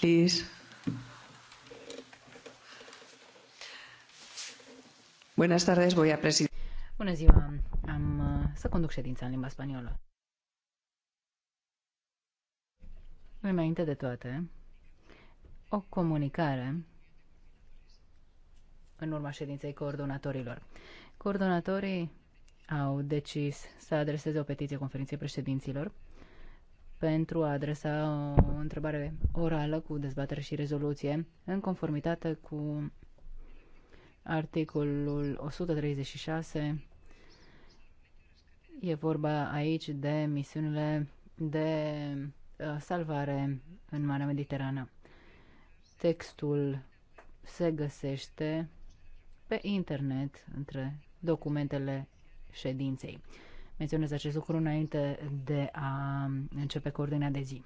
please. Buenas tardes, voy a presidir. Bună ziua, am uh, să conduc ședința în limba spaniolă. Înainte de toate, o comunicare în urma ședinței coordonatorilor. Coordonatorii au decis să adreseze o petiție conferinței președinților pentru a adresa o întrebare orală cu dezbatere și rezoluție în conformitate cu articolul 136. E vorba aici de misiunile de uh, salvare în Marea Mediterană. Textul se găsește pe internet între documentele ședinței menționez acest lucru înainte de a începe cu ordinea de zi.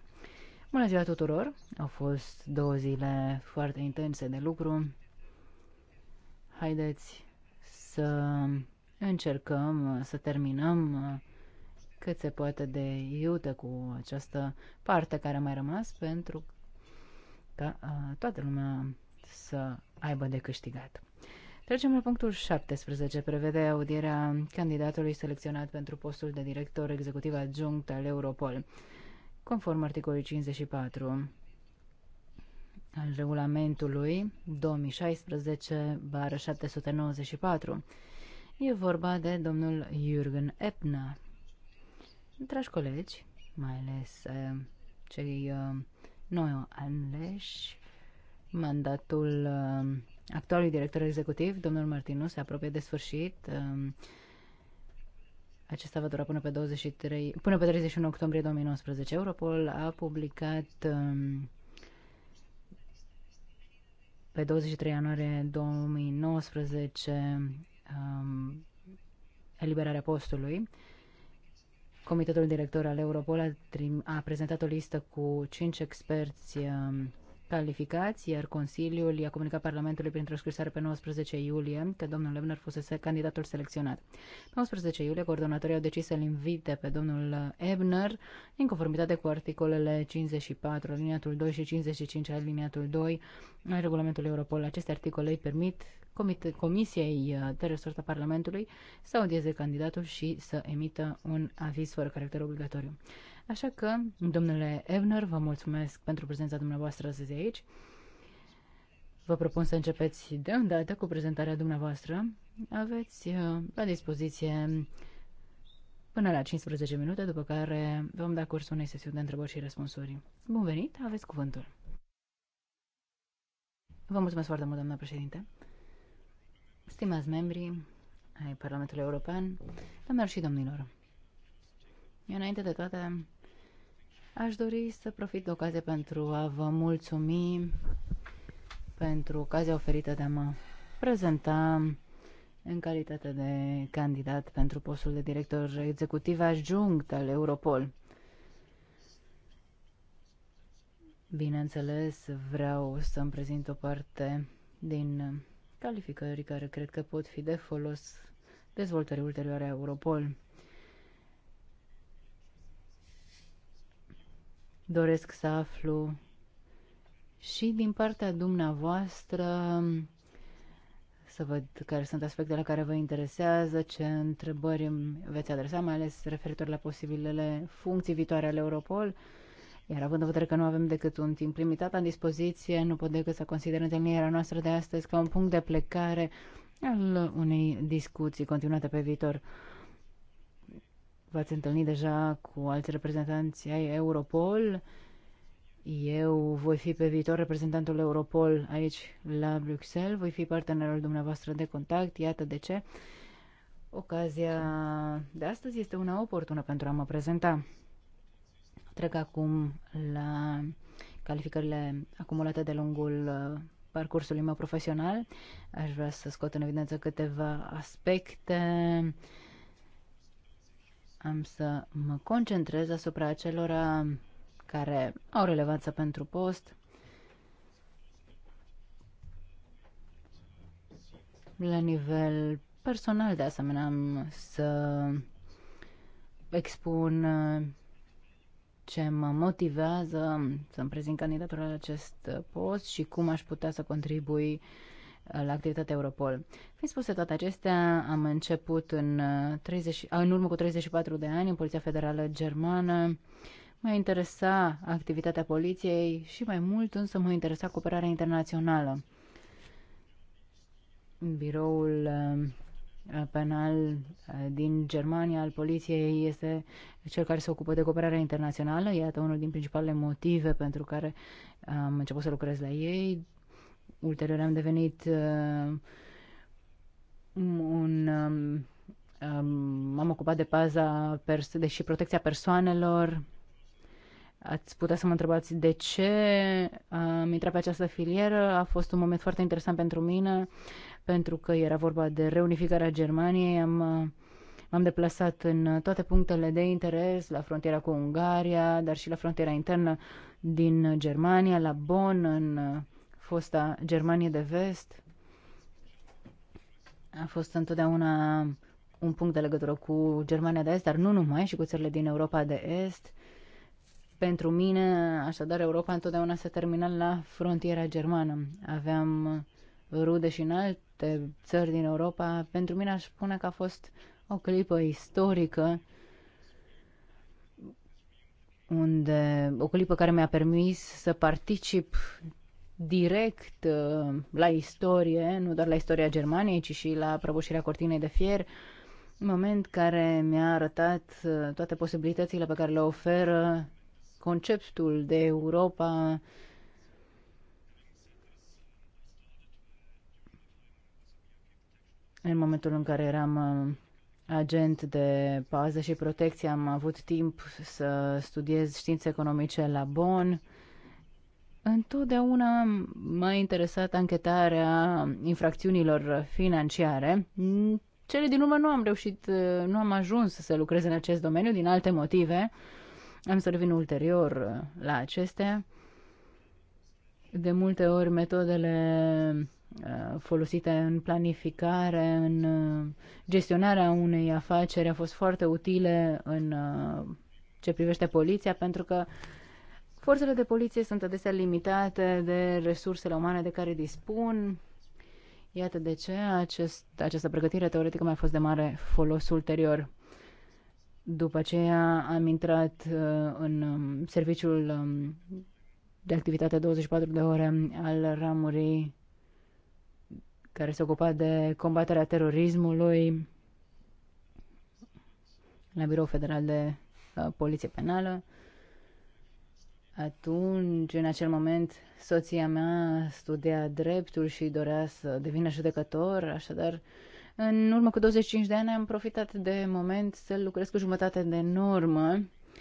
Bună ziua tuturor! Au fost două zile foarte intense de lucru. Haideți să încercăm să terminăm cât se poate de iute cu această parte care a mai rămas pentru ca toată lumea să aibă de câștigat. Trecem la punctul 17. Prevede audierea candidatului selecționat pentru postul de director executiv adjunct al Europol, conform articolului 54 al regulamentului 2016-794. E vorba de domnul Jürgen Epna. Dragi colegi, mai ales eh, cei eh, noi aleși, mandatul eh, Actualul director executiv, domnul Martinu, se apropie de sfârșit. Um, acesta va dura până pe, 23, până pe 31 octombrie 2019. Europol a publicat um, pe 23 ianuarie 2019 um, eliberarea postului. Comitetul director al Europol a, a prezentat o listă cu cinci experți calificați, iar Consiliul i-a comunicat Parlamentului printr-o scrisoare pe 19 iulie că domnul Lemner fusese candidatul selecționat. Pe 19 iulie, coordonatorii au decis să-l invite pe domnul Ebner în conformitate cu articolele 54, aliniatul 2 și 55, aliniatul 2 al regulamentului Europol. Aceste articole îi permit Comisiei de Resort a Parlamentului să audieze candidatul și să emită un aviz fără caracter obligatoriu. Așa că, domnule Evner, vă mulțumesc pentru prezența dumneavoastră astăzi aici. Vă propun să începeți de îndată cu prezentarea dumneavoastră. Aveți uh, la dispoziție până la 15 minute, după care vom da curs unei sesiuni de întrebări și răspunsuri. Bun venit, aveți cuvântul. Vă mulțumesc foarte mult, doamna președinte. Stimați membri ai Parlamentului European, doamnelor și domnilor, înainte de toate Aș dori să profit de ocazie pentru a vă mulțumi pentru ocazia oferită de a mă prezenta în calitate de candidat pentru postul de director executiv adjunct al Europol. Bineînțeles, vreau să-mi prezint o parte din calificări care cred că pot fi de folos dezvoltării ulterioare a Europol. doresc să aflu și din partea dumneavoastră să văd care sunt aspectele care vă interesează, ce întrebări veți adresa, mai ales referitor la posibilele funcții viitoare ale Europol. Iar având în vedere că nu avem decât un timp limitat la dispoziție, nu pot decât să consider întâlnirea noastră de astăzi ca un punct de plecare al unei discuții continuate pe viitor. V-ați întâlnit deja cu alți reprezentanți ai Europol. Eu voi fi pe viitor reprezentantul Europol aici la Bruxelles, voi fi partenerul dumneavoastră de contact, iată de ce. Ocazia de astăzi este una oportună pentru a mă prezenta. Trec acum la calificările acumulate de lungul uh, parcursului meu profesional. Aș vrea să scot în evidență câteva aspecte am să mă concentrez asupra celor care au relevanță pentru post. La nivel personal, de asemenea, am să expun ce mă motivează să-mi prezint candidatura la acest post și cum aș putea să contribui uh, la activitatea Europol. Fiind spuse toate acestea, am început în, 30, uh, uh, în urmă cu 34 de ani în Poliția Federală Germană. Mă interesa activitatea poliției și mai mult însă mă interesa cooperarea internațională. Biroul uh, penal din Germania al poliției este cel care se ocupă de cooperarea internațională. Iată unul din principalele motive pentru care am început să lucrez la ei. Ulterior am devenit uh, un... Um, um, m-am ocupat de paza pers- de și protecția persoanelor. Ați putea să mă întrebați de ce am intrat pe această filieră. A fost un moment foarte interesant pentru mine, pentru că era vorba de reunificarea Germaniei. Am, uh, m-am deplasat în toate punctele de interes, la frontiera cu Ungaria, dar și la frontiera internă din Germania, la Bonn, în uh, fosta Germanie de vest a fost întotdeauna un punct de legătură cu Germania de Est, dar nu numai, și cu țările din Europa de Est. Pentru mine, așadar, Europa întotdeauna se termina la frontiera germană. Aveam rude și în alte țări din Europa. Pentru mine aș spune că a fost o clipă istorică unde o clipă care mi-a permis să particip direct uh, la istorie, nu doar la istoria Germaniei, ci și la prăbușirea cortinei de fier, moment care mi-a arătat uh, toate posibilitățile pe care le oferă conceptul de Europa în momentul în care eram uh, agent de pază și protecție, am avut timp să studiez științe economice la Bonn, Întotdeauna m-a interesat anchetarea infracțiunilor financiare. Cele din urmă nu am reușit, nu am ajuns să lucrez în acest domeniu din alte motive. Am să revin ulterior la acestea. De multe ori metodele uh, folosite în planificare, în uh, gestionarea unei afaceri a fost foarte utile în uh, ce privește poliția pentru că uh, Forțele de poliție sunt adesea limitate de resursele umane de care dispun. Iată de ce acest, această pregătire teoretică mi-a fost de mare folos ulterior. După aceea am intrat uh, în um, serviciul um, de activitate 24 de ore al ramurii care se ocupa de combaterea terorismului la biroul Federal de uh, Poliție Penală. Atunci, în acel moment, soția mea studia dreptul și dorea să devină judecător, așadar, în urmă cu 25 de ani am profitat de moment să lucrez cu jumătate de normă. 50%,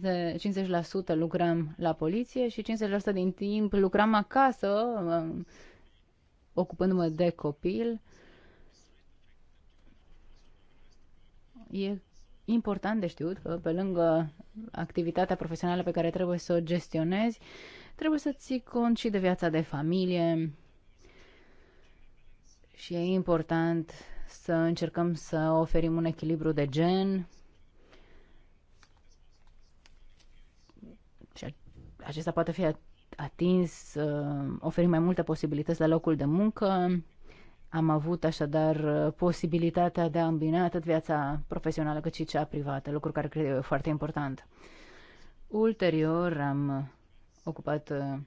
de, 50 lucram la poliție și 50% din timp lucram acasă, um, ocupându-mă de copil. E important de știut că pe lângă activitatea profesională pe care trebuie să o gestionezi, trebuie să ții cont și de viața de familie și e important să încercăm să oferim un echilibru de gen și acesta poate fi atins uh, oferim mai multe posibilități la locul de muncă am avut așadar uh, posibilitatea de a îmbina atât viața profesională cât și cea privată, lucru care cred eu e foarte important. Ulterior am ocupat uh,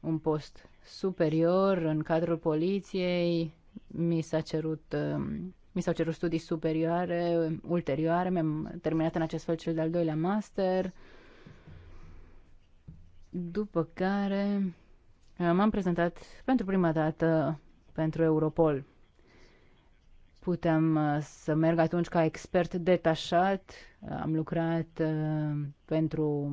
un post superior în cadrul poliției, mi, s-a cerut, uh, mi s-au cerut studii superioare, ulterioare, mi-am terminat în acest fel cel de-al doilea master, după care m-am prezentat pentru prima dată pentru Europol. Putem uh, să merg atunci ca expert detașat, uh, am lucrat uh, pentru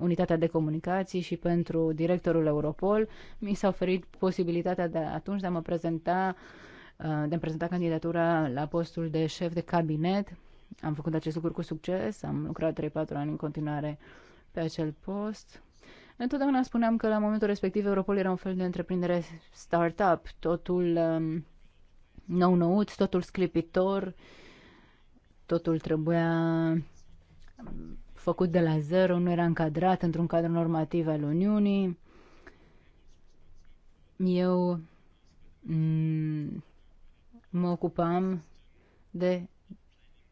unitatea de comunicații și pentru directorul Europol. Mi s-a oferit posibilitatea de atunci de a mă prezenta de a prezenta candidatura la postul de șef de cabinet. Am făcut acest lucru cu succes, am lucrat 3-4 ani în continuare pe acel post Întotdeauna spuneam că la momentul respectiv Europol era un fel de întreprindere startup, totul um, nou-nouț, totul sclipitor, totul trebuia um, făcut de la zero, nu era încadrat într-un cadru normativ al Uniunii. Eu mm, mă ocupam de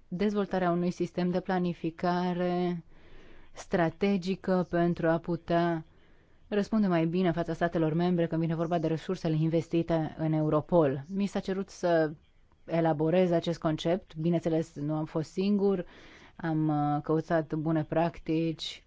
dezvoltarea unui sistem de planificare strategică pentru a putea răspunde mai bine fața statelor membre când vine vorba de resursele investite în Europol. Mi s-a cerut să elaborez acest concept. Bineînțeles, nu am fost singur, am uh, căutat bune practici.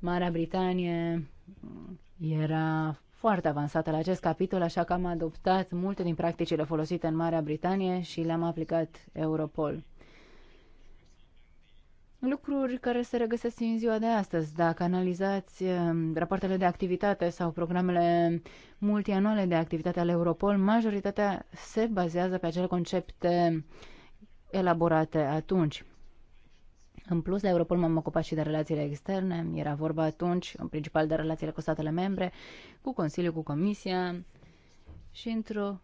Marea Britanie mm, era foarte avansată la acest capitol, așa că am adoptat multe din practicile folosite în Marea Britanie și le-am aplicat Europol. Lucruri care se regăsesc în ziua de astăzi. Dacă analizați eh, rapoartele de activitate sau programele multianuale de activitate ale Europol, majoritatea se bazează pe acele concepte elaborate atunci. În plus, la Europol m-am ocupat și de relațiile externe. Era vorba atunci, în principal, de relațiile cu statele membre, cu Consiliul, cu Comisia și, într-o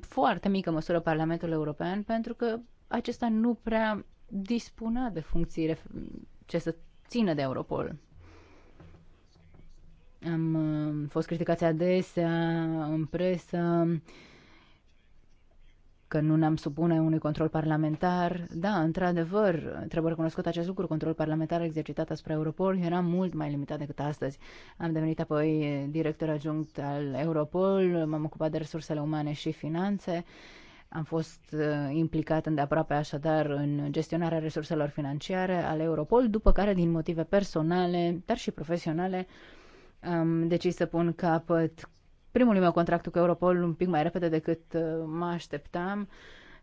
foarte mică măsură, Parlamentul European, pentru că acesta nu prea dispunea de funcții ce să țină de Europol. Am uh, fost criticați adesea în presă că nu ne-am supune unui control parlamentar. Da, într-adevăr, trebuie recunoscut acest lucru, control parlamentar exercitat asupra Europol era mult mai limitat decât astăzi. Am devenit apoi director adjunct al Europol, m-am ocupat de resursele umane și finanțe am fost uh, implicat îndeaproape așadar în gestionarea resurselor financiare ale Europol, după care, din motive personale, dar și profesionale, am decis să pun capăt primului meu contract cu Europol un pic mai repede decât uh, mă așteptam,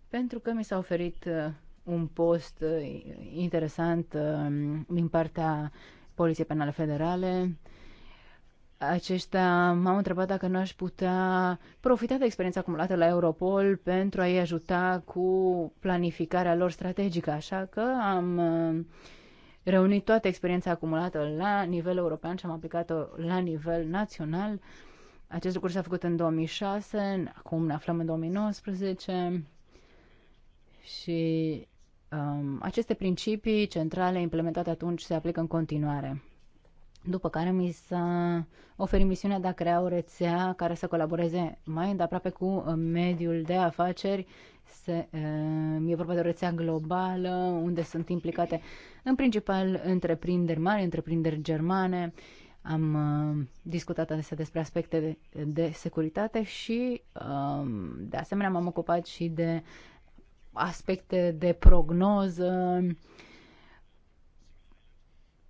pentru că mi s-a oferit uh, un post interesant din partea Poliției Penale Federale, aceștia m-au întrebat dacă nu aș putea profita de experiența acumulată la Europol pentru a-i ajuta cu planificarea lor strategică, așa că am uh, reunit toată experiența acumulată la nivel european și am aplicat-o la nivel național. Acest lucru s-a făcut în 2006, acum ne aflăm în 2019 și um, aceste principii centrale implementate atunci se aplică în continuare după care mi s-a oferit misiunea de a crea o rețea care să colaboreze mai îndeaproape cu mediul de afaceri. Se, e vorba de o rețea globală unde sunt implicate în principal întreprinderi mari, întreprinderi germane. Am discutat adesea despre aspecte de, de securitate și de asemenea m-am ocupat și de aspecte de prognoză,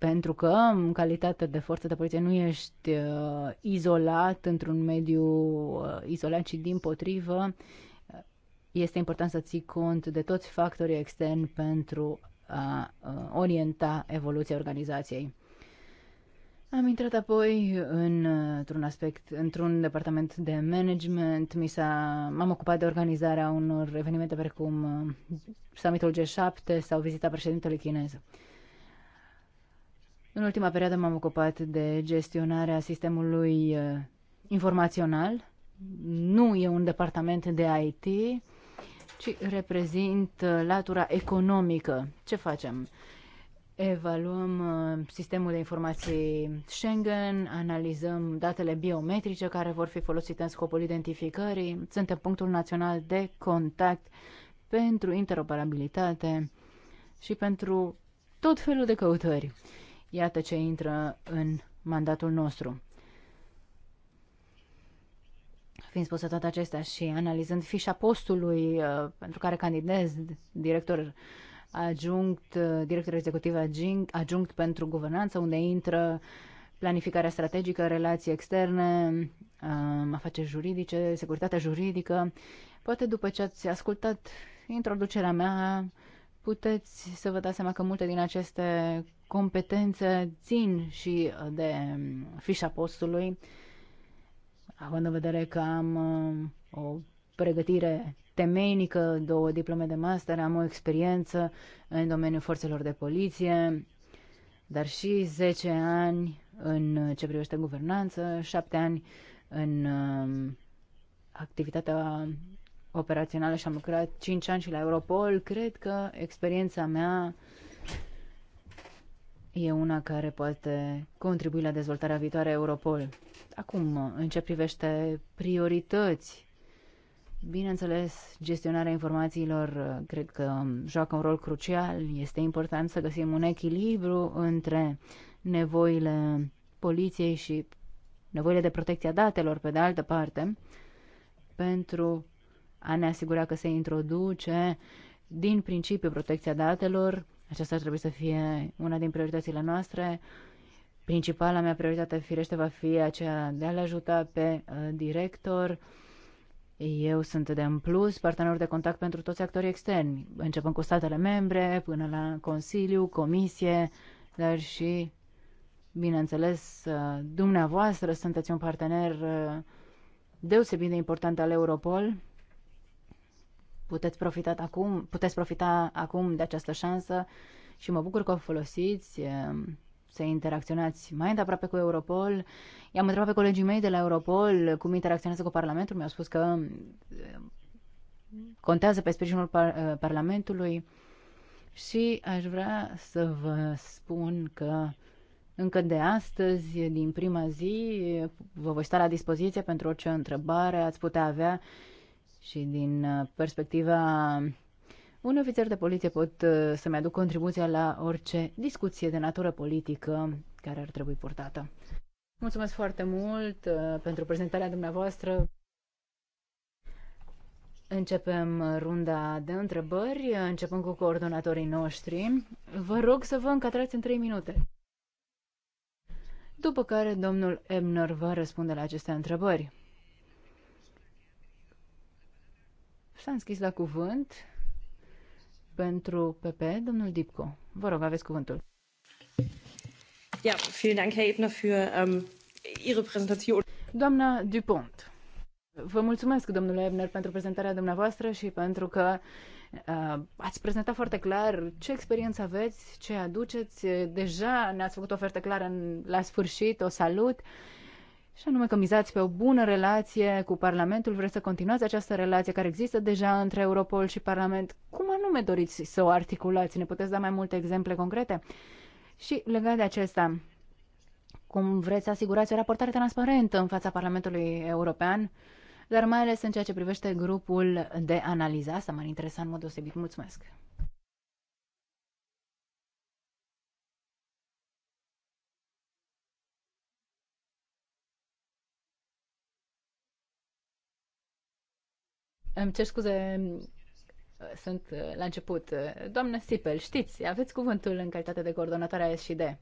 pentru că în calitate de forță de poliție nu ești uh, izolat într-un mediu uh, izolat, ci din potrivă uh, este important să ții cont de toți factorii externi pentru a uh, orienta evoluția organizației. Am intrat apoi în, uh, într-un aspect, într-un departament de management. Mi s-a, m-am ocupat de organizarea unor evenimente precum uh, summitul G7 sau vizita președintelui chinez. Uh, în ultima perioadă m-am ocupat de gestionarea sistemului uh, informațional. Nu e un departament de IT, ci reprezint uh, latura economică. Ce facem? Evaluăm uh, sistemul de informații Schengen, analizăm datele biometrice care vor fi folosite în scopul identificării, suntem punctul național de contact pentru interoperabilitate și pentru tot felul de căutări. Iată ce intră în mandatul nostru. Fiind spusă toate acestea și analizând fișa postului uh, pentru care candidez director adjunct, uh, director executiv adjunct, adjunct pentru guvernanță, unde intră planificarea strategică, relații externe, uh, afaceri juridice, securitatea juridică. Poate după ce ați ascultat introducerea mea, puteți să vă dați seama că multe din aceste competențe țin și de um, fișa postului, având în vedere că am um, o pregătire temeinică, două diplome de master, am o experiență în domeniul forțelor de poliție, dar și 10 ani în ce privește guvernanță, 7 ani în um, activitatea operațională și am lucrat 5 ani și la Europol. Cred că experiența mea e una care poate contribui la dezvoltarea viitoare a Europol. Acum, în ce privește priorități, bineînțeles, gestionarea informațiilor uh, cred că um, joacă un rol crucial. Este important să găsim un echilibru între nevoile poliției și nevoile de protecție a datelor, pe de altă parte, pentru a ne asigura că se introduce din principiu protecția datelor aceasta ar trebui să fie una din prioritățile noastre. Principala mea prioritate, firește, va fi aceea de a-l ajuta pe uh, director. Eu sunt de în plus partener de contact pentru toți actorii externi, începând cu statele membre, până la Consiliu, Comisie, dar și, bineînțeles, uh, dumneavoastră sunteți un partener uh, deosebit de important al Europol Puteți profita acum, puteți profita acum de această șansă și mă bucur că o folosiți să interacționați mai îndeaproape cu Europol. I-am întrebat pe colegii mei de la Europol cum interacționează cu Parlamentul. Mi-au spus că contează pe sprijinul par- Parlamentului și aș vrea să vă spun că încă de astăzi, din prima zi, vă voi sta la dispoziție pentru orice întrebare ați putea avea și din uh, perspectiva un ofițer de poliție pot uh, să-mi aduc contribuția la orice discuție de natură politică care ar trebui purtată. Mulțumesc foarte mult uh, pentru prezentarea dumneavoastră. Începem runda de întrebări, începând cu coordonatorii noștri. Vă rog să vă încadrați în 3 minute. După care domnul Ebner va răspunde la aceste întrebări. S-a înscris la cuvânt pentru PP, domnul Dipco. Vă rog, aveți cuvântul. Ja, vielen Dank, Herr Ebner, für um, Ihre Präsentation. Doamna Dupont, vă mulțumesc, domnule Ebner, pentru prezentarea dumneavoastră și pentru că uh, ați prezentat foarte clar ce experiență aveți, ce aduceți. Deja ne-ați făcut o ofertă clară în, la sfârșit, o salut. Uh, și anume că mizați pe o bună relație cu Parlamentul, vreți să continuați această relație care există deja între Europol și Parlament. Cum anume doriți să o articulați? Ne puteți da mai multe exemple concrete? Și legat de acesta, cum vreți să asigurați o raportare transparentă în fața Parlamentului European, dar mai ales în ceea ce privește grupul de analiză? Asta m-ar interesa în mod deosebit. Mulțumesc! Îmi cer scuze, mm, sunt uh, la început. Uh, doamnă Sipel, știți, aveți cuvântul în calitate de coordonatoare a SID. Uh,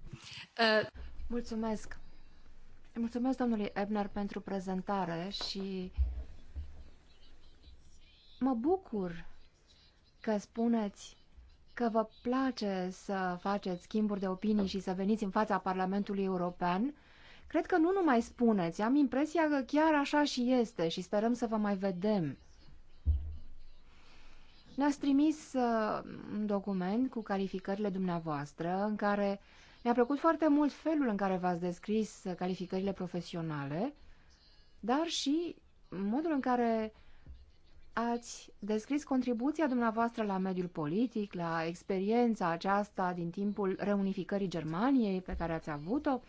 mulțumesc. Mulțumesc domnului Ebner pentru prezentare și mă bucur că spuneți că vă place să faceți schimburi de opinii și să veniți în fața Parlamentului European. Cred că nu numai spuneți, am impresia că chiar așa și este și sperăm să vă mai vedem. Ne-ați trimis uh, un document cu calificările dumneavoastră în care mi-a plăcut foarte mult felul în care v-ați descris uh, calificările profesionale, dar și modul în care ați descris contribuția dumneavoastră la mediul politic, la experiența aceasta din timpul reunificării Germaniei pe care ați avut-o.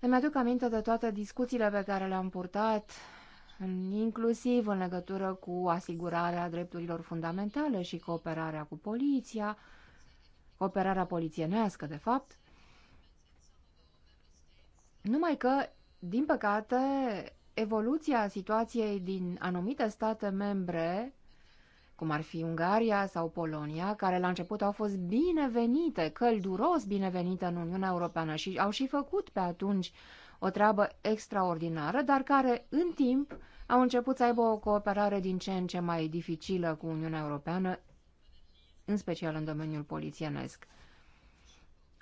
Îmi aduc aminte de toate discuțiile pe care le-am purtat inclusiv în legătură cu asigurarea drepturilor fundamentale și cooperarea cu poliția, cooperarea polițienească, de fapt. Numai că, din păcate, evoluția situației din anumite state membre, cum ar fi Ungaria sau Polonia, care la început au fost binevenite, călduros binevenite în Uniunea Europeană și au și făcut pe atunci o treabă extraordinară, dar care în timp au început să aibă o cooperare din ce în ce mai dificilă cu Uniunea Europeană, în special în domeniul polițienesc.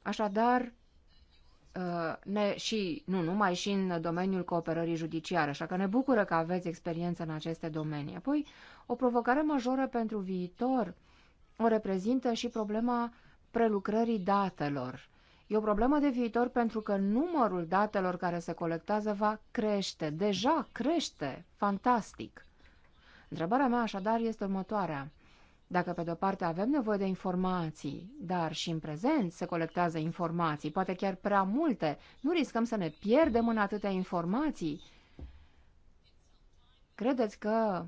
Așadar, uh, ne, și, nu numai, și în domeniul cooperării judiciare, așa că ne bucură că aveți experiență în aceste domenii. Apoi, o provocare majoră pentru viitor o reprezintă și problema prelucrării datelor E o problemă de viitor pentru că numărul datelor care se colectează va crește. Deja crește. Fantastic. Întrebarea mea așadar este următoarea. Dacă pe de-o parte avem nevoie de informații, dar și în prezent se colectează informații, poate chiar prea multe, nu riscăm să ne pierdem în atâtea informații? Credeți că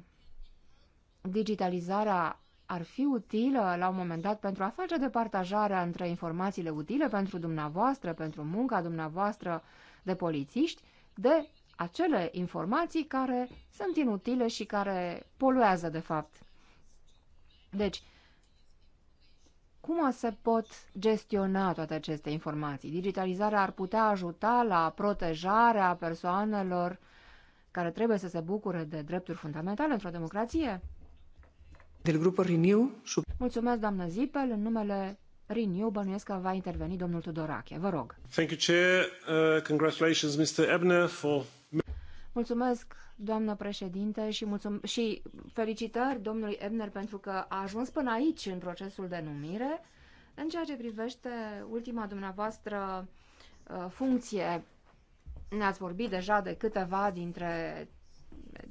digitalizarea ar fi utilă la un moment dat pentru a face departajarea între informațiile utile pentru dumneavoastră, pentru munca dumneavoastră de polițiști, de acele informații care sunt inutile și care poluează, de fapt. Deci, cum se pot gestiona toate aceste informații? Digitalizarea ar putea ajuta la protejarea persoanelor care trebuie să se bucure de drepturi fundamentale într-o democrație? Del grupul Renew... Sub... Mulțumesc, doamnă Zipel. În numele Renew bănuiesc că va interveni domnul Tudorache. Vă rog. Thank you, Chair. Uh, congratulations, Mr. Ebner, for... Mulțumesc, doamnă președinte, și, mulțum- și felicitări domnului Ebner pentru că a ajuns până aici în procesul de numire. În ceea ce privește ultima dumneavoastră uh, funcție, ne-ați vorbit deja de câteva dintre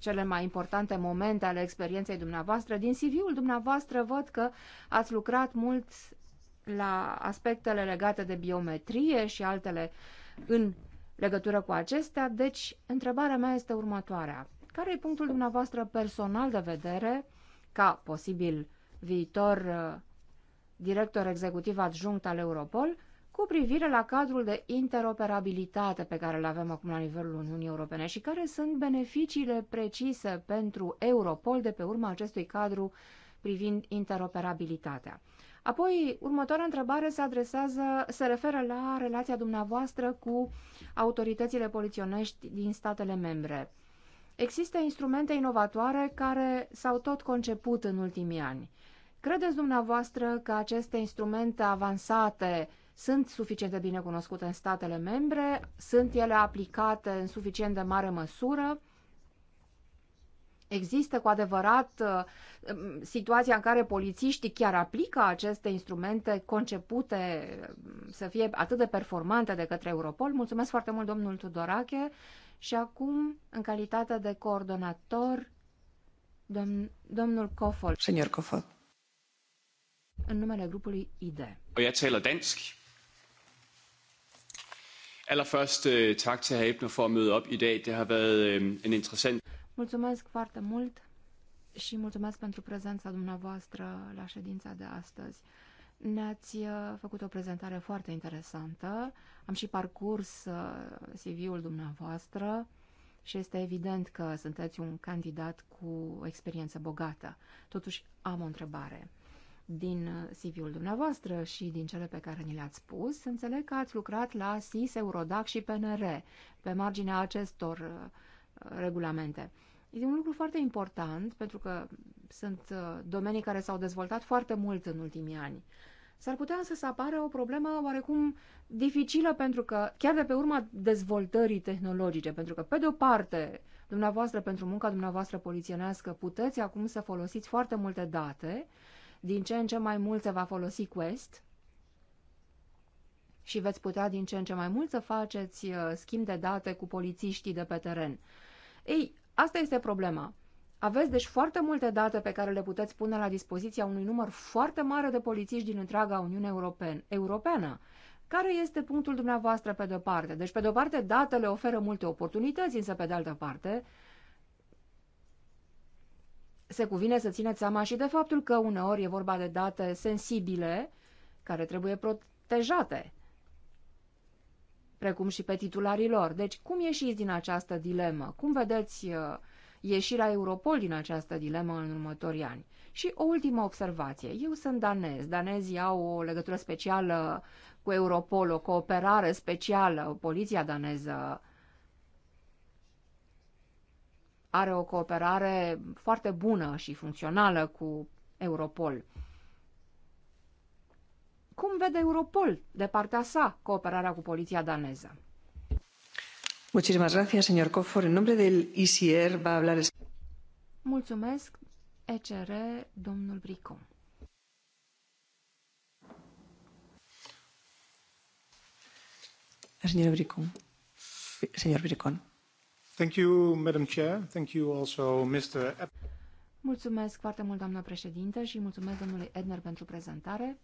cele mai importante momente ale experienței dumneavoastră. Din CV-ul dumneavoastră văd că ați lucrat mult la aspectele legate de biometrie și altele în legătură cu acestea. Deci, întrebarea mea este următoarea. Care e punctul dumneavoastră personal de vedere ca posibil viitor uh, director executiv adjunct al Europol cu privire la cadrul de interoperabilitate pe care îl avem acum la nivelul Uniunii Europene și care sunt beneficiile precise pentru Europol de pe urma acestui cadru privind interoperabilitatea. Apoi, următoarea întrebare se adresează, se referă la relația dumneavoastră cu autoritățile poliționești din statele membre. Există instrumente inovatoare care s-au tot conceput în ultimii ani. Credeți dumneavoastră că aceste instrumente avansate sunt suficient de bine cunoscute în statele membre, sunt ele aplicate în suficient de mare măsură, Există cu adevărat uh, situația în care polițiștii chiar aplică aceste instrumente concepute um, să fie atât de performante de către Europol? Mulțumesc foarte mult, domnul Tudorache. Și acum, în calitate de coordonator, domn, domnul Kofol. Senior Kofol. În numele grupului ID. Og jeg dansk, Allerførst øh, tak til Habner for at møde op i dag. Det har været øh, en interessant... Mulțumesc foarte mult și mulțumesc pentru prezența dumneavoastră la ședința de astăzi. Ne-ați uh, făcut o prezentare foarte interesantă. Am și parcurs uh, CV-ul dumneavoastră și este evident că sunteți un candidat cu o experiență bogată. Totuși, am o întrebare. Din uh, CV-ul dumneavoastră și din cele pe care ni le-ați spus, înțeleg că ați lucrat la SIS, Eurodac și PNR pe marginea acestor uh, regulamente. E un lucru foarte important pentru că sunt uh, domenii care s-au dezvoltat foarte mult în ultimii ani. S-ar putea însă să apară o problemă oarecum dificilă pentru că, chiar de pe urma dezvoltării tehnologice, pentru că, pe de o parte, dumneavoastră, pentru munca dumneavoastră polițienească, puteți acum să folosiți foarte multe date din ce în ce mai mult se va folosi Quest și veți putea din ce în ce mai mult să faceți uh, schimb de date cu polițiștii de pe teren. Ei, asta este problema. Aveți deci foarte multe date pe care le puteți pune la dispoziția unui număr foarte mare de polițiști din întreaga Uniune Europeană. Care este punctul dumneavoastră pe de-o parte? Deci, pe de-o parte, datele oferă multe oportunități, însă pe de altă parte, se cuvine să țineți seama și de faptul că uneori e vorba de date sensibile care trebuie protejate, precum și pe titularii lor. Deci, cum ieșiți din această dilemă? Cum vedeți uh, ieșirea Europol din această dilemă în următorii ani? Și o ultimă observație. Eu sunt danez. Danezii au o legătură specială cu Europol, o cooperare specială. Poliția daneză are o cooperare foarte bună și funcțională cu Europol. Cum vede Europol de partea sa cooperarea cu poliția daneză? Muchísimas gracias, señor Cofor. En nombre del ICR va a hablar... Mulțumesc, ECR, domnul Bricom. Señor Bricón. Señor Bricón. Mulțumesc foarte mult, doamnă președinte, și mulțumesc domnului Edner pentru prezentare.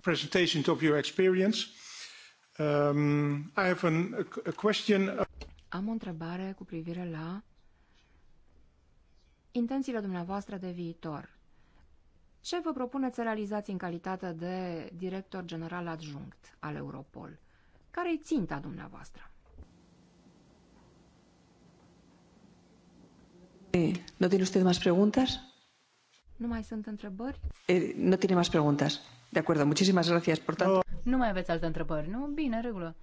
Presentation of your experience. Um, I have an, a question. Am o întrebare cu privire la intențiile dumneavoastră de viitor. Ce vă propuneți să realizați în calitate de director general adjunct al Europol? Care-i ținta dumneavoastră? Eh, ¿No tiene usted más preguntas? No mai sunt întrebări? Eh, no tiene más preguntas. De acuerdo, muchísimas gracias por tanto. Nu mai aveți alte întrebări, nu? Bine, regulă.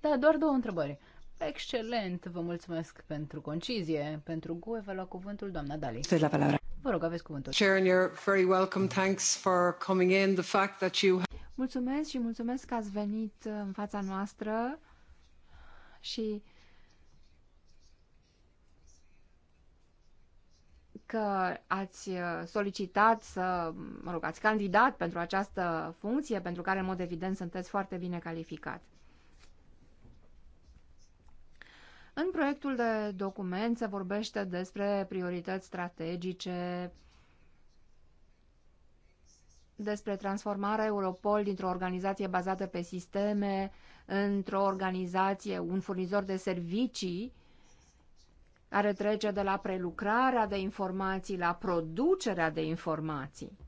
Da, doar două întrebări. Excelent, vă mulțumesc pentru concizie. Pentru GUE vă lua cuvântul doamna Dali. Este la palabra. Vă rog, aveți cuvântul. Sharon, you're very welcome. Thanks for coming in. The fact that you... Mulțumesc și mulțumesc că ați venit în fața noastră și că ați uh, solicitat să, mă rog, ați candidat pentru această funcție, pentru care, în mod evident, sunteți foarte bine calificat. În proiectul de document se vorbește despre priorități strategice, despre transformarea Europol dintr-o organizație bazată pe sisteme într-o organizație, un furnizor de servicii care trece de la prelucrarea de informații la producerea de informații.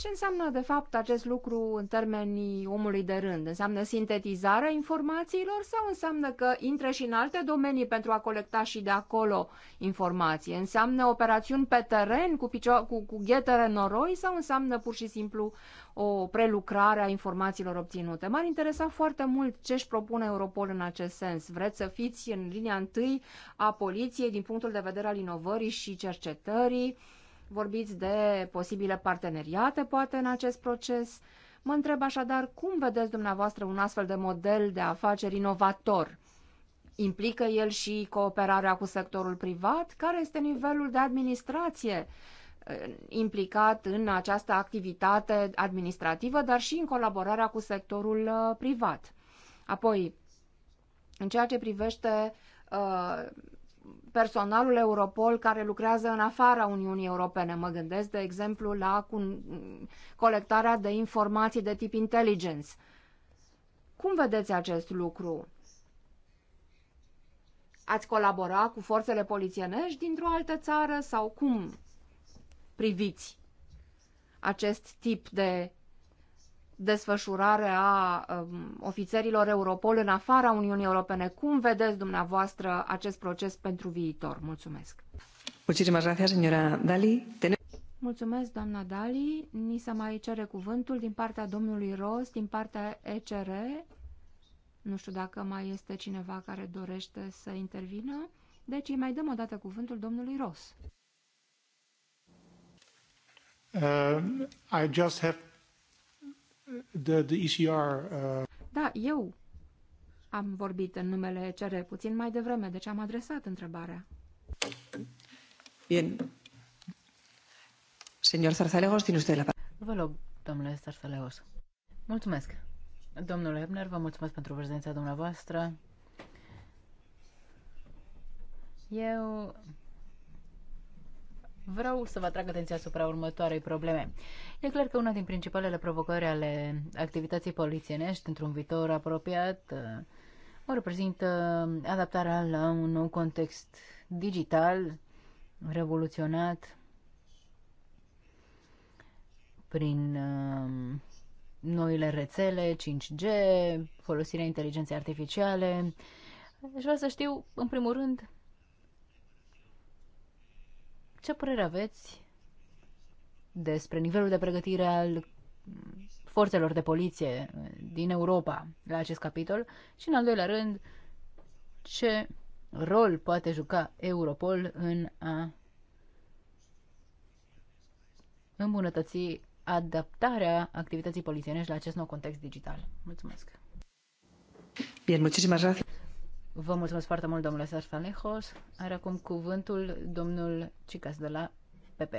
Ce înseamnă, de fapt, acest lucru în termenii omului de rând? Înseamnă sintetizarea informațiilor sau înseamnă că intră și în alte domenii pentru a colecta și de acolo informații? Înseamnă operațiuni pe teren cu, picio- cu, cu ghetere noroi sau înseamnă pur și simplu o prelucrare a informațiilor obținute? M-ar interesa foarte mult ce își propune Europol în acest sens. Vreți să fiți în linia întâi a poliției din punctul de vedere al inovării și cercetării? vorbiți de posibile parteneriate, poate, în acest proces. Mă întreb așadar, cum vedeți dumneavoastră un astfel de model de afaceri inovator? Implică el și cooperarea cu sectorul privat? Care este nivelul de administrație uh, implicat în această activitate administrativă, dar și în colaborarea cu sectorul uh, privat? Apoi, în ceea ce privește uh, personalul Europol care lucrează în afara Uniunii Europene. Mă gândesc, de exemplu, la colectarea de informații de tip intelligence. Cum vedeți acest lucru? Ați colabora cu forțele polițienești dintr-o altă țară sau cum priviți acest tip de desfășurare a um, ofițerilor Europol în afara Uniunii Europene. Cum vedeți dumneavoastră acest proces pentru viitor? Mulțumesc! Muchísimas gracias, señora Dali. Mulțumesc, doamna Dali. Ni se mai cere cuvântul din partea domnului Ros, din partea ECR. Nu știu dacă mai este cineva care dorește să intervină. Deci îi mai dăm o dată cuvântul domnului Ros. Uh, I just have The, the ECR, uh... Da, eu am vorbit în numele ECR puțin mai devreme, deci am adresat întrebarea. Bine, Señor Zarzalegos, tiene usted la Vă rog, domnule Zarzalegos. Mulțumesc. Domnule Ebner, vă mulțumesc pentru prezența dumneavoastră. Eu Vreau să vă atrag atenția asupra următoarei probleme. E clar că una din principalele provocări ale activității polițienești într-un viitor apropiat uh, o reprezintă adaptarea la un nou context digital revoluționat prin uh, noile rețele 5G, folosirea inteligenței artificiale. Aș vrea să știu, în primul rând, ce părere aveți despre nivelul de pregătire al forțelor de poliție din Europa la acest capitol? Și, în al doilea rând, ce rol poate juca Europol în a îmbunătăți adaptarea activității polițienești la acest nou context digital. Mulțumesc! Vă mulțumesc foarte mult, domnule Sarsalejos. Are acum cuvântul domnul Cicas de la PP.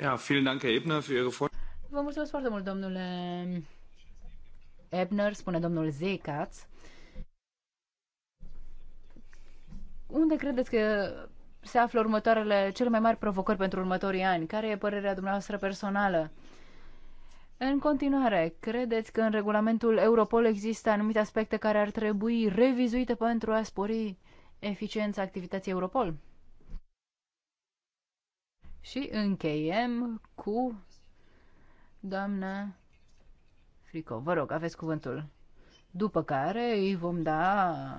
Ja, vielen Dank, Herr Ebner, für Ihre Vă mulțumesc foarte mult, domnule Ebner, spune domnul Zecaț. Unde credeți că se află următoarele cele mai mari provocări pentru următorii ani? Care e părerea dumneavoastră personală? În continuare, credeți că în regulamentul Europol există anumite aspecte care ar trebui revizuite pentru a spori eficiența activității Europol? Și încheiem cu doamna Frico. Vă rog, aveți cuvântul. După care îi vom da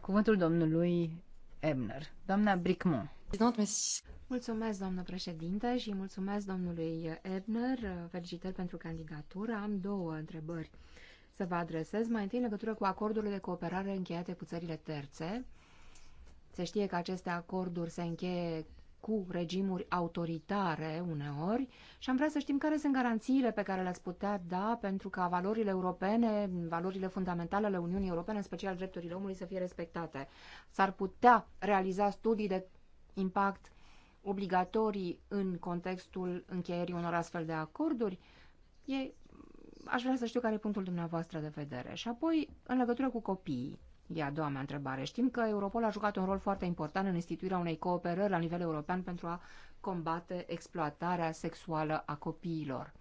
cuvântul domnului Ebner. Doamna Bricmont. Mulțumesc, doamnă președinte, și mulțumesc domnului Ebner. Felicitări pentru candidatură. Am două întrebări să vă adresez. Mai întâi, în legătură cu acordurile de cooperare încheiate cu țările terțe. Se știe că aceste acorduri se încheie cu regimuri autoritare uneori și am vrea să știm care sunt garanțiile pe care le-ați putea da pentru ca valorile europene, valorile fundamentale ale Uniunii Europene, în special drepturile omului, să fie respectate. S-ar putea realiza studii de impact obligatorii în contextul încheierii unor astfel de acorduri, e, aș vrea să știu care e punctul dumneavoastră de vedere. Și apoi, în legătură cu copiii, e a doua mea întrebare. Știm că Europol a jucat un rol foarte important în instituirea unei cooperări la nivel european pentru a combate exploatarea sexuală a copiilor.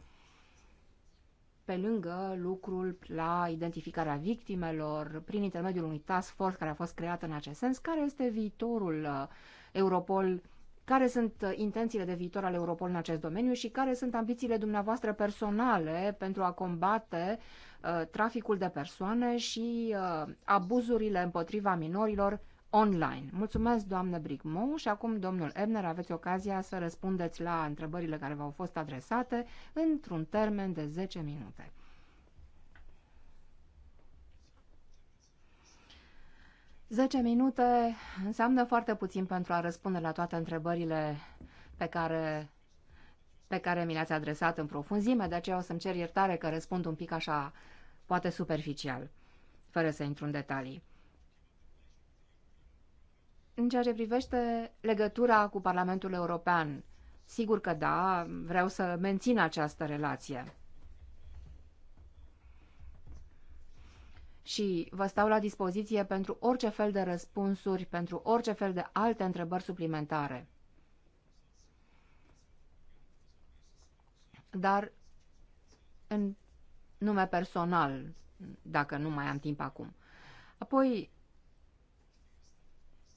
Pe lângă lucrul la identificarea victimelor, prin intermediul unui task force care a fost creat în acest sens, care este viitorul uh, Europol, care sunt uh, intențiile de viitor ale Europol în acest domeniu și care sunt ambițiile dumneavoastră personale pentru a combate uh, traficul de persoane și uh, abuzurile împotriva minorilor online. Mulțumesc, doamnă Brigmou, și acum, domnul Ebner, aveți ocazia să răspundeți la întrebările care v-au fost adresate într-un termen de 10 minute. 10 minute înseamnă foarte puțin pentru a răspunde la toate întrebările pe care, pe care mi le-ați adresat în profunzime, de aceea o să-mi cer iertare că răspund un pic așa, poate superficial, fără să intru în detalii. În ceea ce privește legătura cu Parlamentul European, sigur că da, vreau să mențin această relație. și vă stau la dispoziție pentru orice fel de răspunsuri, pentru orice fel de alte întrebări suplimentare. Dar în nume personal, dacă nu mai am timp acum. Apoi,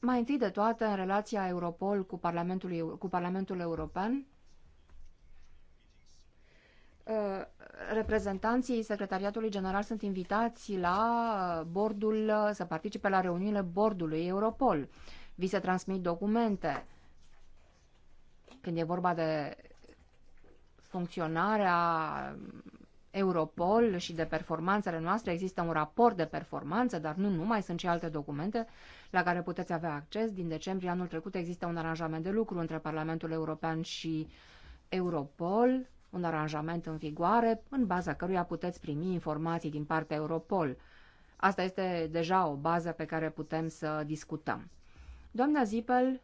mai întâi de toate, în relația Europol cu Parlamentul, cu Parlamentul European, uh, reprezentanții Secretariatului General sunt invitați la uh, bordul, uh, să participe la reuniunile bordului Europol. Vi se transmit documente. Când e vorba de funcționarea Europol și de performanțele noastre, există un raport de performanță, dar nu numai, sunt și alte documente la care puteți avea acces. Din decembrie anul trecut există un aranjament de lucru între Parlamentul European și Europol un aranjament în vigoare în baza căruia puteți primi informații din partea Europol. Asta este deja o bază pe care putem să discutăm. Doamna Zipel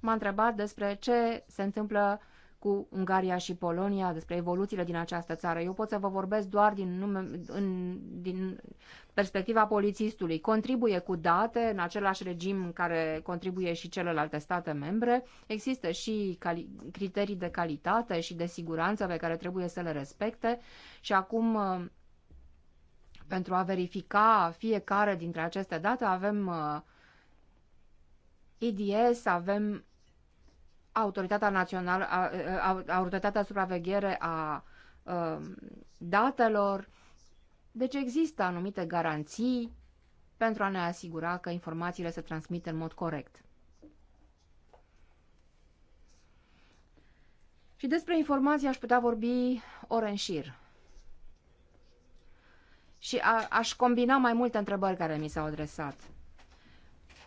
m-a întrebat despre ce se întâmplă cu Ungaria și Polonia, despre evoluțiile din această țară. Eu pot să vă vorbesc doar din, nume, în, din perspectiva polițistului contribuie cu date în același regim în care contribuie și celelalte state membre. Există și criterii de calitate și de siguranță pe care trebuie să le respecte și acum uh, pentru a verifica fiecare dintre aceste date avem uh, IDS, avem Autoritatea Națională, Autoritatea Supraveghere a uh, datelor, deci există anumite garanții pentru a ne asigura că informațiile se transmit în mod corect. Și despre informații aș putea vorbi ore în șir. Și a, aș combina mai multe întrebări care mi s-au adresat.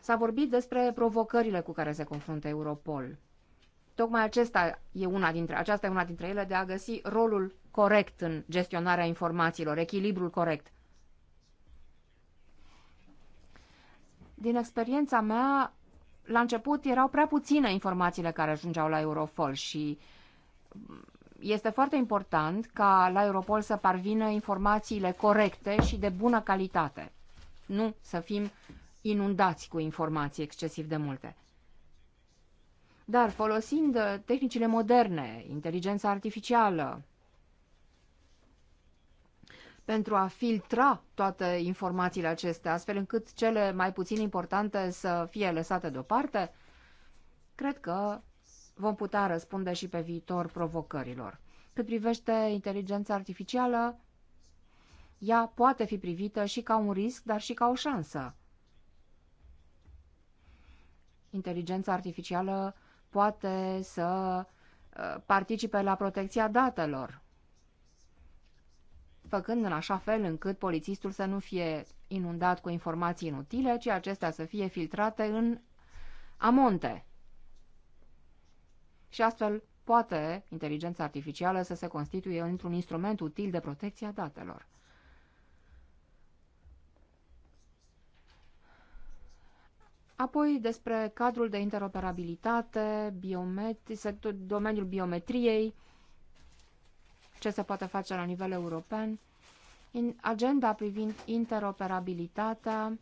S-a vorbit despre provocările cu care se confruntă Europol. Tocmai acesta e una dintre, aceasta e una dintre ele de a găsi rolul corect în gestionarea informațiilor, echilibrul corect. Din experiența mea, la început erau prea puține informațiile care ajungeau la Europol și este foarte important ca la Europol să parvină informațiile corecte și de bună calitate. Nu să fim inundați cu informații excesiv de multe. Dar folosind uh, tehnicile moderne, inteligența artificială, pentru a filtra toate informațiile acestea, astfel încât cele mai puțin importante să fie lăsate deoparte, cred că vom putea răspunde și pe viitor provocărilor. Cât privește inteligența artificială, ea poate fi privită și ca un risc, dar și ca o șansă. Inteligența artificială poate să uh, participe la protecția datelor, făcând în așa fel încât polițistul să nu fie inundat cu informații inutile, ci acestea să fie filtrate în amonte. Și astfel poate inteligența artificială să se constituie într-un instrument util de protecție a datelor. Apoi despre cadrul de interoperabilitate, biometri, sector, domeniul biometriei, ce se poate face la nivel european, în agenda privind interoperabilitatea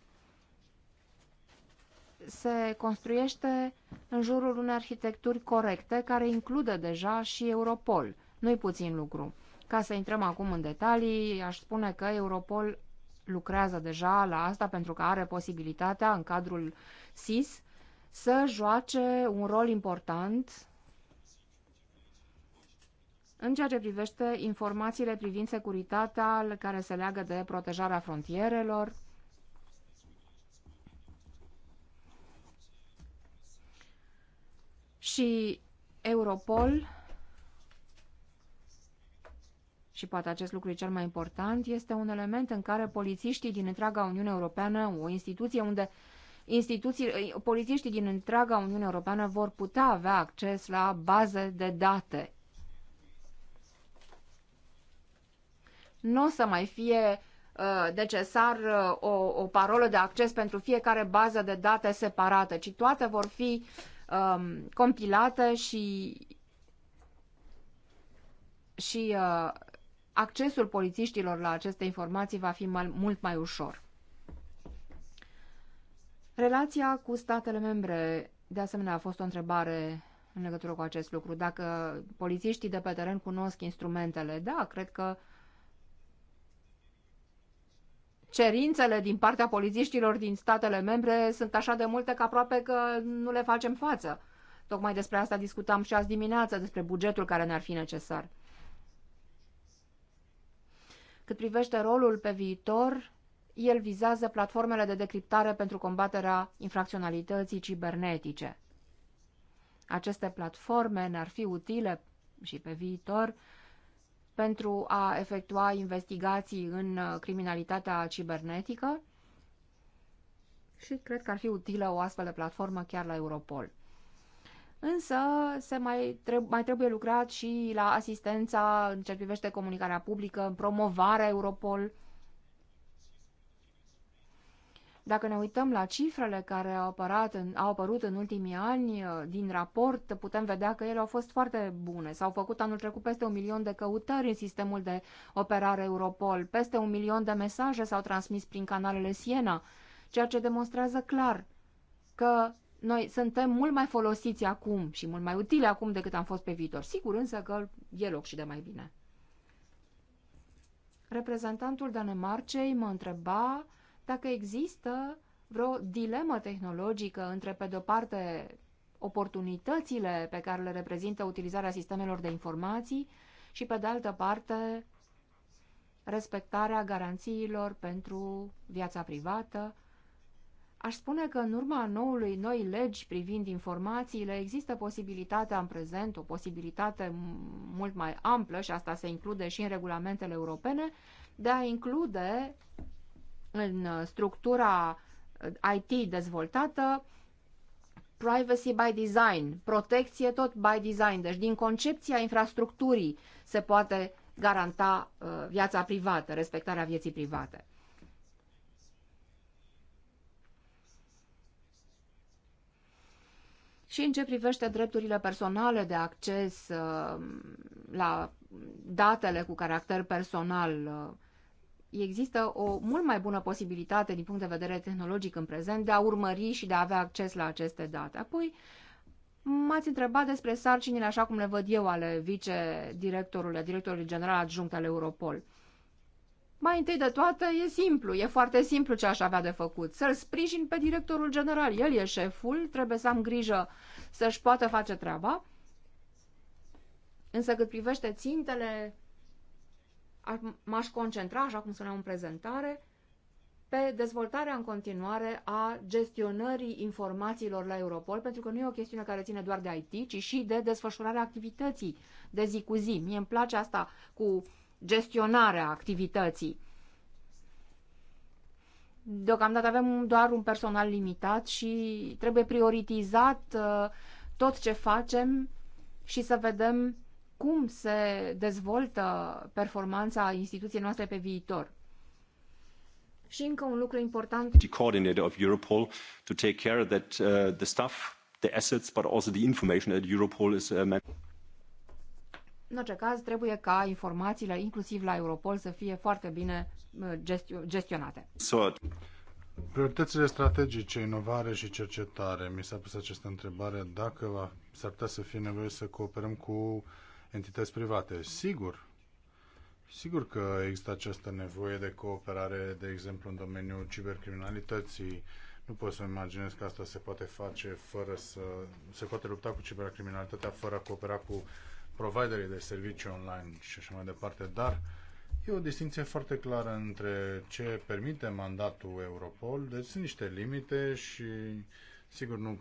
se construiește în jurul unei arhitecturi corecte care include deja și Europol. Nu-i puțin lucru. Ca să intrăm acum în detalii, aș spune că Europol lucrează deja la asta pentru că are posibilitatea în cadrul SIS să joace un rol important în ceea ce privește informațiile privind securitatea care se leagă de protejarea frontierelor, și Europol și poate acest lucru e cel mai important, este un element în care polițiștii din întreaga Uniune Europeană, o instituție unde instituții, polițiștii din întreaga Uniune Europeană vor putea avea acces la baze de date. Nu o să mai fie uh, necesar uh, o, o parolă de acces pentru fiecare bază de date separată, ci toate vor fi um, compilate și și uh, accesul polițiștilor la aceste informații va fi mai, mult mai ușor. Relația cu statele membre, de asemenea, a fost o întrebare în legătură cu acest lucru. Dacă polițiștii de pe teren cunosc instrumentele, da, cred că cerințele din partea polițiștilor din statele membre sunt așa de multe că aproape că nu le facem față. Tocmai despre asta discutam și azi dimineață, despre bugetul care ne-ar fi necesar. Cât privește rolul pe viitor, el vizează platformele de decriptare pentru combaterea infracționalității cibernetice. Aceste platforme ne-ar fi utile și pe viitor pentru a efectua investigații în criminalitatea cibernetică și cred că ar fi utilă o astfel de platformă chiar la Europol însă se mai, treb- mai trebuie lucrat și la asistența în ce privește comunicarea publică, în promovarea Europol. Dacă ne uităm la cifrele care au, apărat în, au apărut în ultimii ani uh, din raport, putem vedea că ele au fost foarte bune. S-au făcut anul trecut peste un milion de căutări în sistemul de operare Europol, peste un milion de mesaje s-au transmis prin canalele Siena, ceea ce demonstrează clar că noi suntem mult mai folosiți acum și mult mai utile acum decât am fost pe viitor. Sigur însă că e loc și de mai bine. Reprezentantul Danemarcei mă întreba dacă există vreo dilemă tehnologică între, pe de-o parte, oportunitățile pe care le reprezintă utilizarea sistemelor de informații și, pe de altă parte, respectarea garanțiilor pentru viața privată, Aș spune că în urma noului noi legi privind informațiile există posibilitatea în prezent, o posibilitate mult mai amplă și asta se include și în regulamentele europene, de a include în structura uh, IT dezvoltată privacy by design, protecție tot by design, deci din concepția infrastructurii se poate garanta uh, viața privată, respectarea vieții private. Și în ce privește drepturile personale de acces uh, la datele cu caracter personal, uh, există o mult mai bună posibilitate din punct de vedere tehnologic în prezent de a urmări și de a avea acces la aceste date. Apoi, m-ați întrebat despre sarcinile, așa cum le văd eu, ale vicedirectorului, directorului general adjunct al Europol. Mai întâi de toate, e simplu, e foarte simplu ce aș avea de făcut. Să-l sprijin pe directorul general, el e șeful, trebuie să am grijă să-și poată face treaba. Însă cât privește țintele, m-aș concentra, așa cum spuneam în prezentare, pe dezvoltarea în continuare a gestionării informațiilor la Europol, pentru că nu e o chestiune care ține doar de IT, ci și de desfășurarea activității de zi cu zi. Mie îmi place asta cu gestionarea activității. Deocamdată avem doar un personal limitat și trebuie prioritizat uh, tot ce facem și să vedem cum se dezvoltă performanța instituției noastre pe viitor. Și încă un lucru important. The coordinator of Europol to take care that uh, the staff, the assets, but also the information at Europol is uh, în orice caz, trebuie ca informațiile, inclusiv la Europol, să fie foarte bine uh, gestionate. Sot. Prioritățile strategice, inovare și cercetare. Mi s-a pus această întrebare dacă s-ar putea să fie nevoie să cooperăm cu entități private. Sigur, sigur că există această nevoie de cooperare, de exemplu, în domeniul cibercriminalității. Nu pot să imaginez că asta se poate face fără să... se poate lupta cu cibercriminalitatea fără a coopera cu providerii de servicii online și așa mai departe, dar e o distinție foarte clară între ce permite mandatul Europol, deci sunt niște limite și sigur nu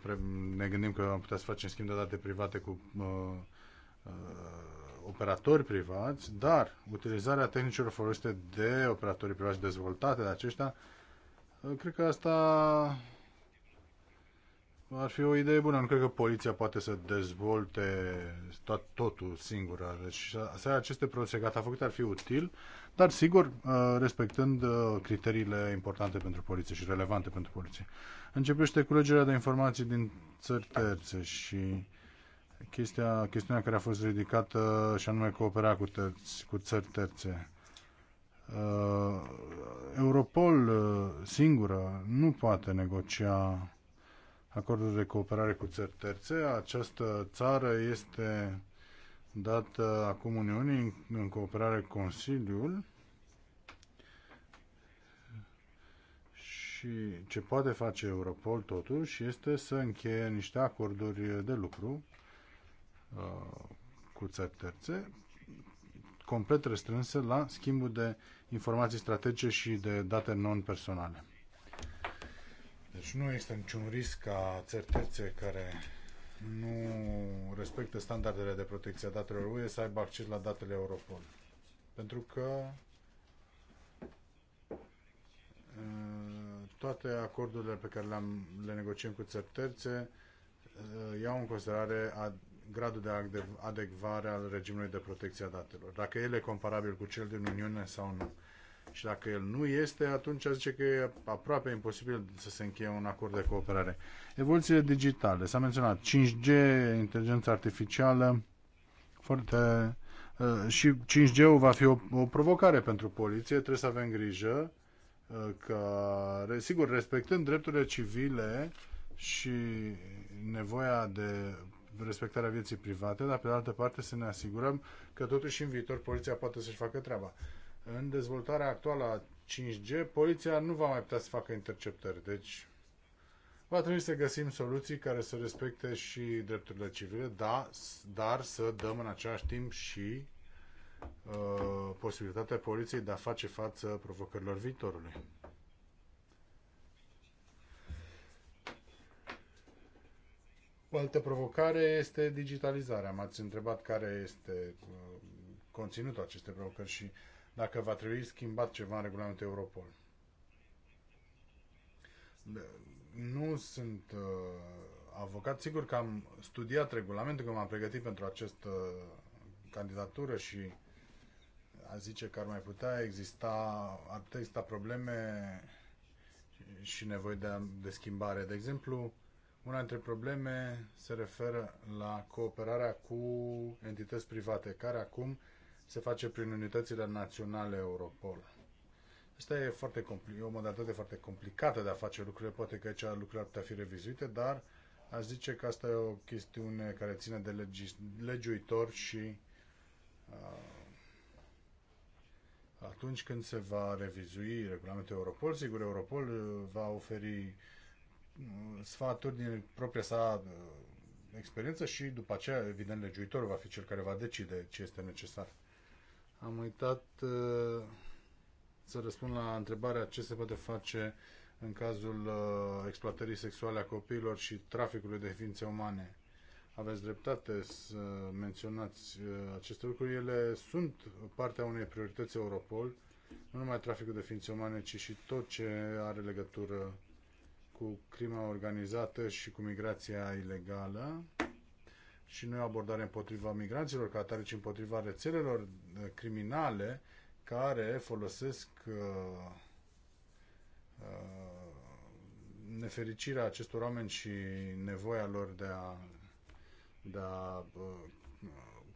ne gândim că am putea să facem schimb de date private cu uh, uh, operatori privați, dar utilizarea tehnicilor folosite de operatorii privați dezvoltate de aceștia, uh, cred că asta ar fi o idee bună. Nu cred că poliția poate să dezvolte tot, totul singură. Deci să ai aceste produse gata făcute ar fi util, dar sigur uh, respectând uh, criteriile importante pentru poliție și relevante pentru poliție. Începește culegerea de informații din țări terțe și chestia, chestiunea care a fost ridicată și anume cooperarea cu, terți, cu țări terțe. Uh, Europol uh, singură nu poate negocia Acordul de cooperare cu țări terțe. Această țară este dată acum Uniunii în cooperare cu Consiliul și ce poate face Europol totuși este să încheie niște acorduri de lucru uh, cu țări terțe complet restrânse la schimbul de informații strategice și de date non-personale. Deci nu există niciun risc ca țări terțe care nu respectă standardele de protecție a datelor UE să aibă acces la datele Europol. Pentru că uh, toate acordurile pe care le-am, le negociem cu țări terțe uh, iau în considerare a, gradul de adecvare al regimului de protecție a datelor, dacă el e comparabil cu cel din Uniune sau nu. Și dacă el nu este, atunci zice că e aproape imposibil să se încheie un acord de cooperare. Evoluțiile digitale, s-a menționat 5G, inteligența artificială, foarte... Uh, și 5G-ul va fi o, o provocare pentru poliție, trebuie să avem grijă uh, că, sigur, respectând drepturile civile și nevoia de respectarea vieții private, dar pe de altă parte să ne asigurăm că totuși în viitor poliția poate să-și facă treaba. În dezvoltarea actuală a 5G, poliția nu va mai putea să facă interceptări, deci va trebui să găsim soluții care să respecte și drepturile civile, da, dar să dăm în același timp și uh, posibilitatea poliției de a face față provocărilor viitorului. O altă provocare este digitalizarea. M-ați întrebat care este uh, conținutul acestei provocări și uh, dacă va trebui schimbat ceva în regulamentul Europol. Nu sunt uh, avocat. Sigur că am studiat regulamentul, că m-am pregătit pentru această uh, candidatură și a zice că ar mai putea exista, ar putea exista probleme și nevoie de, de schimbare. De exemplu, una dintre probleme se referă la cooperarea cu entități private, care acum se face prin unitățile naționale Europol. Asta e, foarte compli- o modalitate foarte complicată de a face lucrurile. Poate că aici lucrurile ar putea fi revizuite, dar aș zice că asta e o chestiune care ține de legi- legiuitor și uh, atunci când se va revizui regulamentul Europol, sigur, Europol uh, va oferi uh, sfaturi din propria sa uh, experiență și după aceea, evident, legiuitorul va fi cel care va decide ce este necesar. Am uitat uh, să răspund la întrebarea ce se poate face în cazul uh, exploatării sexuale a copiilor și traficului de ființe umane. Aveți dreptate să menționați uh, aceste lucruri. Ele sunt partea unei priorități Europol, nu numai traficul de ființe umane, ci și tot ce are legătură cu crima organizată și cu migrația ilegală și nu e o abordare împotriva migranților ca atare, ci împotriva rețelelor eh, criminale care folosesc uh, uh, nefericirea acestor oameni și nevoia lor de a, de a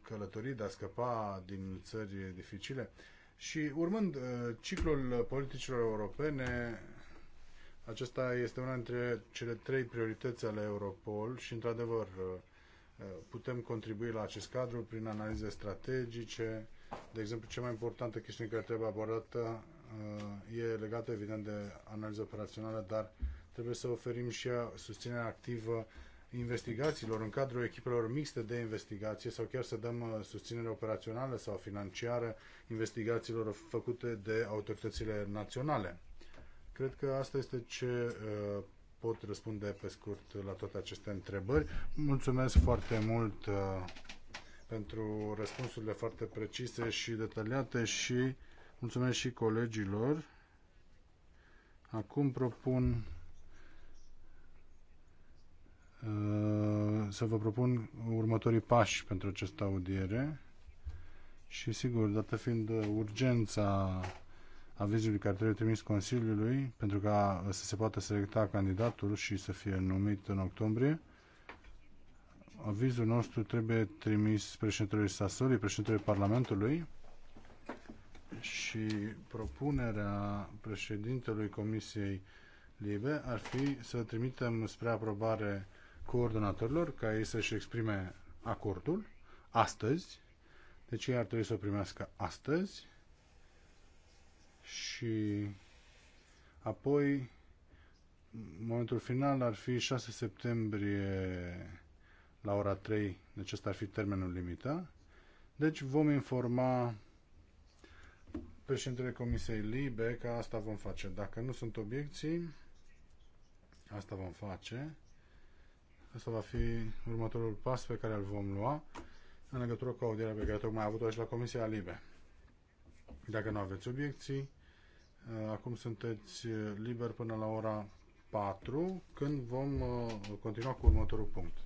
călători, de a scăpa din țări dificile. Și urmând ciclul politicilor europene, acesta este una dintre cele trei priorități ale Europol și, într-adevăr, Eh, putem contribui la acest cadru prin analize strategice. De exemplu, cea mai importantă chestiune care trebuie abordată eh, e legată, evident, de analiză operațională, dar trebuie să oferim și susținere activă investigațiilor în cadrul echipelor mixte de investigație sau chiar să dăm eh, susținere operațională sau financiară investigațiilor făcute de autoritățile naționale. Cred că asta este ce pot răspunde pe scurt la toate aceste întrebări. Mulțumesc foarte mult uh, pentru răspunsurile foarte precise și detaliate și mulțumesc și colegilor. Acum propun uh, să vă propun următorii pași pentru această audiere și sigur, dată fiind urgența avizului care trebuie trimis Consiliului pentru ca să se poată selecta candidatul și să fie numit în octombrie. Avizul nostru trebuie trimis președintelui Sassoli, președintelui Parlamentului și propunerea președintelui Comisiei Libe ar fi să trimitem spre aprobare coordonatorilor ca ei să-și exprime acordul astăzi. Deci ei ar trebui să o primească astăzi și apoi momentul final ar fi 6 septembrie la ora 3, deci ăsta ar fi termenul limită. Deci vom informa președintele Comisiei Libe că asta vom face. Dacă nu sunt obiecții, asta vom face. Asta va fi următorul pas pe care îl vom lua în legătură cu audierea pe care tocmai a avut-o și la Comisia Libe. Dacă nu aveți obiecții, uh, acum sunteți liber până la ora 4, când vom uh, continua cu următorul punct.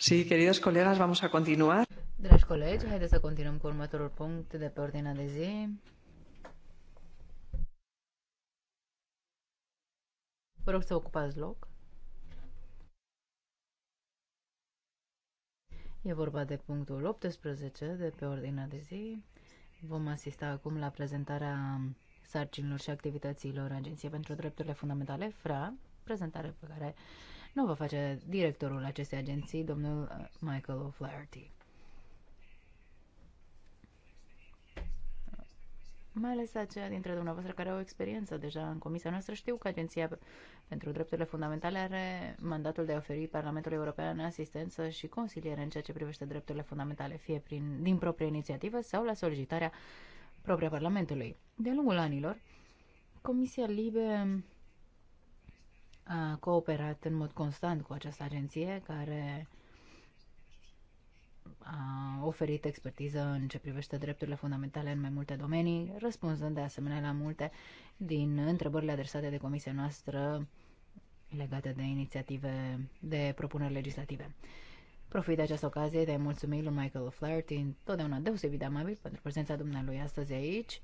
Sí, queridos colegas, vamos a continuar. Dragi colegi, haideți să continuăm cu următorul punct de pe ordinea de zi. Vă rog să ocupați loc. E vorba de punctul 18 de pe ordinea de zi. Vom asista acum la prezentarea sarcinilor și activităților Agenției pentru Drepturile Fundamentale, FRA, prezentare pe care nu va face directorul acestei agenții, domnul uh, Michael O'Flaherty. mai ales aceia dintre dumneavoastră care au experiență deja în comisia noastră, știu că Agenția pentru Drepturile Fundamentale are mandatul de a oferi Parlamentului European asistență și consiliere în ceea ce privește drepturile fundamentale, fie prin, din proprie inițiativă sau la solicitarea propria Parlamentului. De-a lungul anilor, Comisia Libe a cooperat în mod constant cu această agenție care a oferit expertiză în ce privește drepturile fundamentale în mai multe domenii, răspunzând de asemenea la multe din întrebările adresate de comisia noastră legate de inițiative, de propuneri legislative. Profit de această ocazie de a mulțumi lui Michael Flaherty, întotdeauna deosebit de amabil pentru prezența dumnealui astăzi aici.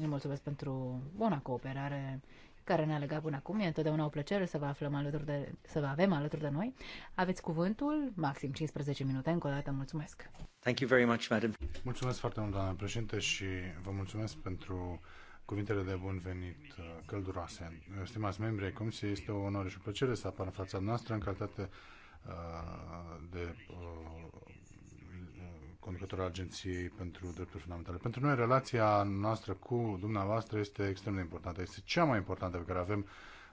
Îi mulțumesc pentru buna cooperare care ne-a legat până acum. E întotdeauna o plăcere să vă aflăm alături de, să vă avem alături de noi. Aveți cuvântul, maxim 15 minute. Încă o dată mulțumesc. Thank you very much, madam. Mulțumesc foarte mult, doamna președinte, și vă mulțumesc pentru cuvintele de bun venit uh, călduroase. Uh, stimați membri ai Comisiei, este o onoare și o plăcere să apar în fața noastră în calitate uh, de conducătorul Agenției pentru Drepturi Fundamentale. Pentru noi, relația noastră cu dumneavoastră este extrem de importantă. Este cea mai importantă pe care avem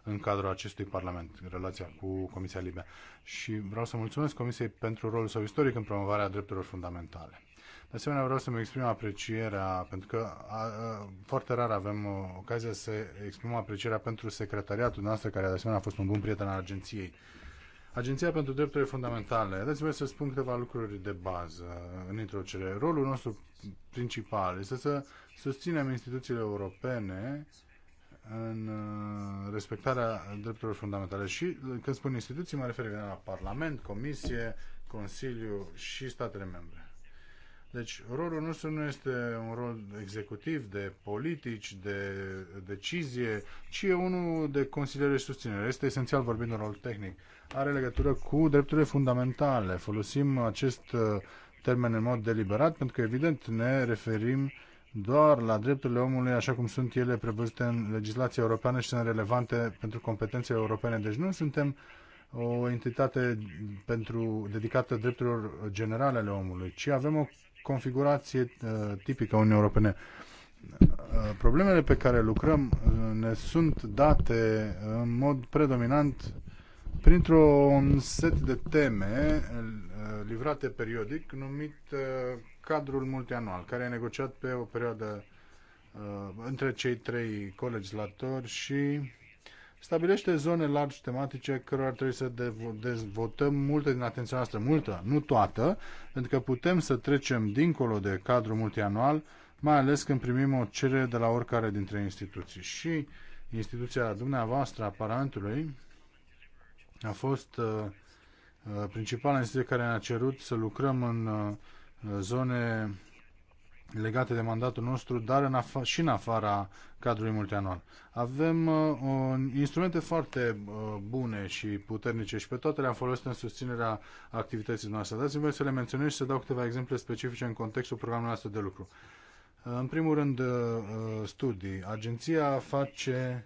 în cadrul acestui Parlament, relația cu Comisia Libia. Și vreau să mulțumesc Comisiei pentru rolul său istoric în promovarea drepturilor fundamentale. De asemenea, vreau să-mi exprim aprecierea, pentru că a, a, foarte rar avem ocazia să exprim aprecierea pentru secretariatul noastră, care de asemenea a fost un bun prieten al agenției Agenția pentru Drepturile Fundamentale. Dați-vă să spun câteva lucruri de bază în introducere. Rolul nostru principal este să susținem instituțiile europene în uh, respectarea drepturilor fundamentale. Și uh, când spun instituții, mă refer la Parlament, Comisie, Consiliu și statele membre. Deci rolul nostru nu este un rol executiv de politici, de decizie, ci e unul de consiliere și susținere. Este esențial vorbind un rol tehnic. Are legătură cu drepturile fundamentale. Folosim acest uh, termen în mod deliberat pentru că evident ne referim doar la drepturile omului așa cum sunt ele prevăzute în legislația europeană și sunt relevante pentru competențele europene. Deci nu suntem o entitate pentru, dedicată drepturilor generale ale omului, ci avem o configurație uh, tipică a Uniunii Europene. Uh, problemele pe care lucrăm uh, ne sunt date în mod predominant printr-un set de teme livrate periodic numit cadrul multianual, care e negociat pe o perioadă între cei trei colegislatori și stabilește zone largi tematice cărora trebuie să dezvoltăm multă, din atenția noastră, multă, nu toată, pentru că putem să trecem dincolo de cadrul multianual, mai ales când primim o cerere de la oricare dintre instituții. Și instituția dumneavoastră a Parlamentului a fost uh, uh principala instituție care ne-a cerut să lucrăm în uh, zone legate de mandatul nostru, dar în afa- și în afara cadrului multianual. Avem uh, instrumente foarte uh, bune și puternice și pe toate le-am folosit în susținerea activității noastre. Dați-mi să le menționez și să dau câteva exemple specifice în contextul programului nostru de lucru. în primul rând, uh, uh studii. Agenția face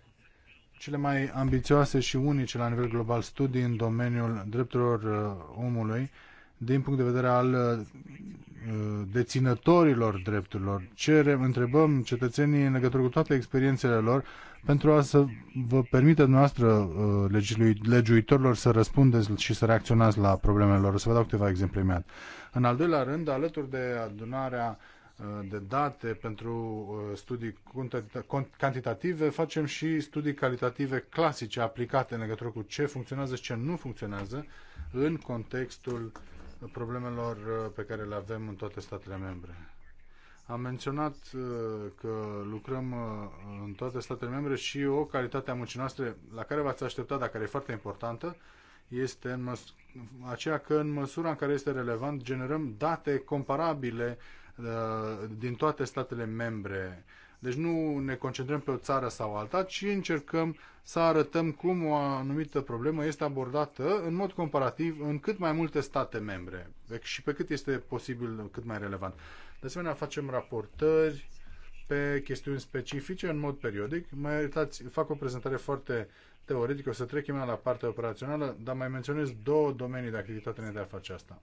cele mai ambițioase și unice la nivel global studii în domeniul drepturilor uh, omului, uh, din punct de vedere al uh, deținătorilor drepturilor. Cerem, întrebăm cetățenii în legătură cu toate experiențele lor pentru a să vă permită noastră uh, legiuitorilor să răspundeți și să reacționați la problemele lor. O să vă dau câteva exemple imediat. În al doilea rând, alături de adunarea uh, de date pentru studii cantitative, facem și studii calitative clasice aplicate în legătură cu ce funcționează și ce nu funcționează în contextul problemelor uh, pe care le avem în toate statele membre. Am menționat uh, că lucrăm uh, în toate statele membre și o calitate a muncii noastre la care v-ați așteptat, dar care e foarte importantă, este în măs- aceea că în măsura în care este relevant generăm date comparabile din toate statele membre deci nu ne concentrăm pe o țară sau alta, ci încercăm să arătăm cum o anumită problemă este abordată în mod comparativ în cât mai multe state membre și pe cât este posibil, cât mai relevant. De asemenea, facem raportări pe chestiuni specifice în mod periodic. Mai iertați, fac o prezentare foarte teoretică, o să trec imediat la partea operațională, dar mai menționez două domenii de activitate ne de a face asta.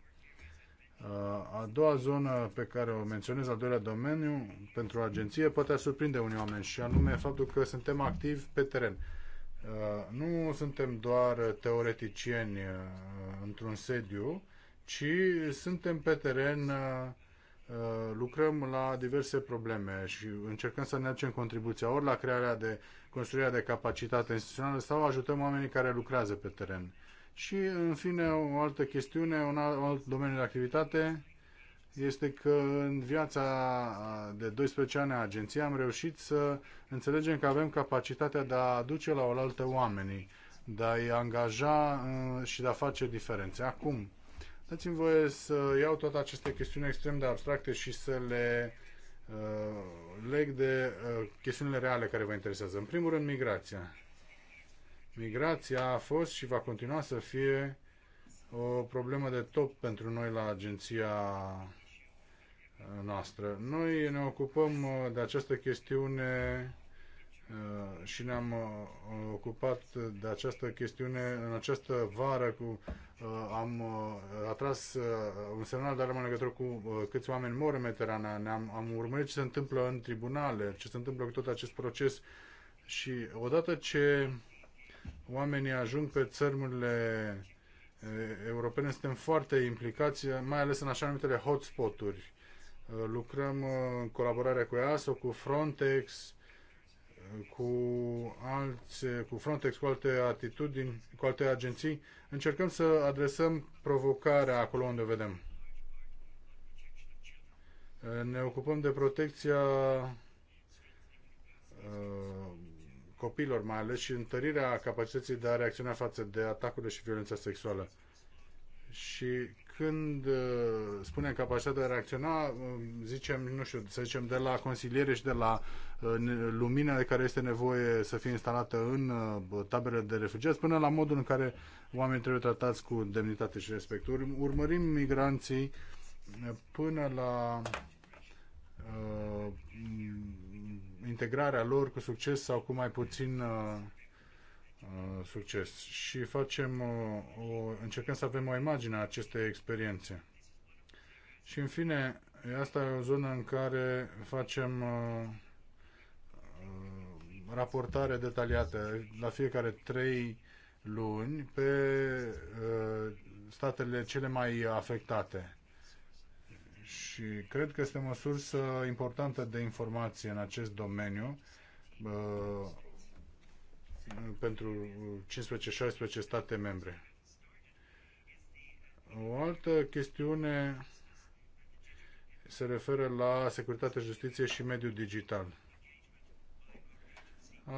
A doua zonă pe care o menționez, al doilea domeniu, pentru agenție, poate a surprinde unii oameni și anume faptul că suntem activi pe teren. Nu suntem doar teoreticieni într-un sediu, ci suntem pe teren, lucrăm la diverse probleme și încercăm să ne aducem contribuția ori la crearea de construirea de capacitate instituțională sau ajutăm oamenii care lucrează pe teren și, în fine, o altă chestiune, un alt domeniu de activitate este că în viața de 12 ani a agenției am reușit să înțelegem că avem capacitatea de a aduce la oaltă oamenii, de a-i angaja uh, și de a face diferențe. Acum, dați-mi voie să iau toate aceste chestiuni extrem de abstracte și să le uh, leg de uh, chestiunile reale care vă interesează. În primul rând, migrația. Migrația a fost și va continua să fie o problemă de top pentru noi la agenția noastră. Noi ne ocupăm uh, de această chestiune uh, și ne-am uh, ocupat de această chestiune în această vară cu am atras un semnal de alarmă legătură cu câți oameni mor în Meterana, ne-am am urmărit ce se întâmplă în tribunale, ce se întâmplă cu tot acest proces și odată ce oamenii ajung pe țărmurile eh, europene, suntem foarte implicați, mai ales în așa numitele hotspot-uri. Eh, lucrăm eh, în colaborare cu EASO, cu Frontex, cu, alți, cu Frontex, cu alte atitudini, cu alte agenții. Încercăm să adresăm provocarea acolo unde vedem. Ne ocupăm de protecția copiilor mai ales și întărirea capacității de a reacționa față de atacurile și violența sexuală. Și când uh, spunem capacitatea de a reacționa, um, zicem, nu știu, să zicem de la consiliere și de la uh, lumina de care este nevoie să fie instalată în uh, taberele de refugiați, până la modul în care oamenii trebuie tratați cu demnitate și respect. Urmărim migranții până la integrarea lor cu succes sau cu mai puțin uh, uh, succes. Și facem uh, o, încercăm să avem o imagine a acestei experiențe. Și în fine, asta e o zonă în care facem raportare detaliată la fiecare trei luni pe statele cele mai afectate. Și cred că este o sursă importantă de informație în acest domeniu uh, pentru 15-16 state membre. O altă chestiune se referă la securitate, justiție și mediul digital.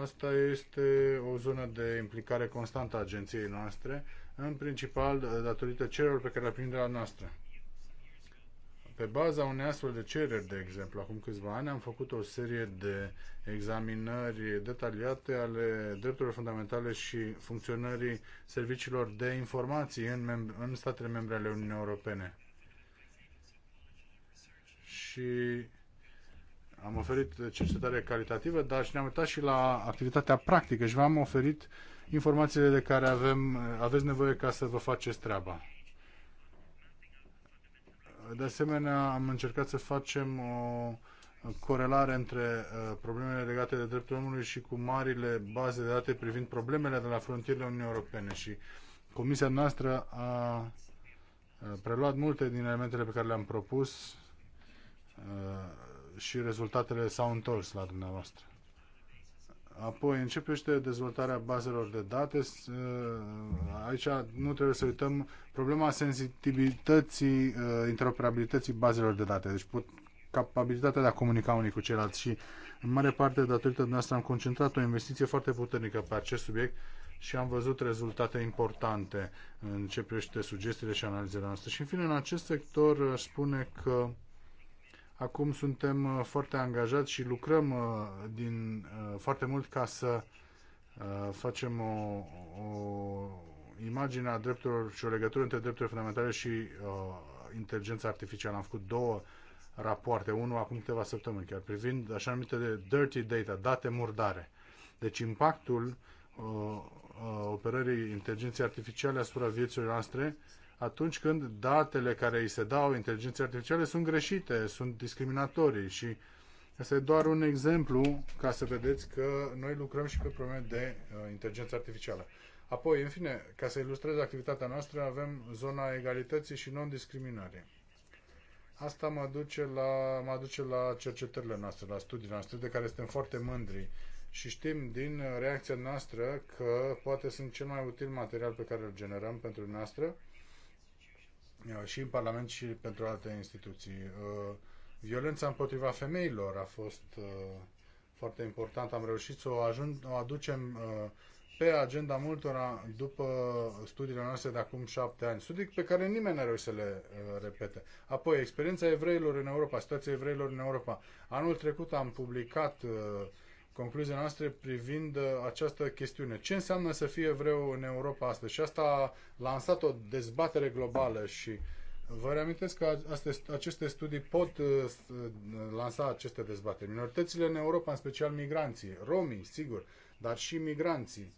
Asta este o zonă de implicare constantă a agenției noastre, în principal datorită cererilor pe care le primim de la noastră. Pe baza unei astfel de cereri, de exemplu, acum câțiva ani am făcut o serie de examinări detaliate ale drepturilor fundamentale și funcționării serviciilor de informații în, mem- în statele membre ale Uniunii Europene. Și am oferit cercetare calitativă, dar și ne-am uitat și la activitatea practică și v-am oferit informațiile de care avem, aveți nevoie ca să vă faceți treaba. De asemenea, am încercat să facem o corelare între uh, problemele legate de dreptul omului și cu marile baze de date privind problemele de la frontierele Uniunii Europene și comisia noastră a uh, preluat multe din elementele pe care le-am propus uh, și rezultatele s-au întors la dumneavoastră. Apoi începește dezvoltarea bazelor de date. Uh, aici nu trebuie să uităm problema sensibilității, uh, interoperabilității bazelor de date. Deci pot, capabilitatea de a comunica unii cu ceilalți și în mare parte datorită noastră am concentrat o investiție foarte puternică pe acest subiect și am văzut rezultate importante în ce privește sugestiile și analizele noastre. Și în fine, în acest sector spune că Acum suntem uh, foarte angajați și lucrăm uh, din, uh, foarte mult ca să facem o, o imagine a drepturilor și o legătură între drepturile fundamentale și uh, inteligența artificială. Am făcut două rapoarte, unul acum câteva săptămâni chiar, privind așa de dirty data, date murdare. Deci impactul uh, uh, operării inteligenței artificiale asupra vieților noastre atunci când datele care îi se dau inteligenței artificiale sunt greșite, sunt discriminatorii și Asta e doar un exemplu ca să vedeți că noi lucrăm și pe probleme de uh, inteligență artificială. Apoi, în fine, ca să ilustrez activitatea noastră, avem zona egalității și non-discriminării. Asta mă duce, la, mă duce la cercetările noastre, la studiile noastre, de care suntem foarte mândri. Și știm din reacția noastră că poate sunt cel mai util material pe care îl generăm pentru noastră Uh, și în Parlament și pentru alte instituții. Uh, violența împotriva femeilor a fost uh, foarte importantă. Am reușit să o, ajung, o aducem pe agenda multora după studiile noastre de acum șapte ani. Studii pe care nimeni n-a reușit să le repete. Apoi, experiența evreilor în Europa, situația evreilor în Europa. Anul trecut am publicat concluziile noastre privind uh, această chestiune. Ce înseamnă să fie evreu în Europa astăzi? Și asta a lansat o dezbatere globală și vă reamintesc că aceste studii pot uh, uh, lansa aceste dezbatere. Minoritățile în Europa, în special migranții, romii, sigur, dar și migranții.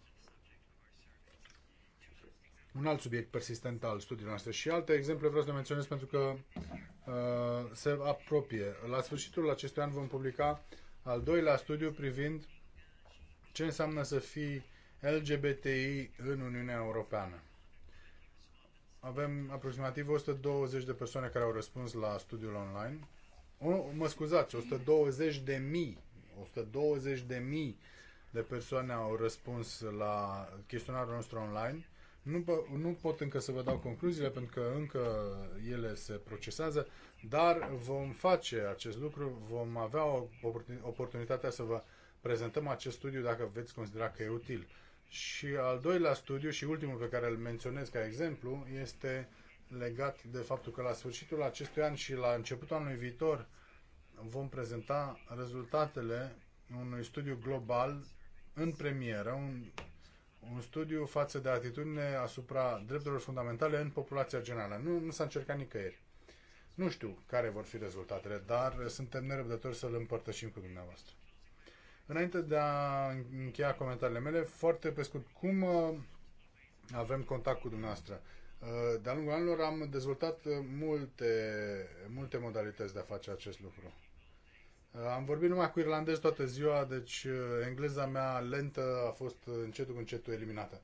Un alt subiect persistent al studiilor noastre și alte exemple vreau să le menționez pentru că uh, se apropie. La sfârșitul acestui an vom publica uh, al doilea studiu privind ce înseamnă să fii LGBTI în Uniunea Europeană. Avem aproximativ 120 de persoane care au răspuns la studiul online. O, mă scuzați, 120 de mii, 120 de mii de persoane au răspuns la chestionarul nostru online nu, nu pot încă să vă dau concluziile pentru că încă ele se procesează, dar vom face acest lucru, vom avea o oportunitatea să vă prezentăm acest studiu dacă veți considera că e util. Și al doilea studiu și ultimul pe care îl menționez ca exemplu este legat de faptul că la sfârșitul acestui an și la începutul anului viitor vom prezenta rezultatele unui studiu global în premieră, un un studiu față de atitudine asupra drepturilor fundamentale în populația generală. Nu, nu s-a încercat nicăieri. Nu știu care vor fi rezultatele, dar suntem nerăbdători să le împărtășim cu dumneavoastră. Înainte de a încheia comentariile mele, foarte pe scurt, cum uh, avem contact cu dumneavoastră? Uh, de-a lungul anilor am dezvoltat uh, multe, multe modalități de a face acest lucru. Uh, am vorbit numai cu irlandezi toată ziua, deci uh, engleza mea lentă a fost încetul cu încetul eliminată.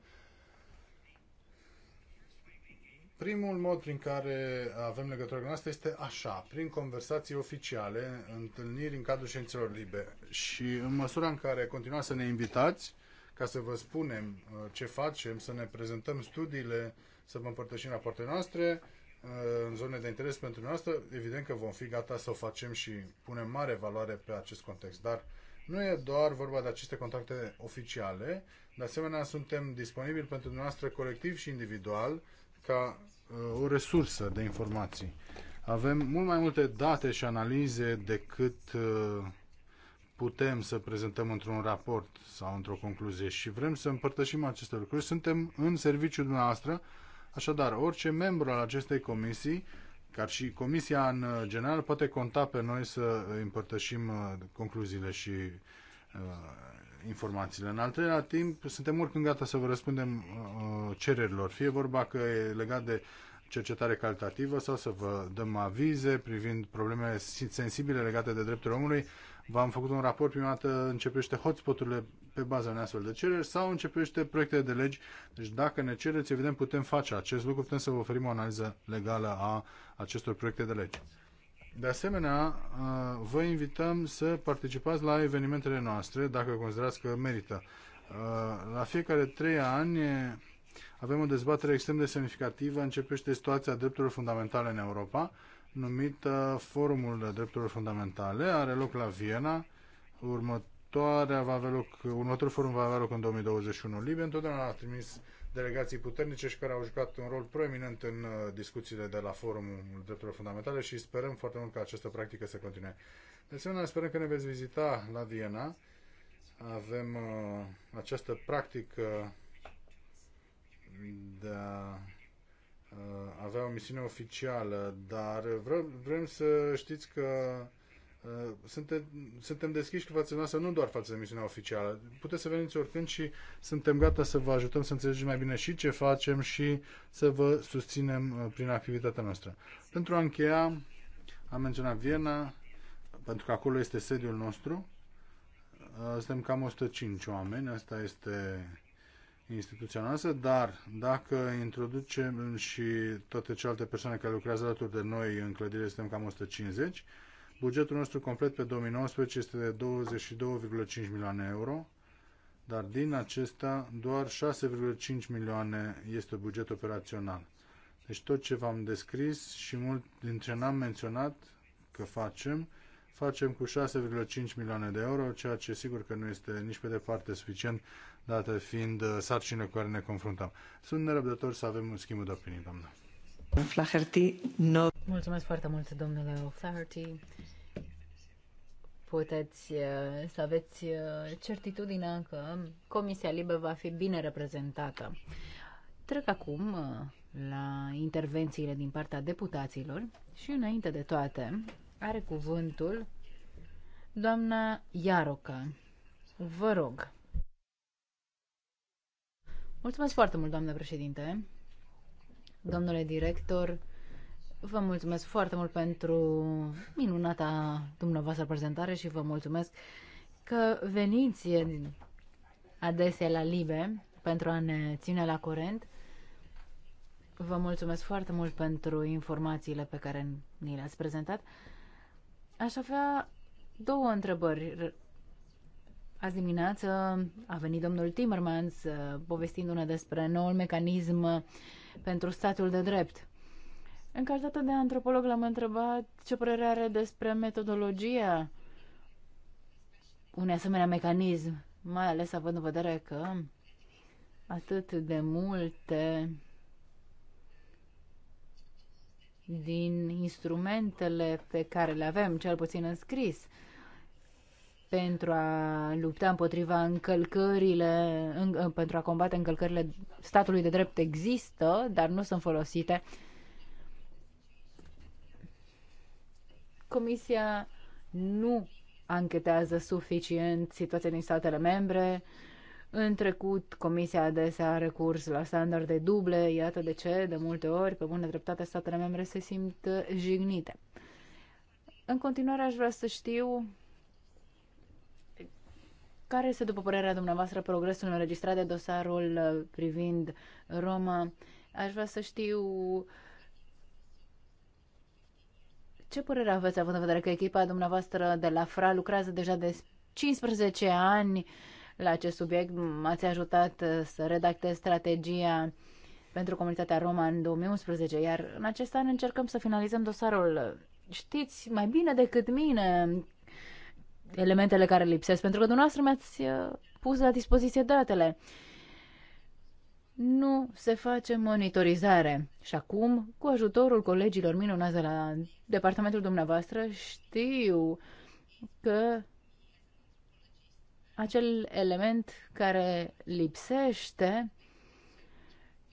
Primul mod prin care avem legătură cu asta este așa, prin conversații oficiale, întâlniri în cadrul ședințelor libere. Și în măsura în care continuați să ne invitați, ca să vă spunem uh, ce facem, să ne prezentăm studiile, să vă împărtășim rapoartele noastre, Uh, în zone de interes pentru noastră, evident că vom fi gata să o facem și punem mare valoare pe acest context. Dar nu e doar vorba de aceste contacte oficiale, de asemenea suntem disponibili pentru noastră colectiv și individual ca uh, o resursă de informații. Avem mult mai multe date și analize decât uh, putem să prezentăm într-un raport sau într-o concluzie și vrem să împărtășim aceste lucruri. Suntem în serviciul dumneavoastră Așadar, orice membru al acestei comisii, ca și comisia în uh, general, poate conta pe noi să împărtășim uh, concluziile și uh, informațiile. În al treilea timp, suntem oricând gata să vă răspundem cererilor, fie vorba că e legat de cercetare calitativă sau să vă dăm avize privind probleme sensibile legate de drepturile omului. V-am făcut un raport prima dată, începește hotspoturile pe baza unei astfel de cereri sau începește proiecte de legi. Deci dacă ne cereți, evident, putem face acest lucru, putem să vă oferim o analiză legală a acestor proiecte de legi. De asemenea, uh, vă invităm să participați la evenimentele noastre, dacă considerați că merită. Uh, la fiecare trei ani avem o dezbatere extrem de semnificativă, începește situația drepturilor fundamentale în Europa, numită Forumul Drepturilor Fundamentale, are loc la Viena, următ următoarea va avea loc, următorul forum va avea loc în 2021. Libia întotdeauna a trimis delegații puternice și care au jucat un rol proeminent în uh, discuțiile de la Forumul Drepturilor Fundamentale și sperăm foarte mult ca această practică să continue. De asemenea, sperăm că ne veți vizita la Viena. Avem uh, această practică de a uh, avea o misiune oficială, dar vrem, vrem să știți că Uh, suntem, suntem deschiși cu fața noastră, nu doar față de misiunea oficială. Puteți să veniți oricând și suntem gata să vă ajutăm să înțelegeți mai bine și ce facem și să vă susținem uh, prin activitatea noastră. Pentru a încheia, am menționat Viena, pentru că acolo este sediul nostru. Uh, suntem cam 105 oameni, asta este instituția noastră, dar dacă introducem și toate celelalte persoane care lucrează alături de noi în clădire, suntem cam 150, Bugetul nostru complet pe 2019 este de 22,5 milioane euro, dar din acesta doar 6,5 milioane este buget operațional. Deci tot ce v-am descris și mult din ce n-am menționat că facem, facem cu 6,5 milioane de euro, ceea ce sigur că nu este nici pe departe suficient, dată fiind uh, sarcinile cu care ne confruntăm. Sunt nerăbdător să avem un schimb de opinii, doamnă. Flaherty, no. Mulțumesc foarte mult, domnule Flaherty puteți uh, să aveți uh, certitudinea că Comisia Libe va fi bine reprezentată. Trec acum uh, la intervențiile din partea deputaților și înainte de toate are cuvântul doamna Iaroca. Vă rog. Mulțumesc foarte mult, doamnă președinte. Domnule director, Vă mulțumesc foarte mult pentru minunata dumneavoastră prezentare și vă mulțumesc că veniți adesea la Libe pentru a ne ține la curent. Vă mulțumesc foarte mult pentru informațiile pe care ni le-ați prezentat. Aș avea două întrebări. Azi dimineață a venit domnul Timmermans uh, povestindu-ne despre noul mecanism uh, pentru statul de drept. În calitate de antropolog l-am întrebat ce părere are despre metodologia unui asemenea mecanism, mai ales având în vedere că atât de multe din instrumentele pe care le avem, cel puțin înscris, pentru a lupta împotriva încălcările, în, pentru a combate încălcările statului de drept există, dar nu sunt folosite Comisia nu anchetează suficient situația din statele membre. În trecut, Comisia adesea a recurs la standarde duble, iată de ce, de multe ori, pe bună dreptate, statele membre se simt jignite. În continuare, aș vrea să știu care este, după părerea dumneavoastră, progresul înregistrat de dosarul privind Roma. Aș vrea să știu uh, ce părere aveți, având în vedere că echipa dumneavoastră de la FRA lucrează deja de 15 ani la acest subiect? M-ați ajutat uh, să redactez strategia pentru comunitatea Roma în 2011, iar în acest an încercăm să finalizăm dosarul. Știți mai bine decât mine elementele care lipsesc, pentru că dumneavoastră mi-ați uh, pus la dispoziție datele. Uh, nu se face monitorizare. Și acum, cu ajutorul colegilor minunați de la departamentul dumneavoastră, știu că acel element care lipsește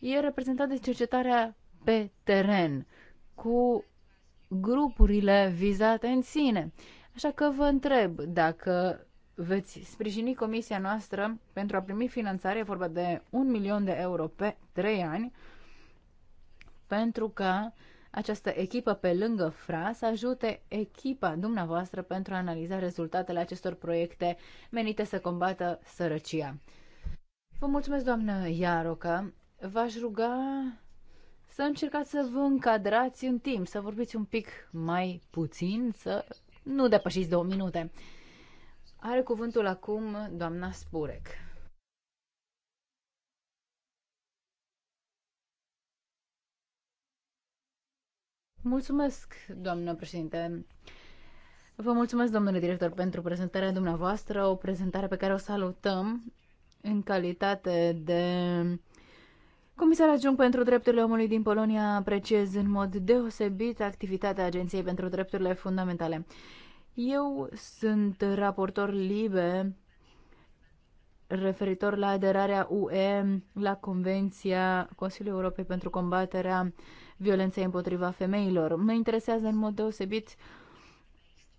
e reprezentat de cercetarea pe teren, cu grupurile vizate în sine. Așa că vă întreb dacă veți sprijini comisia noastră pentru a primi finanțare, e vorba de un milion de euro pe trei ani, pentru că această echipă pe lângă FRA să ajute echipa dumneavoastră pentru a analiza rezultatele acestor proiecte menite să combată sărăcia. Vă mulțumesc, doamnă Iaroca. V-aș ruga să încercați să vă încadrați în timp, să vorbiți un pic mai puțin, să nu depășiți două minute. Are cuvântul acum doamna Spurec. Mulțumesc, doamnă președinte. Vă mulțumesc, domnule director, pentru prezentarea dumneavoastră, o prezentare pe care o salutăm în calitate de comisar adjunct pentru drepturile omului din Polonia. Apreciez în mod deosebit activitatea Agenției pentru Drepturile Fundamentale. Eu sunt raportor libe referitor la aderarea UE la Convenția Consiliului Europei pentru combaterea violenței împotriva femeilor. Mă interesează în mod deosebit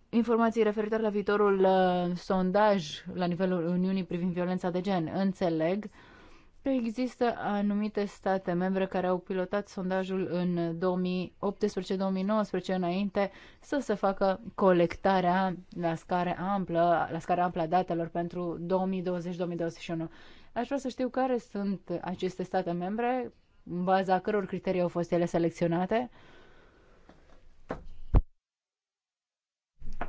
informații referitor la viitorul uh, sondaj la nivelul Uniunii privind violența de gen. Înțeleg uh, există anumite state membre care au pilotat sondajul în 2018-2019 înainte să se facă colectarea la scară amplă, la scară amplă a datelor pentru 2020-2021. Aș vrea să știu care sunt aceste state membre, în baza căror criterii au fost ele selecționate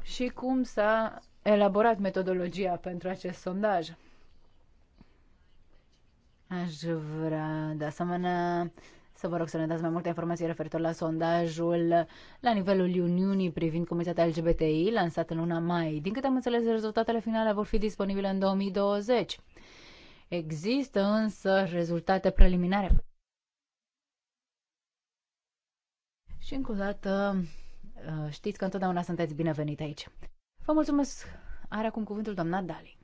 și cum s-a elaborat metodologia pentru acest sondaj. Aș vrea, de asemenea, să vă rog să ne dați mai multe informații referitor la sondajul la nivelul Uniunii privind comunitatea LGBTI lansat în luna mai. Din câte am înțeles, rezultatele finale vor fi disponibile în 2020. Există însă rezultate preliminare. Și încă o dată, știți că întotdeauna sunteți binevenit aici. Vă mulțumesc. Are acum cuvântul doamna Dali.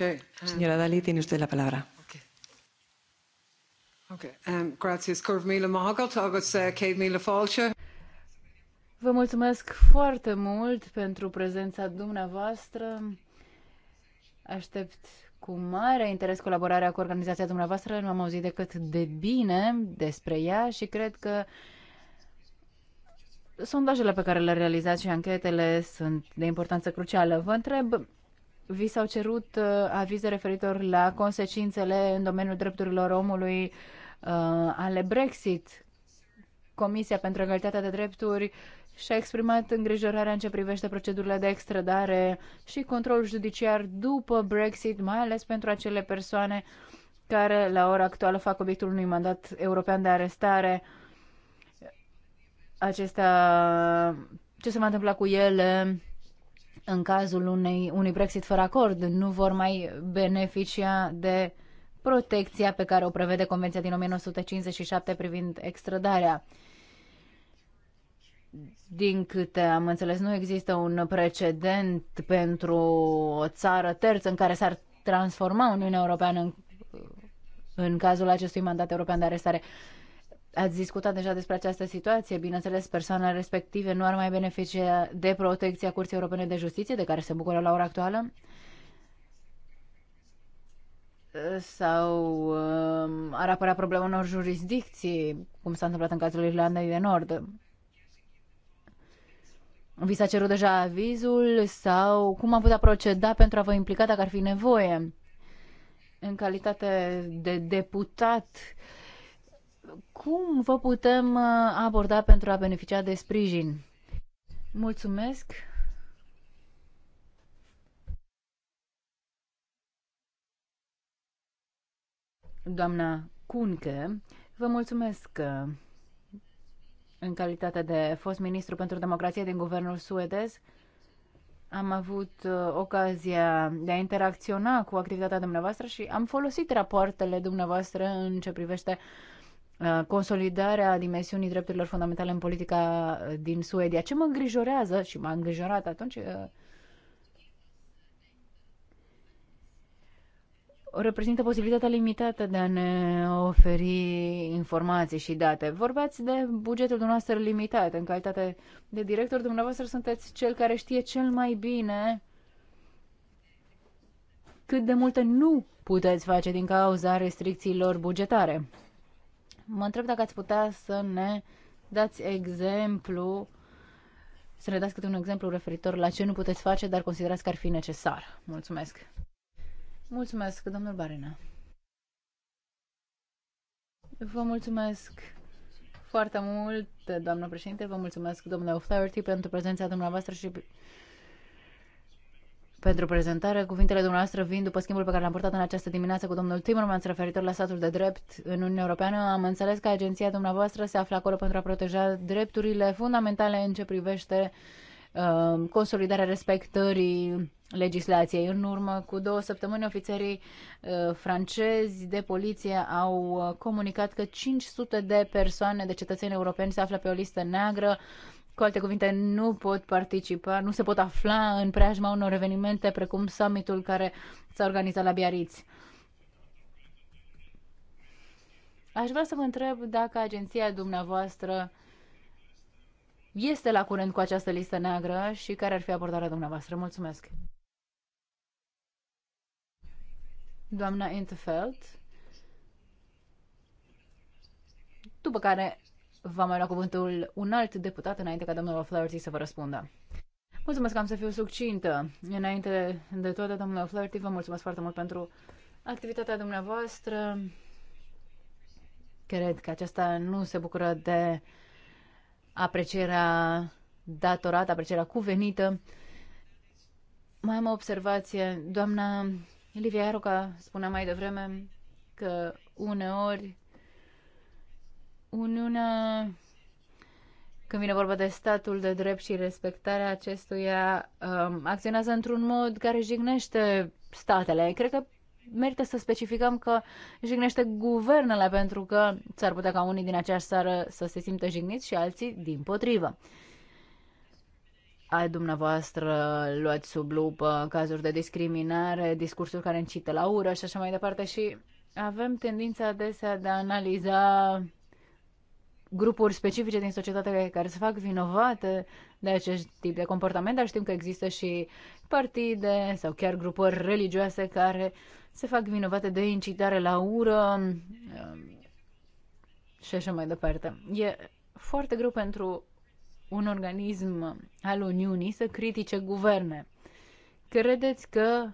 Okay. Um, Señora Dalí, tiene usted la palabra. Um, uh, Vă mulțumesc foarte mult pentru prezența dumneavoastră. Aștept cu mare interes colaborarea cu organizația dumneavoastră. Nu am auzit decât de bine despre ea și cred că sondajele pe care le realizați și anchetele sunt de importanță crucială. Vă întreb vi s-au cerut uh, avize referitor la consecințele în domeniul drepturilor omului uh, ale Brexit. Comisia pentru Egalitatea de Drepturi și-a exprimat îngrijorarea în ce privește procedurile de extradare și controlul judiciar după Brexit, mai ales pentru acele persoane care la ora actuală fac obiectul unui mandat european de arestare. Acesta, ce se va întâmpla cu ele în cazul unei, unui Brexit fără acord, nu vor mai beneficia de protecția pe care o prevede Convenția din 1957 privind extradarea. Din câte am înțeles, nu există un precedent pentru o țară terță în care s-ar transforma Uniunea Europeană în, în cazul acestui mandat european de arestare. Uh, Ați discutat deja despre această situație. Bineînțeles, persoanele respective nu ar mai beneficia de protecția Curții Europene de Justiție, de care se bucură la ora actuală? Sau uh, ar apărea problema unor jurisdicții, cum s-a întâmplat în cazul Irlandei de Nord? Vi s-a cerut deja avizul sau cum am putea proceda pentru a vă implica dacă ar fi nevoie? În calitate de deputat, uh, cum vă putem uh, aborda pentru a beneficia de sprijin? Mulțumesc! Doamna Cunche, vă mulțumesc uh, în calitate de fost ministru pentru democrație din guvernul suedez. Am avut uh, ocazia de a interacționa cu activitatea dumneavoastră și am folosit rapoartele dumneavoastră în ce privește uh, Uh, consolidarea dimensiunii drepturilor fundamentale în politica uh, din Suedia. Ce mă îngrijorează și m-a îngrijorat atunci uh, reprezintă posibilitatea limitată de a ne oferi informații și date. Vorbeați de bugetul dumneavoastră limitat. În calitate de director, dumneavoastră sunteți cel care știe cel mai bine cât de multe nu puteți face din cauza restricțiilor bugetare. Mă întreb dacă ați putea să ne dați exemplu, să ne dați câte un exemplu referitor la ce nu puteți face, dar considerați că ar fi necesar. Mulțumesc! Mulțumesc, domnul Barina. Vă mulțumesc foarte mult, doamnă președinte, vă mulțumesc, domnule O'Flaherty, pentru prezența dumneavoastră și pentru prezentare. Cuvintele dumneavoastră vin după schimbul pe care l-am purtat în această dimineață cu domnul Timmermans referitor la statul de drept în Uniunea Europeană. Am înțeles că agenția dumneavoastră se află acolo pentru a proteja drepturile fundamentale în ce privește uh, consolidarea respectării legislației. În urmă cu două săptămâni, ofițerii uh, francezi de poliție au uh, comunicat că 500 de persoane, de cetățeni europeni, se află pe o listă neagră uh, cu alte cuvinte, nu pot participa, nu se pot afla în preajma unor evenimente precum summitul care s-a organizat la Biarritz. Aș vrea să vă întreb dacă agenția dumneavoastră este la curent cu această listă neagră și care ar fi abordarea dumneavoastră. Mulțumesc! Doamna Interfeld, după care va mai lua cuvântul un alt deputat înainte ca domnul Flaherty să vă răspundă. Mulțumesc că am să fiu succintă. Înainte de toate, domnule Flaherty, vă mulțumesc foarte mult pentru activitatea dumneavoastră. Cred că aceasta nu se bucură de aprecierea datorată, aprecierea cuvenită. Mai am o observație. Doamna Livia Iaruca spunea mai devreme că uneori Uniunea, când vine vorba de statul de drept și respectarea acestuia, um, acționează într-un mod care jignește statele. Cred că merită să specificăm că jignește guvernele, pentru că s-ar putea ca unii din aceeași țară să se simtă jigniți și alții din potrivă. Ai dumneavoastră luat sub lupă cazuri de discriminare, discursuri care încită la ură și așa mai departe și avem tendința adesea de a analiza grupuri specifice din societate care se fac vinovate de acest tip de comportament, dar știm că există și partide sau chiar grupuri religioase care se fac vinovate de incitare la ură um, și așa mai departe. E foarte greu pentru un organism al Uniunii să critique guverne. Credeți că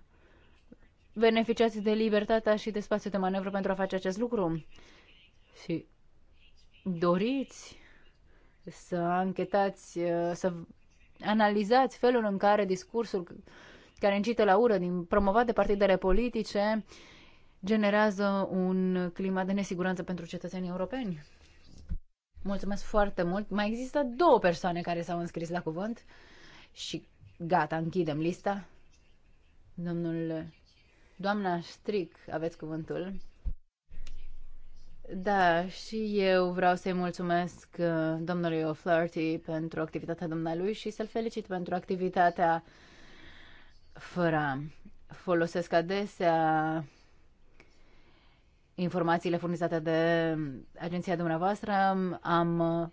beneficiați de libertatea și de spațiu de manevră pentru a face acest lucru? Și doriți să anchetați, să analizați felul în care discursul care încită la ură, din promovat de partidele politice, generează un climat de nesiguranță pentru cetățenii europeni. Mulțumesc foarte mult. Mai există două persoane care s-au înscris la cuvânt și gata, închidem lista. Domnul, doamna Stric, aveți cuvântul. Da, și eu vreau să-i mulțumesc uh, domnului O'Flaherty pentru activitatea dumnealui și să-l felicit pentru activitatea fără. Folosesc adesea informațiile furnizate de agenția dumneavoastră. Am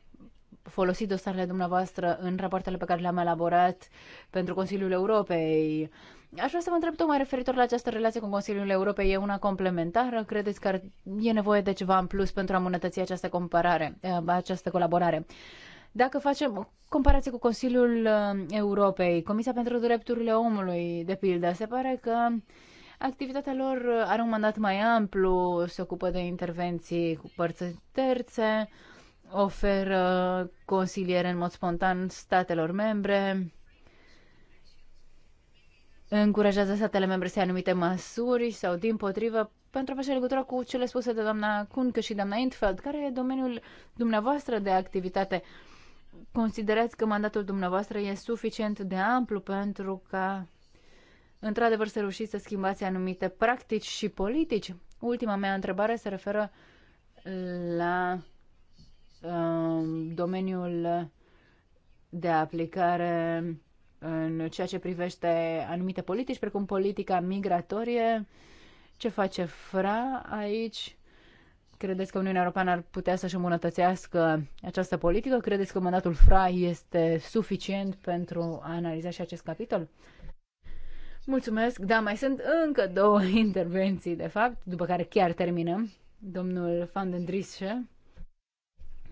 folosit dosarele dumneavoastră în rapoartele pe care le-am elaborat pentru Consiliul Europei Aș vrea să vă întreb tocmai referitor la această relație cu Consiliul Europei. E una complementară? Credeți că ar, e nevoie de ceva în plus pentru a îmbunătăți această comparare, eh, această colaborare? Dacă facem comparație cu Consiliul eh, Europei, Comisia pentru Drepturile Omului, de pildă, se pare că activitatea lor are un mandat mai amplu, se ocupă de intervenții cu părți terțe, oferă consiliere în mod spontan statelor membre, încurajează statele membre să ia anumite măsuri sau, din potrivă, pentru a face legătură cu cele spuse de doamna Cuncă și doamna Intfeld, care e domeniul dumneavoastră de activitate. Considerați că mandatul dumneavoastră e suficient de amplu pentru ca, într-adevăr, să reușiți să schimbați anumite practici și politici? Ultima mea întrebare se referă la uh, domeniul de aplicare în ceea ce privește anumite politici, precum politica migratorie. Ce face FRA aici? Credeți că Uniunea Europeană ar putea să-și îmbunătățească această politică? Credeți că mandatul FRA este suficient pentru a analiza și acest capitol? Mulțumesc. Da, mai sunt încă două intervenții, de fapt, după care chiar terminăm. Domnul Van den Driesche.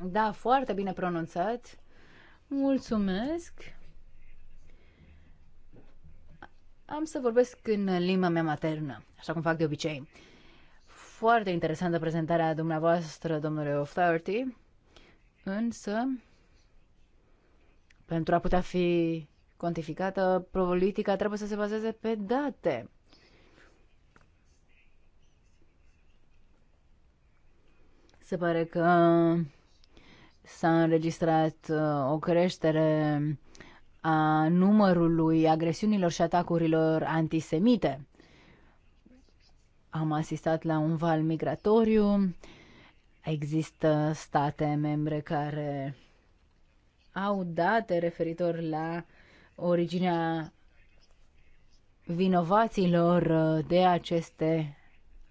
Da, foarte bine pronunțat. Mulțumesc. am să vorbesc în limba mea maternă, așa cum fac de obicei. Foarte interesantă prezentarea dumneavoastră, domnule O'Flaherty, însă, pentru a putea fi cuantificată, politica trebuie să se bazeze pe date. Se pare că s-a înregistrat uh, o creștere a numărului agresiunilor și atacurilor antisemite. Am asistat la un val migratoriu. Există state membre care au date referitor la originea vinovaților uh, de aceste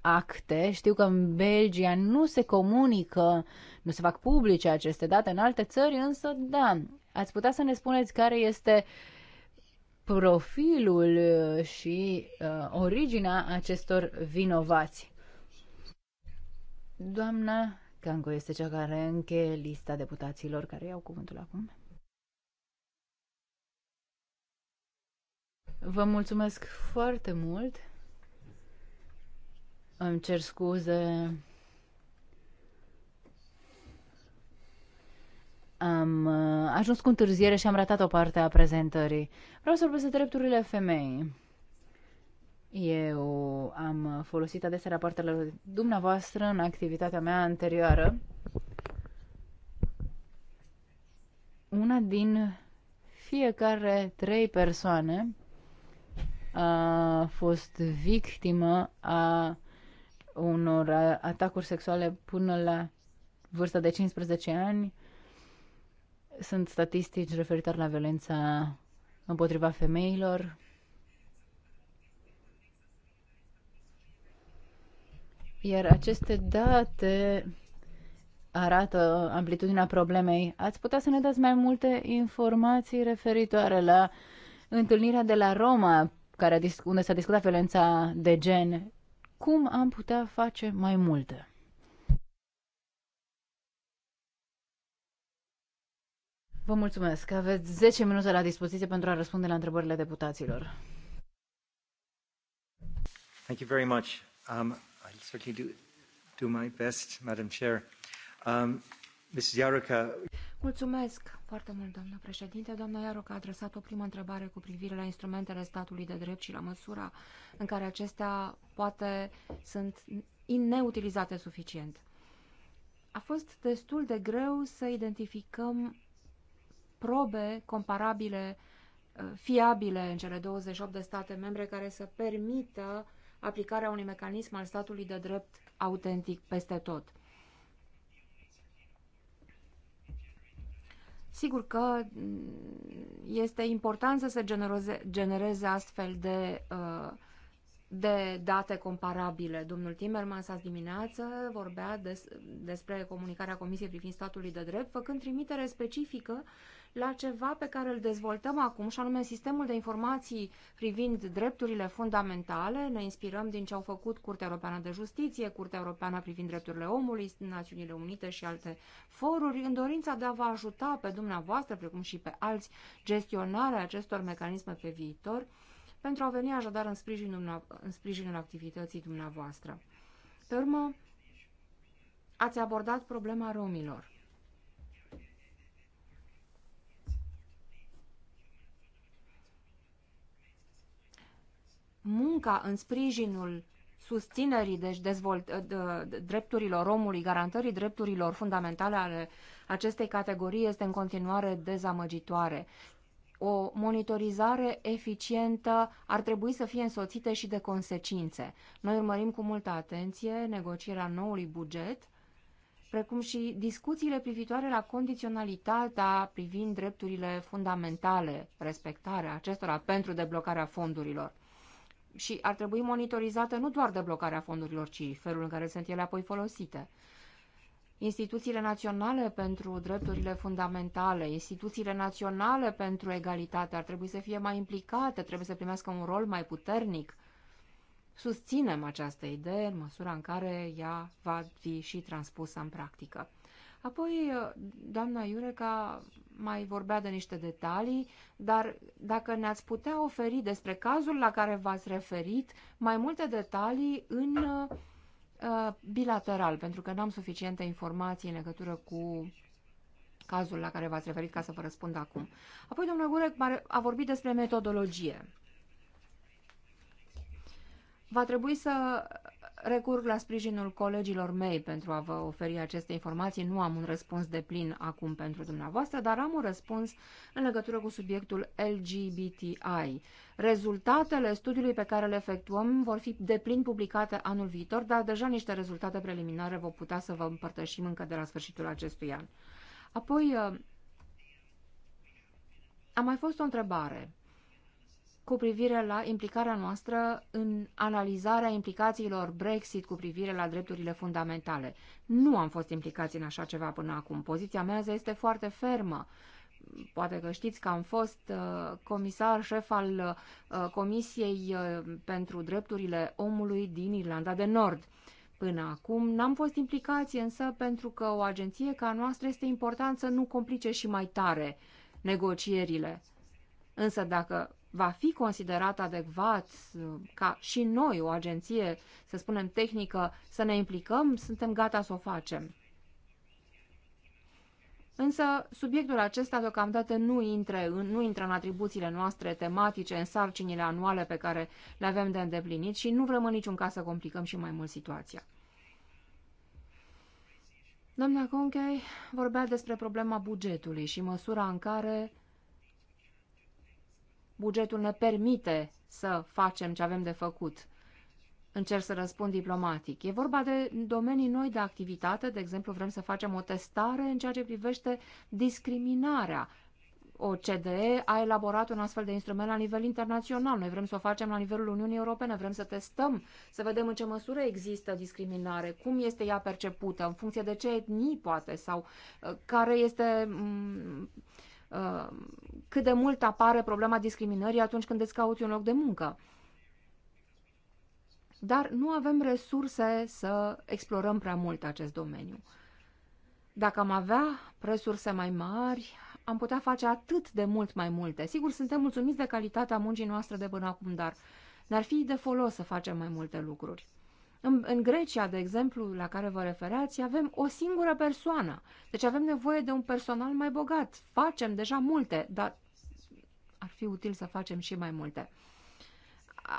acte. Știu că în Belgia nu se comunică, nu se fac publice aceste date, în alte țări însă, da, Ați putea să ne spuneți care este profilul uh, și uh, originea acestor vinovați? Doamna Canco este cea care încheie lista deputaților care iau cuvântul acum. Vă mulțumesc foarte mult. Îmi cer scuze Am uh, ajuns cu întârziere și am ratat o parte a prezentării. Vreau să vorbesc de drepturile femei. Eu am folosit adesea rapoartele dumneavoastră în activitatea mea anterioară. Una din fiecare trei persoane a fost victimă a unor atacuri sexuale până la vârsta de 15 ani sunt statistici referitoare la violența împotriva femeilor. Iar aceste date arată amplitudinea problemei. Ați putea să ne dați mai multe informații referitoare la întâlnirea de la Roma, care, unde s-a discutat violența de gen. Cum am putea face mai multe? Vă mulțumesc. Aveți 10 minute la dispoziție pentru a răspunde la întrebările deputaților. Thank you very much. Um, I'll certainly do, do my best, Madam Chair. Um, Mrs. Iaroca... Mulțumesc foarte mult, doamnă președinte. Doamna Iaroc a adresat o primă întrebare cu privire la instrumentele statului de drept și la măsura în care acestea poate sunt neutilizate suficient. A fost destul de greu să identificăm probe comparabile, uh, fiabile în cele 28 de state membre care să permită aplicarea unui mecanism al statului de drept autentic peste tot. Sigur că mm, este important să se generoze, genereze astfel de, uh, de date comparabile. Domnul Timmermans azi dimineață vorbea des, despre comunicarea Comisiei privind statului de drept, făcând trimitere specifică la ceva pe care îl dezvoltăm acum, și anume sistemul de informații privind drepturile fundamentale. Ne inspirăm din ce au făcut Curtea Europeană de Justiție, Curtea Europeană privind drepturile omului, Națiunile Unite și alte foruri, în dorința de a vă ajuta pe dumneavoastră, precum și pe alți, gestionarea acestor mecanisme pe viitor, pentru a veni așadar în sprijinul, în sprijinul activității dumneavoastră. Pe urmă, ați abordat problema romilor. munca în sprijinul susținerii deci dezvolt, ă, ă, drepturilor omului, garantării drepturilor fundamentale ale acestei categorii este în continuare dezamăgitoare. O monitorizare eficientă ar trebui să fie însoțită și de consecințe. Noi urmărim cu multă atenție negocierea noului buget, precum și discuțiile privitoare la condiționalitatea privind drepturile fundamentale, respectarea acestora pentru deblocarea fondurilor și ar trebui monitorizată nu doar de blocarea fondurilor, ci felul în care sunt ele apoi folosite. Instituțiile naționale pentru drepturile fundamentale, instituțiile naționale pentru egalitate ar trebui să fie mai implicate, trebuie să primească un rol mai puternic. Susținem această idee în măsura în care ea va fi și transpusă în practică. Apoi, uh, doamna Iureca mai vorbea de niște detalii, dar dacă ne-ați putea oferi despre cazul la care v-ați referit mai multe detalii în uh, uh bilateral, pentru că n-am suficiente informații în legătură cu cazul la care v-ați referit ca să vă răspund acum. Apoi, domnul Gurec a vorbit despre metodologie. Va trebui să recurg la sprijinul colegilor mei pentru a vă oferi aceste informații. Nu am un răspuns de plin acum pentru dumneavoastră, dar am un răspuns în legătură cu subiectul LGBTI. Rezultatele studiului pe care le efectuăm vor fi de plin publicate anul viitor, dar deja niște rezultate preliminare vă putea să vă împărtășim încă de la sfârșitul acestui an. Apoi, uh, a mai fost o întrebare cu privire la implicarea noastră în analizarea implicațiilor Brexit cu privire la drepturile fundamentale. Nu am fost implicați în așa ceva până acum. Poziția mea este foarte fermă. Poate că știți că am fost uh, comisar șef al uh, Comisiei uh, pentru Drepturile Omului din Irlanda de Nord. Până acum n-am fost implicați, însă pentru că o agenție ca a noastră este important să nu complice și mai tare negocierile. Însă dacă va fi considerat adecvat uh, ca și noi, o agenție, să spunem, tehnică, să ne implicăm, suntem gata să o facem. Însă, subiectul acesta deocamdată nu intră, în, nu intră în atribuțiile noastre tematice, în sarcinile anuale pe care le avem de îndeplinit și nu vrem în niciun caz să complicăm și mai mult situația. Doamna Conchei vorbea despre problema bugetului și măsura în care bugetul ne permite să facem ce avem de făcut. Încerc să răspund diplomatic. E vorba de domenii noi de activitate, de exemplu vrem să facem o testare în ceea ce privește discriminarea. OCDE a elaborat un astfel de instrument la nivel internațional. Noi vrem să o facem la nivelul Uniunii Europene, vrem să testăm, să vedem în ce măsură există discriminare, cum este ea percepută, în funcție de ce etnii poate sau uh, care este mm, Uh, cât de mult apare problema discriminării atunci când îți cauți un loc de muncă. Dar nu avem resurse să explorăm prea mult acest domeniu. Dacă am avea resurse mai mari, am putea face atât de mult mai multe. Sigur, suntem mulțumiți de calitatea muncii noastre de până acum, dar n-ar fi de folos să facem mai multe lucruri. În, în Grecia, de exemplu, la care vă referați, avem o singură persoană. Deci avem nevoie de un personal mai bogat. Facem deja multe, dar ar fi util să facem și mai multe.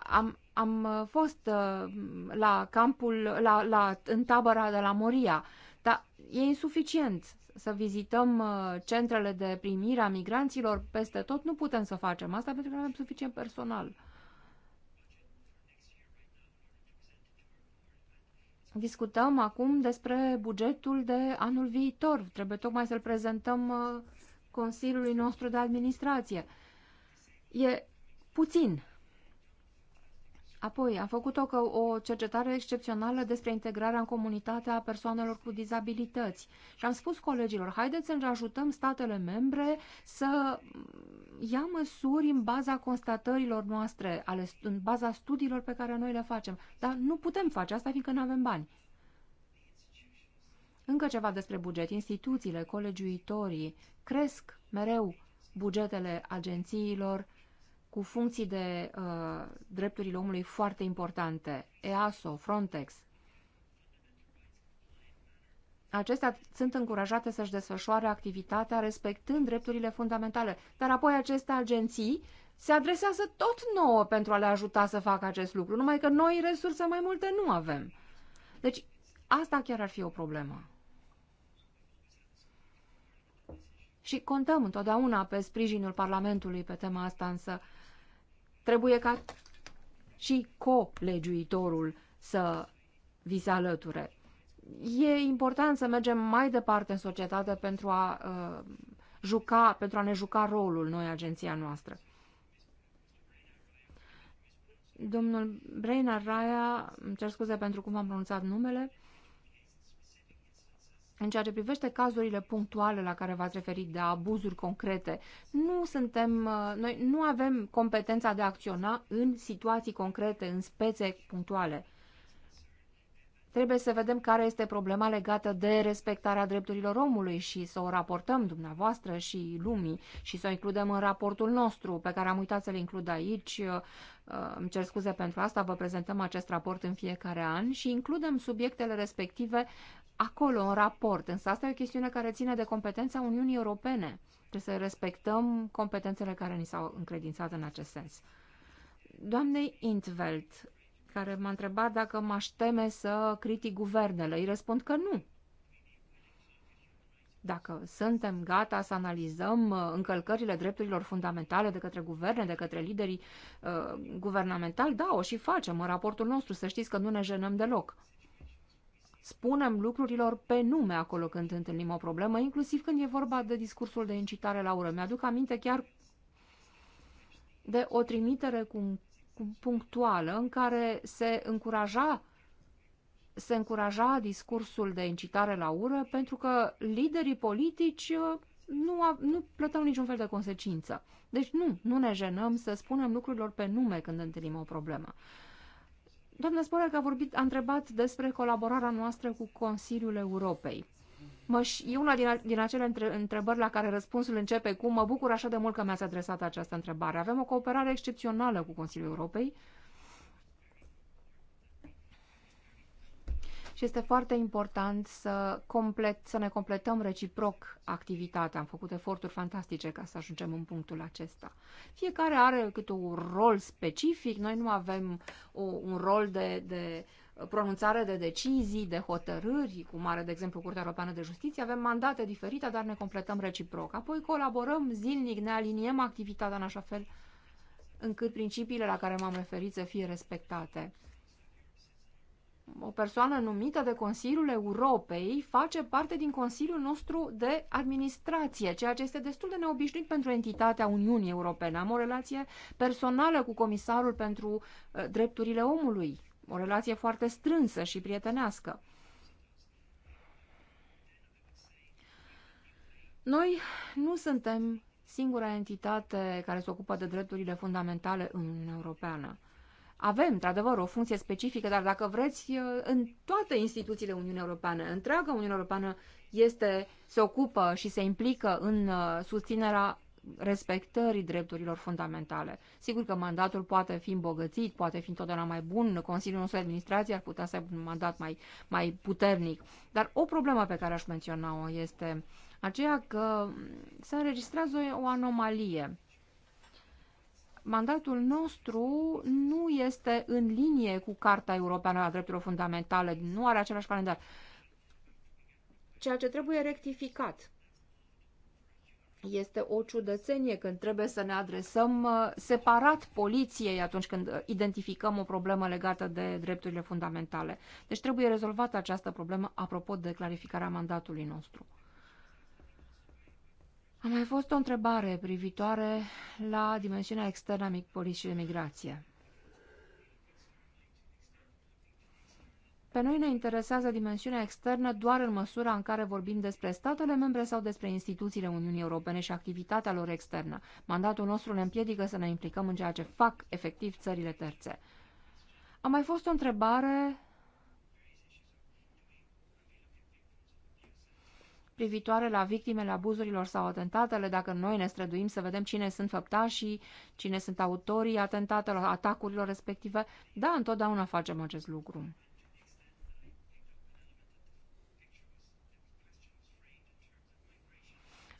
Am, am fost uh, la campul, la, la, în tabăra de la Moria, dar e insuficient să vizităm uh, centrele de primire a migranților peste tot. Nu putem să facem asta pentru că nu avem suficient personal. Discutăm acum despre bugetul de anul viitor. Trebuie tocmai să-l prezentăm uh, Consiliului nostru de administrație. E puțin Apoi, am făcut-o că o cercetare excepțională despre integrarea în comunitatea a persoanelor cu dizabilități. Și am spus colegilor, haideți să ajutăm statele membre să ia măsuri în baza constatărilor noastre, ale, în baza studiilor pe care noi le facem. Dar nu putem face asta fiindcă nu avem bani. Încă ceva despre buget. Instituțiile, colegiuitorii cresc mereu bugetele agențiilor, cu funcții de uh, drepturile omului foarte importante, EASO, Frontex. Acestea sunt încurajate să-și desfășoare activitatea respectând drepturile fundamentale, dar apoi aceste agenții se adresează tot nouă pentru a le ajuta să facă acest lucru, numai că noi resurse mai multe nu avem. Deci, asta chiar ar fi o problemă. Și contăm întotdeauna pe sprijinul Parlamentului pe tema asta, însă Trebuie ca și colegiuitorul să vi se alăture. E important să mergem mai departe în societate pentru a, uh, juca, pentru a ne juca rolul noi, agenția noastră. Domnul Brainard Raya, îmi cer scuze pentru cum am pronunțat numele, în ceea ce privește cazurile punctuale la care v-ați referit de abuzuri concrete, nu suntem, uh, noi nu avem competența de a acționa în situații concrete, în spețe punctuale. Trebuie să vedem care este problema legată de respectarea drepturilor omului și să o raportăm dumneavoastră și lumii și să o includem în raportul nostru, pe care am uitat să-l includ aici. Uh, îmi cer scuze pentru asta, vă prezentăm acest raport în fiecare an și includem subiectele respective acolo, în raport. Însă asta e o chestiune care ține de competența Uniunii Europene. Trebuie să respectăm competențele care ni s-au încredințat în acest sens. Doamnei Intveld, care m-a întrebat dacă m-aș teme să critic guvernele, îi răspund că nu. Dacă suntem gata să analizăm uh, încălcările drepturilor fundamentale de către guverne, de către liderii uh, guvernamentali, da, o și facem în raportul nostru, să știți că nu ne jenăm deloc spunem lucrurilor pe nume acolo când întâlnim o problemă, inclusiv când e vorba de discursul de incitare la ură. Mi-aduc aminte chiar de o trimitere cu, cu punctuală în care se încuraja se încuraja discursul de incitare la ură pentru că liderii politici uh, nu, a, nu plăteau niciun fel de consecință. Deci nu, nu ne jenăm să spunem lucrurilor pe nume când întâlnim o problemă. Doamna Spore, că a, vorbit, a întrebat despre colaborarea noastră cu Consiliul Europei. Mă, e una din, din acele între, întrebări la care răspunsul începe cu mă bucur așa de mult că mi-ați adresat această întrebare. Avem o cooperare excepțională cu Consiliul Europei și este foarte important să, complet, să ne completăm reciproc activitatea. Am făcut eforturi fantastice ca să ajungem în punctul acesta. Fiecare are câte un rol specific, noi nu avem o, un rol de, de pronunțare de decizii, de hotărâri, cum are, de exemplu, Curtea Europeană de Justiție, avem mandate diferite, dar ne completăm reciproc. Apoi colaborăm zilnic, ne aliniem activitatea în așa fel încât principiile la care m-am referit să fie respectate o persoană numită de Consiliul Europei face parte din Consiliul nostru de administrație, ceea ce este destul de neobișnuit pentru entitatea Uniunii Europene. Am o relație personală cu Comisarul pentru uh, Drepturile Omului, o relație foarte strânsă și prietenească. Noi nu suntem singura entitate care se ocupă de drepturile fundamentale în Uniunea Europeană. Avem, într-adevăr, o funcție specifică, dar dacă vreți, în toate instituțiile Uniunii Europeane, întreaga Uniunea Europeană este, se ocupă și se implică în uh, susținerea respectării drepturilor fundamentale. Sigur că mandatul poate fi îmbogățit, poate fi întotdeauna mai bun, Consiliul nostru de administrație ar putea să aibă un mandat mai, mai puternic. Dar o problemă pe care aș menționa-o este aceea că se înregistrează o anomalie mandatul nostru nu este în linie cu Carta Europeană a Drepturilor Fundamentale, nu are același calendar. Ceea ce trebuie rectificat este o ciudățenie când trebuie să ne adresăm uh, separat poliției atunci când identificăm o problemă legată de drepturile fundamentale. Deci trebuie rezolvată această problemă apropo de clarificarea mandatului nostru. A mai fost o întrebare privitoare la dimensiunea externă a și de migrație. Pe noi ne interesează dimensiunea externă doar în măsura în care vorbim despre statele membre sau despre instituțiile Uniunii Europene și activitatea lor externă. Mandatul nostru ne împiedică să ne implicăm în ceea ce fac efectiv țările terțe. A mai fost o întrebare privitoare la victimele abuzurilor sau atentatele, dacă noi ne străduim să vedem cine sunt făptașii, cine sunt autorii atentatelor, atacurilor respective, da, întotdeauna facem acest lucru.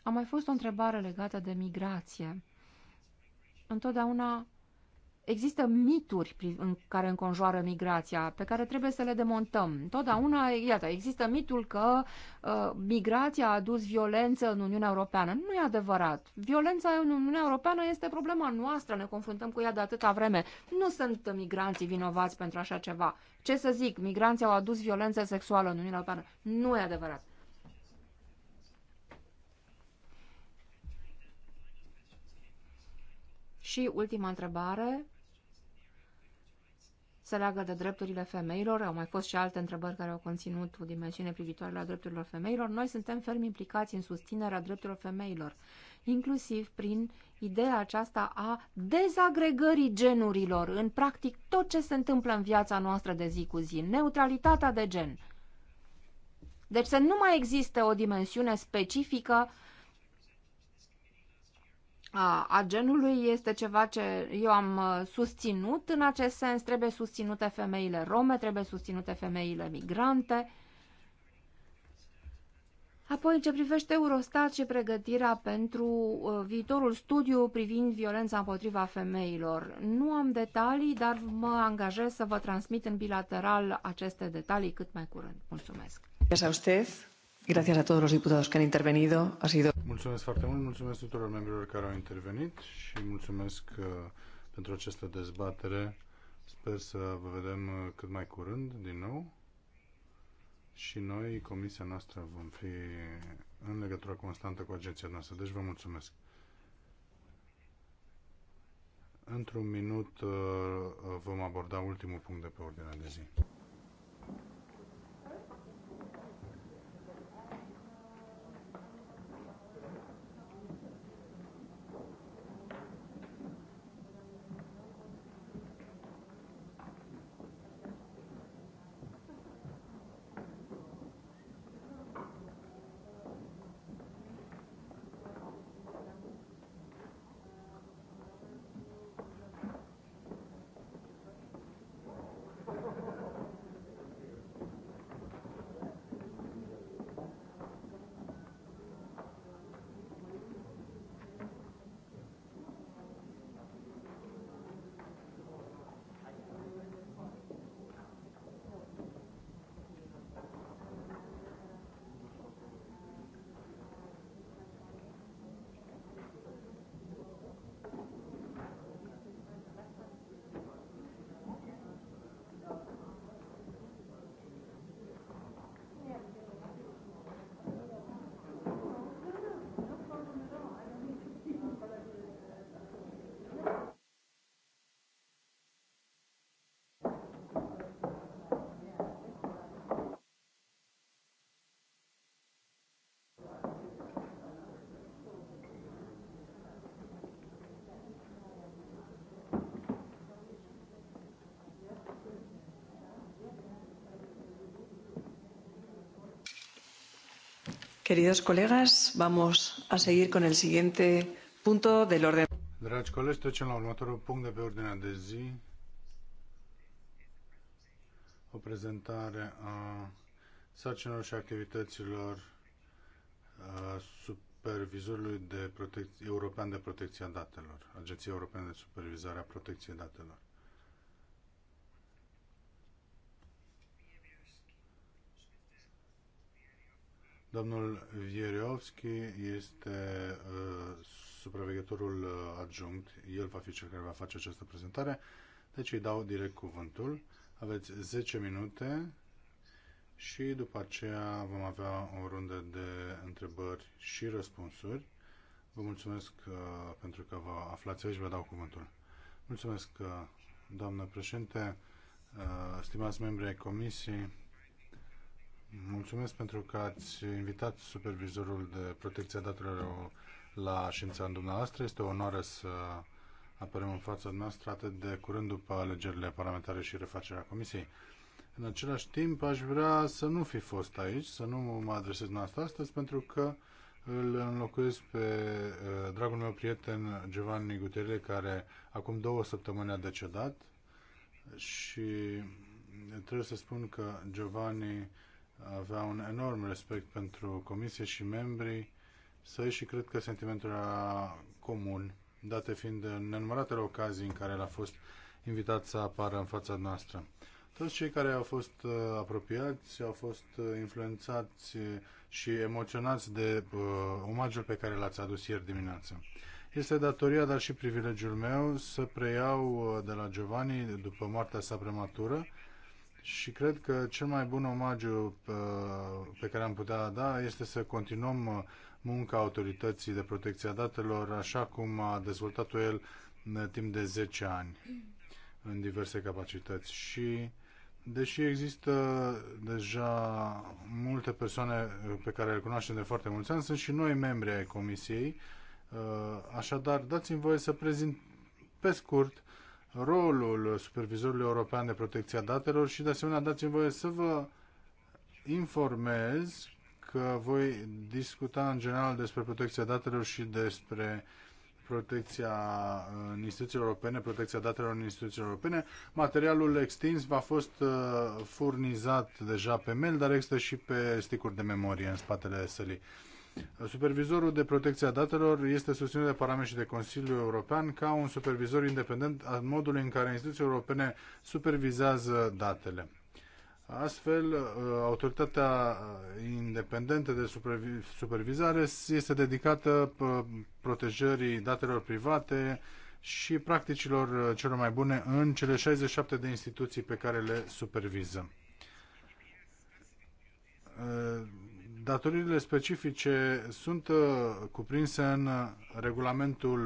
A mai fost o întrebare legată de migrație. Întotdeauna Există mituri în care înconjoară migrația, pe care trebuie să le demontăm. Totdeauna, iată, există mitul că uh, migrația a adus violență în Uniunea Europeană. Nu e adevărat. Violența în Uniunea Europeană este problema noastră, ne confruntăm cu ea de atâta vreme. Nu sunt migranții vinovați pentru așa ceva. Ce să zic, migranții au adus violență sexuală în Uniunea Europeană. Nu e adevărat. Și ultima întrebare se leagă de drepturile femeilor. Au mai fost și alte întrebări care au conținut o dimensiune privitoare la drepturilor femeilor. Noi suntem ferm implicați în susținerea drepturilor femeilor, inclusiv prin ideea aceasta a dezagregării genurilor în practic tot ce se întâmplă în viața noastră de zi cu zi, neutralitatea de gen. Deci să nu mai existe o dimensiune specifică uh, a genului este ceva ce eu am uh, susținut în acest sens. Trebuie susținute femeile rome, trebuie susținute femeile migrante. Apoi, în ce privește Eurostat și pregătirea pentru uh, viitorul studiu privind violența împotriva femeilor, nu am detalii, dar mă angajez să vă transmit în bilateral aceste detalii cât mai curând. Mulțumesc! Gracias a usted. Gracias a todos los diputados que han intervenido. Ha sido... Mulțumesc foarte mult, mulțumesc tuturor membrilor care au intervenit și mulțumesc uh, pentru această dezbatere. Sper să vă vedem uh, cât mai curând din nou și noi, comisia noastră, vom fi în legătură constantă cu agenția noastră. Deci vă mulțumesc. Într-un minut uh, vom aborda ultimul punct de pe ordinea de zi. Queridos colegas, vamos a seguir con el siguiente punto del orden. Dragi colegi, trecem la următorul punct de pe ordinea de zi. O prezentare a sarcinilor și activităților supervizorului de protec- european de protecție a datelor, Agenția Europeană de Supervizare a Protecției Datelor. Domnul Vierovski este uh, supraveghetorul uh, adjunct. El va fi cel care va face această prezentare. Deci îi dau direct cuvântul. Aveți 10 minute și după aceea vom avea o rundă de întrebări și răspunsuri. Vă mulțumesc uh, pentru că vă aflați aici, vă dau cuvântul. Mulțumesc, uh, doamnă președinte, uh, stimați membri ai comisiei, Mulțumesc pentru că ați invitat supervizorul de protecție a datelor la ședința dumneavoastră. Este o onoare să apărăm în fața noastră atât de curând după alegerile parlamentare și refacerea comisiei. În același timp, aș vrea să nu fi fost aici, să nu mă adresez noastră astăzi, pentru că îl înlocuiesc pe uh, dragul meu prieten Giovanni Guterre, care acum două săptămâni a decedat și trebuie să spun că Giovanni avea un enorm respect pentru comisie și membrii săi și cred că sentimentul era comun, date fiind nenumăratele ocazii în care l-a fost invitat să apară în fața noastră. Toți cei care au fost uh, apropiați, au fost uh, influențați și emoționați de uh, omagiul pe care l-ați adus ieri dimineață. Este datoria, dar și privilegiul meu să preiau uh, de la Giovanni, după moartea sa prematură, și cred că cel mai bun omagiu uh, pe care am putea da este să continuăm munca autorității de protecție a datelor așa cum a dezvoltat-o el în uh, timp de 10 ani în diverse capacități și deși există deja multe persoane uh, pe care le cunoaștem de foarte mulți ani, sunt și noi membri ai comisiei, așadar dați-mi voie să prezint pe scurt rolul Supervizorului European de Protecție a Datelor și, de asemenea, dați-mi voie să vă informez că voi discuta în general despre protecția datelor și despre protecția uh, în instituțiile europene, protecția datelor în instituțiile europene. Materialul extins va fost uh, furnizat deja pe mail, dar există și pe sticuri de memorie în spatele sălii. Supervizorul de protecție a datelor este susținut de Parlament și de Consiliul European ca un supervizor independent al modului în care instituțiile europene supervizează datele. Astfel, uh, autoritatea independentă de supervizare este dedicată uh, protejării datelor private și practicilor uh, cele mai bune în cele 67 de instituții pe care le supervizăm Datoriile specifice sunt uh, cuprinse în uh, regulamentul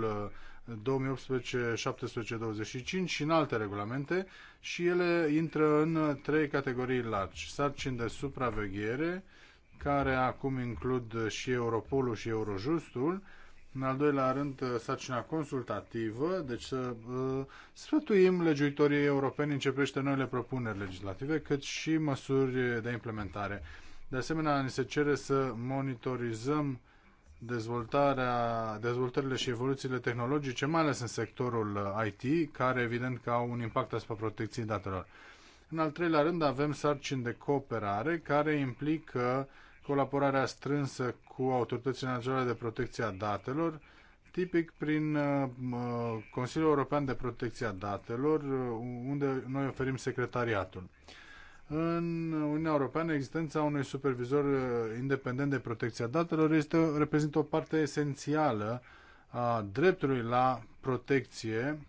2018-725 uh, și în alte regulamente și ele intră în trei categorii largi. Sarcini de supraveghere, care acum includ și Europolul și Eurojustul, în al doilea rând, sarcina consultativă, deci să uh, sfătuim legiuitorii europeni în ce privește noile propuneri legislative, cât și măsuri de implementare. De asemenea, ni se cere să monitorizăm dezvoltarea, dezvoltările și evoluțiile tehnologice, mai ales în sectorul uh, IT, care evident că au un impact asupra protecției datelor. În al treilea rând avem sarcini de cooperare care implică uh, colaborarea strânsă cu autoritățile naționale de protecție a datelor, tipic prin uh, Consiliul European de Protecție a Datelor, unde noi oferim secretariatul în Uniunea Europeană existența unui supervizor uh, independent de protecția datelor este, reprezintă o parte esențială a dreptului la protecție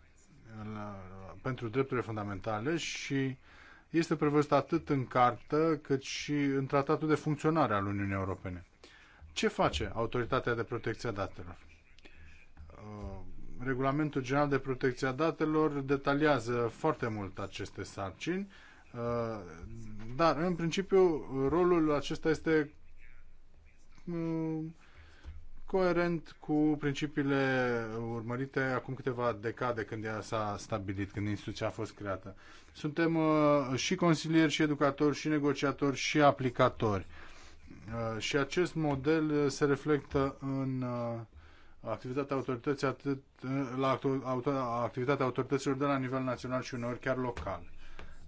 la, pentru drepturile fundamentale și este prevăzut atât în cartă cât și în tratatul de funcționare al Uniunii Europene. Ce face Autoritatea de Protecție a Datelor? Uh, Regulamentul General de Protecție a Datelor detaliază foarte mult aceste sarcini, Uh, dar, în principiu, rolul acesta este uh, coerent cu principiile urmărite acum câteva decade când ea s-a stabilit, când instituția a fost creată. Suntem uh, și consilieri, și educatori, și negociatori, și aplicatori. Și acest model se reflectă în activitatea autorității atât la activitatea autorităților de la nivel național și uneori chiar local.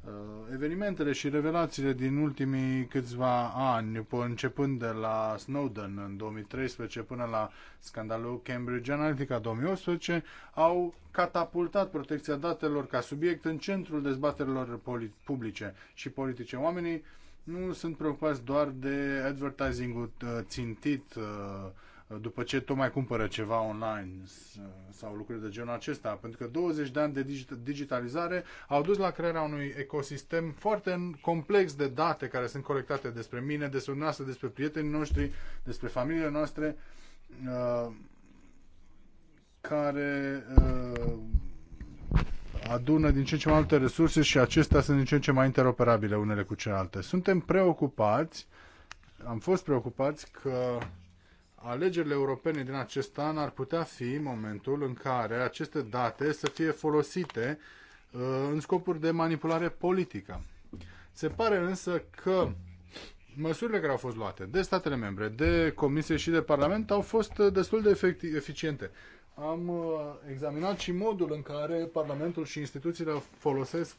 Uh, evenimentele și revelațiile din ultimii câțiva ani, începând de la Snowden în 2013 până la scandalul Cambridge Analytica 2018, au catapultat protecția datelor ca subiect în centrul dezbaterilor publice și politice. Oamenii nu sunt preocupați doar de advertising-ul uh, țintit uh, după ce tu mai cumpără ceva online sau lucruri de genul acesta, pentru că 20 de ani de digitalizare au dus la crearea unui ecosistem foarte complex de date care sunt colectate despre mine, despre noastră, despre prietenii noștri, despre familiile noastre, uh, care uh, adună din ce în ce mai multe resurse și acestea sunt din ce în ce mai interoperabile unele cu celelalte. Suntem preocupați, am fost preocupați că alegerile europene din acest an ar putea fi momentul în care aceste date să fie folosite uh, în scopuri de manipulare politică. Se pare însă că măsurile care au fost luate de statele membre, de comisie și de parlament au fost uh, destul de eficiente. Am uh, examinat și modul în care parlamentul și instituțiile folosesc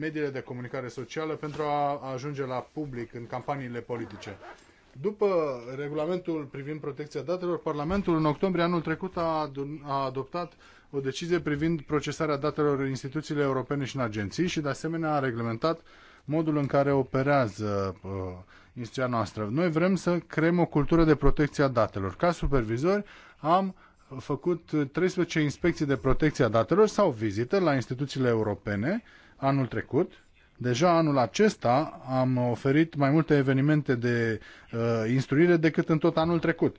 mediile de comunicare socială pentru a ajunge la public în campaniile politice. După regulamentul privind protecția datelor, Parlamentul în octombrie anul trecut a, a adoptat o decizie privind procesarea datelor în instituțiile europene și în agenții și de asemenea a reglementat modul în care operează uh, instituția noastră. Noi vrem să creăm o cultură de protecție a datelor. Ca supervizori am făcut 13 inspecții de protecție a datelor sau vizite la instituțiile europene anul trecut Deja anul acesta am oferit mai multe evenimente de uh, instruire decât în tot anul trecut.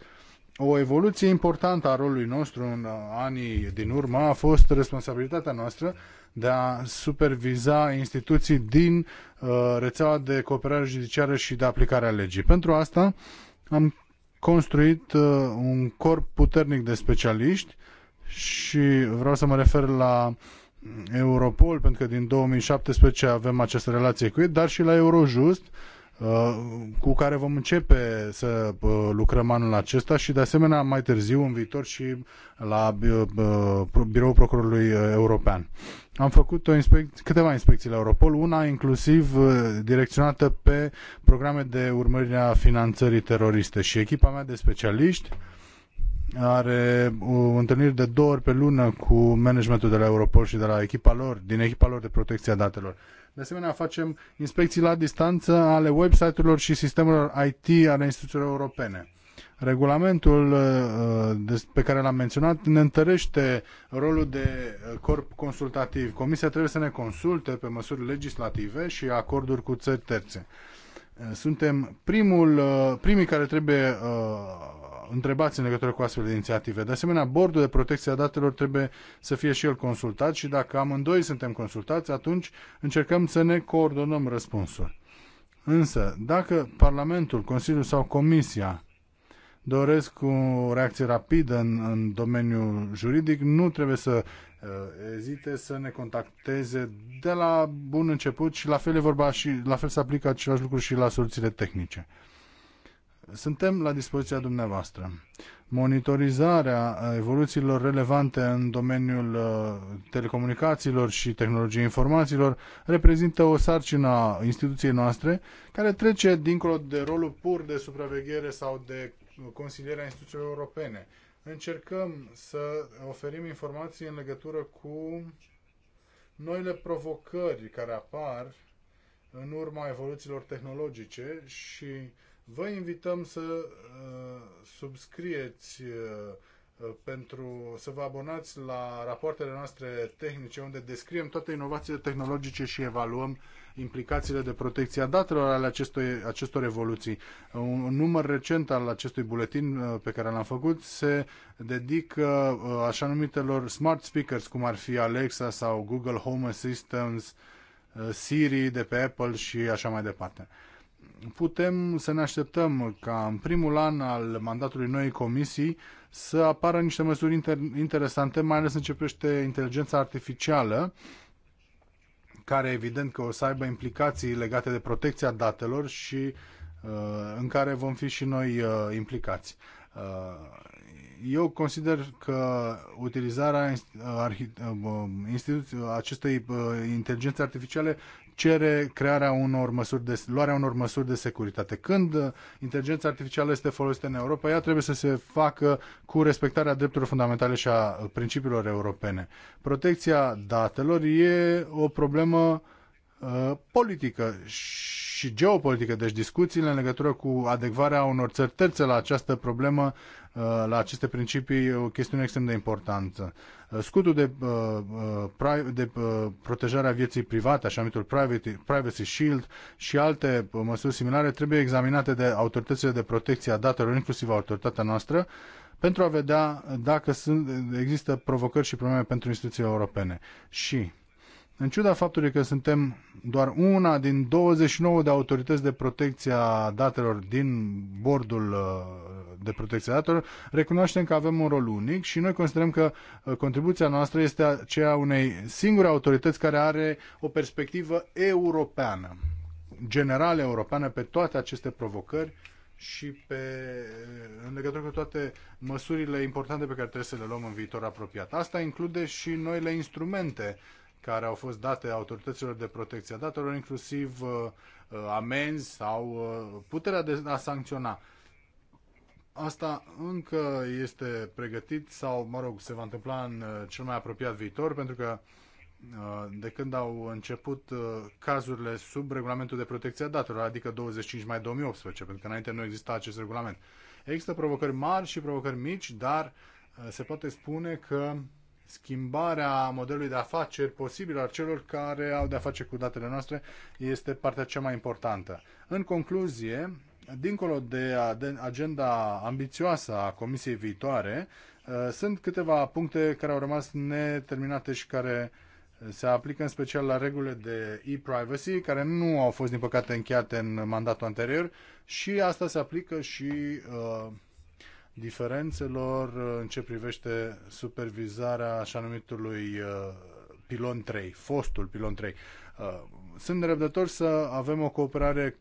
O evoluție importantă a rolului nostru în uh, anii din urmă a fost responsabilitatea noastră de a superviza instituții din uh, rețeaua de cooperare judiciară și de aplicare a legii. Pentru asta am construit uh, un corp puternic de specialiști și vreau să mă refer la uh, Europol, pentru că din 2017 avem această relație cu ei, dar și la Eurojust, uh, cu care vom începe să uh, lucrăm anul acesta și de asemenea mai târziu în viitor și la uh, Biroul Procurorului European. Am făcut o inspec- câteva inspecții la Europol, una inclusiv direcționată pe programe de urmărire a finanțării teroriste și echipa mea de specialiști are o întâlnire de două ori pe lună cu managementul de la Europol și de la echipa lor, din echipa lor de protecție a datelor. De asemenea, facem inspecții la distanță ale website-urilor și sistemelor IT ale instituțiilor europene. Regulamentul uh, pe care l-am menționat ne întărește rolul de uh, corp consultativ. Comisia trebuie să ne consulte pe măsuri legislative și acorduri cu țări terțe. Uh, suntem primul, primii care trebuie întrebați în legătură cu astfel de inițiative. De asemenea, bordul de protecție a datelor trebuie să fie și el consultat și dacă amândoi suntem consultați, atunci încercăm să ne coordonăm răspunsul. Însă, dacă Parlamentul, Consiliul sau Comisia doresc o reacție rapidă în, în domeniul juridic, nu trebuie să uh, ezite să ne contacteze de la bun început și la fel e vorba și la fel se aplică același lucru și la soluțiile tehnice. Suntem la dispoziția dumneavoastră. Monitorizarea evoluțiilor relevante în domeniul uh, telecomunicațiilor și tehnologiei informațiilor reprezintă o sarcină a instituției noastre care trece dincolo de rolul pur de supraveghere sau de consiliere a instituțiilor europene. Încercăm să oferim informații în legătură cu noile provocări care apar în urma evoluțiilor tehnologice și Vă invităm să uh, subscrieți uh, pentru să vă abonați la rapoartele noastre tehnice unde descriem toate inovațiile tehnologice și evaluăm implicațiile de protecție a datelor ale acestor, acestor evoluții. Un număr recent al acestui buletin uh, pe care l-am făcut se dedică uh, așa numitelor smart speakers, cum ar fi Alexa sau Google Home Assistant, uh, Siri de pe Apple și așa mai departe putem să ne așteptăm ca în primul an al mandatului noii comisii să apară niște măsuri inter- interesante, mai ales în ce privește inteligența artificială, care evident că o să aibă implicații legate de protecția datelor și uh, în care vom fi și noi uh, implicați. Uh, eu consider că utilizarea uh, uh, institu- acestei inteligențe artificiale cere crearea unor măsuri de, luarea unor măsuri de securitate. Când inteligența artificială este folosită în Europa, ea trebuie să se facă cu respectarea drepturilor fundamentale și a principiilor europene. Protecția datelor e o problemă uh, politică și geopolitică, deci discuțiile în legătură cu adecvarea unor țări terțe la această problemă Uh, la aceste principii o chestiune extrem de importantă. Uh, scutul de, uh, de protejare a vieții private, așa numitul privacy, privacy Shield și alte măsuri similare trebuie examinate de autoritățile de protecție a datelor, inclusiv autoritatea noastră, pentru a vedea dacă sunt, există provocări și probleme pentru instituțiile europene. Și în ciuda faptului că suntem doar una din 29 de autorități de protecție a datelor din bordul uh, de protecție a datelor, recunoaștem că avem un rol unic și noi considerăm că uh, contribuția noastră este aceea unei singure autorități care are o perspectivă europeană, generală europeană pe toate aceste provocări și pe, uh, în legătură cu toate măsurile importante pe care trebuie să le luăm în viitor apropiat. Asta include și noile instrumente care au fost date autorităților de protecție a datelor, inclusiv uh, uh, amenzi sau uh, puterea de a sancționa. Asta încă este pregătit sau, mă rog, se va întâmpla în cel mai apropiat viitor, pentru că de când au început cazurile sub regulamentul de protecție a datelor, adică 25 mai 2018, pentru că înainte nu exista acest regulament. Există provocări mari și provocări mici, dar se poate spune că schimbarea modelului de afaceri posibil al celor care au de-a face cu datele noastre este partea cea mai importantă. În concluzie, dincolo de agenda ambițioasă a Comisiei viitoare, uh, sunt câteva puncte care au rămas neterminate și care uh, se aplică în special la regulile de e-privacy, care nu au fost, din păcate, încheiate în mandatul anterior și asta se aplică și uh, diferențelor uh, în ce privește supervizarea așa numitului uh, pilon 3, fostul pilon 3. Uh, sunt nerăbdător să avem o cooperare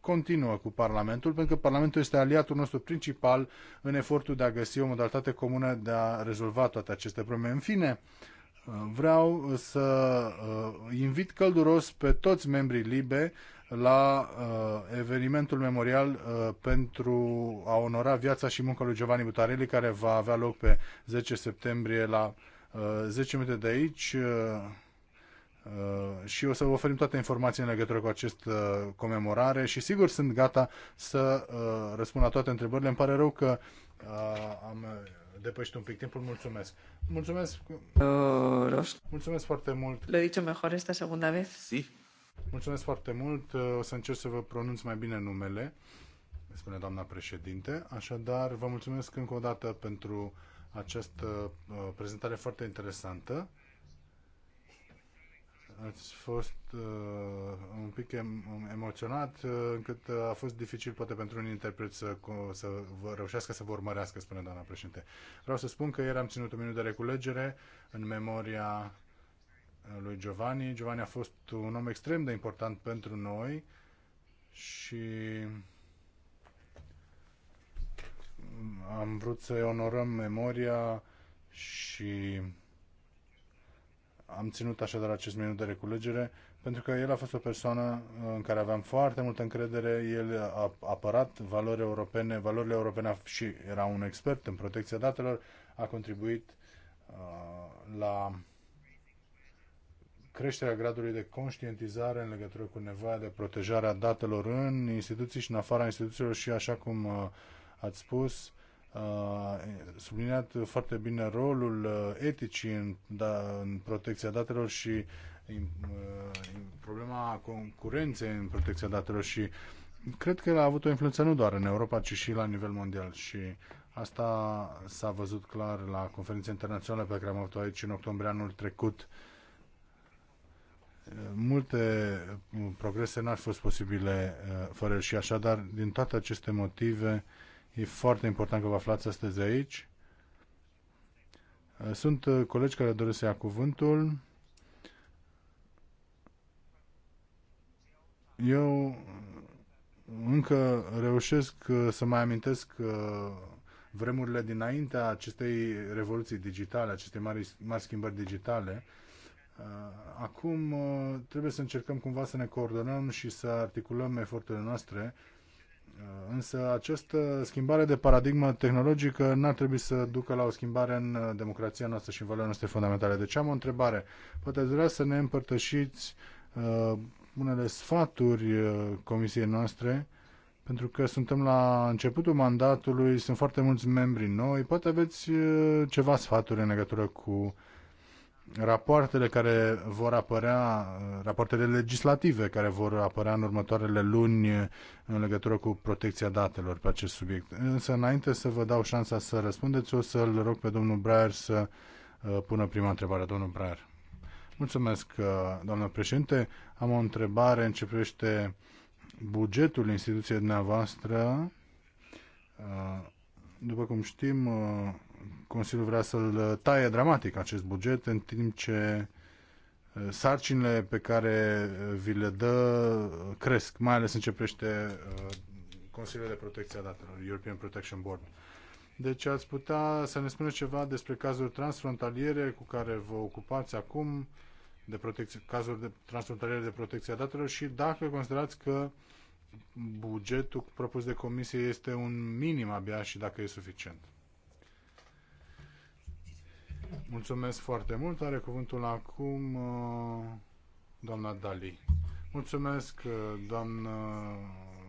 continuă cu Parlamentul, pentru că Parlamentul este aliatul nostru principal în efortul de a găsi o modalitate comună de a rezolva toate aceste probleme. În fine, vreau să invit călduros pe toți membrii LIBE la uh, evenimentul memorial uh, pentru a onora viața și munca lui Giovanni Butarelli, care va avea loc pe 10 septembrie la uh, 10 minute de aici. Uh, Uh, și o să vă oferim toate informațiile în legătură cu acest uh, comemorare și sigur sunt gata să uh, răspund la toate întrebările. Îmi pare rău că uh, am depășit un pic timpul. Mulțumesc. Mulțumesc. Uh, Mulțumesc foarte mult. Lo he dicho mejor esta segunda vez. Sí. Mulțumesc foarte mult. O să încerc să vă pronunț mai bine numele, spune doamna președinte. Așadar, vă mulțumesc încă o dată pentru această uh, prezentare foarte interesantă. Ați fost uh, un pic em- um, emoționat, uh, încât uh, a fost dificil poate pentru un interpret să, să vă reușească să vă urmărească, spune doamna președinte. Vreau să spun că ieri am ținut un minut de reculegere în memoria lui Giovanni. Giovanni a fost un om extrem de important pentru noi și am vrut să-i onorăm memoria și am ținut așadar acest minut de reculegere pentru că el a fost o persoană uh, în care aveam foarte multă încredere, el a apărat valori europene, valorile europene și era un expert în protecția datelor, a contribuit uh, la creșterea gradului de conștientizare în legătură cu nevoia de protejare a datelor în instituții și în afara instituțiilor și așa cum uh, ați spus, uh, subliniat foarte bine rolul uh, eticii în, da, în protecția datelor și în, problema concurenței în protecția datelor și cred că a avut o influență nu doar în Europa, ci și la nivel mondial și asta s-a văzut clar la conferința internațională pe care am avut-o aici în octombrie anul trecut uh, multe uh, progrese n-ar fost posibile uh, fără el și așadar, din toate aceste motive, e foarte important că vă aflați astăzi aici. Uh, sunt colegi care doresc să ia cuvântul. Eu încă reușesc să mai amintesc vremurile dinaintea acestei revoluții digitale, acestei mari, mari schimbări digitale, Uh, acum uh, trebuie să încercăm cumva să ne coordonăm și să articulăm eforturile noastre, uh, însă această schimbare de paradigmă tehnologică n-ar trebui să ducă la o schimbare în democrația noastră și în valoarea noastre fundamentale. Deci am o întrebare. Poate ați vrea să ne împărtășiți unele sfaturi comisiei noastre pentru că suntem la începutul mandatului, sunt foarte mulți membri noi, poate aveți ceva sfaturi în legătură cu rapoartele care vor apărea, rapoartele legislative care vor apărea în următoarele luni uh, în legătură cu protecția datelor pe acest subiect. Însă, înainte să vă dau șansa să răspundeți, o să-l rog pe domnul Braer să uh, pună prima întrebare. Domnul Braer. Mulțumesc, uh, doamnă președinte. Am o întrebare în ce privește bugetul instituției dumneavoastră. După cum știm, Consiliul vrea să-l uh, taie dramatic acest buget, în timp ce uh, sarcinile pe care uh, vi le dă cresc, mai ales începește Consiliul de Protecție a Datelor, European Protection Board. Deci ați putea să ne spuneți ceva despre cazuri transfrontaliere cu care vă ocupați acum, de protecție, cazuri de transfrontaliere de protecție a datelor și dacă considerați că bugetul propus de comisie este un minim abia și dacă e suficient. Mulțumesc foarte mult. Are cuvântul acum uh, doamna Dali. Mulțumesc, uh, doamnă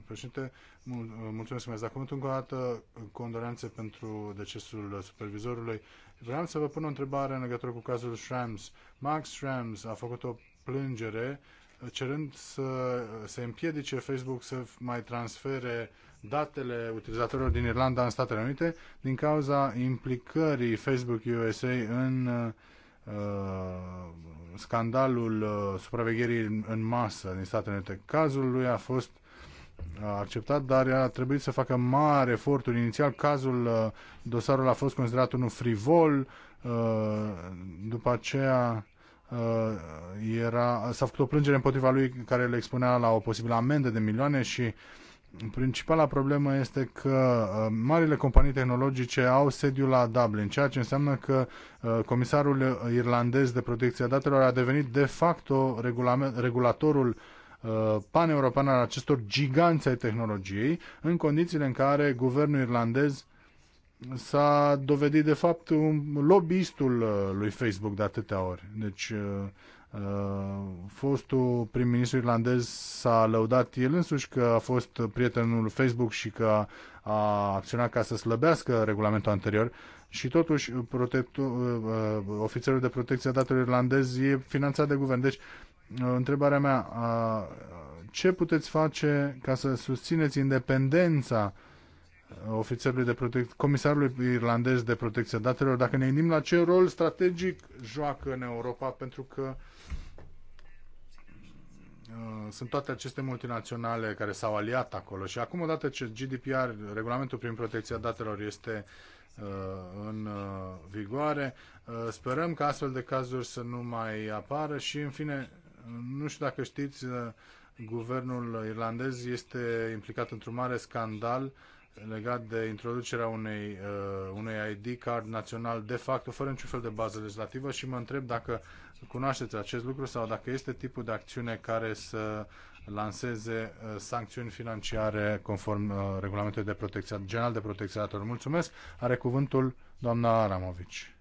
președinte. Uh, mulțumesc că mi-ați dat cuvântul. Încă o dată, condolențe pentru decesul supervizorului. Vreau să vă pun o întrebare în legătură cu cazul Shams. Max Shams a făcut o plângere cerând să se împiedice Facebook să mai transfere datele utilizatorilor din Irlanda în Statele Unite din cauza implicării Facebook USA în uh, scandalul uh, supravegherii în masă din Statele Unite. Cazul lui a fost uh, acceptat, dar a trebuit să facă mare eforturi. Inițial, cazul, uh, dosarul a fost considerat unul frivol, uh, după aceea era, s-a făcut o plângere împotriva lui care le expunea la o posibilă amendă de milioane și Principala problemă este că uh, marile companii tehnologice au sediu la Dublin, ceea ce înseamnă că uh, comisarul irlandez de protecție a datelor a devenit de facto regulatorul uh, paneuropean al acestor giganți ai tehnologiei, în condițiile în care guvernul irlandez s-a dovedit de fapt un lobbyistul lui Facebook de atâtea ori. Deci Uh, fostul prim-ministru irlandez s-a lăudat el însuși că a fost prietenul Facebook și că a acționat ca să slăbească regulamentul anterior și totuși protectul, uh, uh, ofițerul de protecție a datelor irlandez e finanțat de guvern. Deci, întrebarea mea, ce puteți face ca să susțineți independența ofițerului de protecție, comisarului irlandez de protecție datelor, dacă ne gândim la ce rol strategic joacă în Europa, pentru că uh, sunt toate aceste multinaționale care s-au aliat acolo și acum odată ce GDPR, regulamentul prin protecția datelor, este uh, în uh, vigoare, uh, sperăm că astfel de cazuri să nu mai apară și, în fine, nu știu dacă știți, uh, guvernul irlandez este implicat într-un mare scandal uh, legat de introducerea unei, uh, unei ID card național de facto, fără niciun fel de bază legislativă și mă întreb dacă cunoașteți acest lucru sau dacă este tipul de acțiune care să lanseze uh, sancțiuni financiare conform uh, regulamentului de protecție, general de protecție a Mulțumesc. Are cuvântul doamna Aramovici.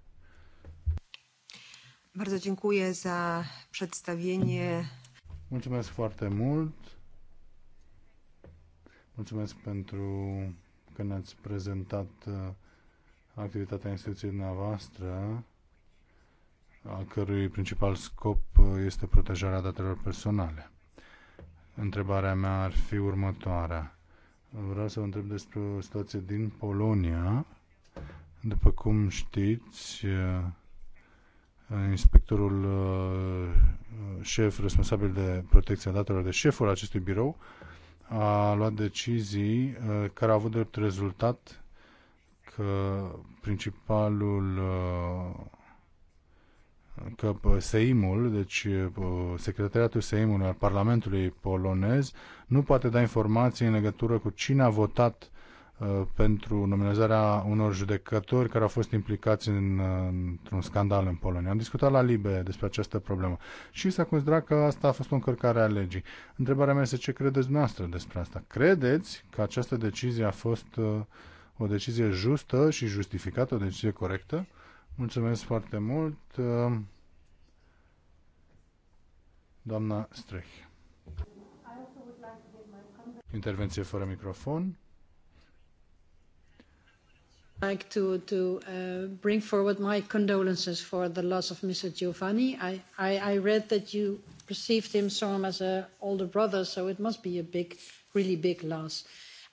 Bardzo dziękuję za przedstawienie. Mulțumesc foarte mult. Mulțumesc pentru când ați prezentat uh, activitatea instituției dumneavoastră, a cărui principal scop uh, este protejarea datelor personale. Întrebarea mea ar fi următoarea. Vreau să vă întreb despre o situație din Polonia. După cum știți, uh, inspectorul șef responsabil de protecția datelor, de șeful acestui birou, a luat decizii uh, care au avut drept rezultat că principalul uh, că uh, Seimul, deci secretariatul Seimului al Parlamentului polonez, nu poate da informații în legătură cu cine a votat Uh, pentru nominalizarea unor judecători care au fost implicați în, uh, într-un scandal în Polonia. Am discutat la Libe despre această problemă și s-a considerat că asta a fost o încărcare a legii. Întrebarea mea este ce credeți noastră despre asta? Credeți că această decizie a fost uh, o decizie justă și justificată, o decizie corectă? Mulțumesc foarte mult, doamna Strech. Intervenție fără microfon like to, to uh, bring forward my condolences for the loss of Mr. Giovanni. I, I, I read that you perceived him some as an older brother, so it must be a big, really big loss.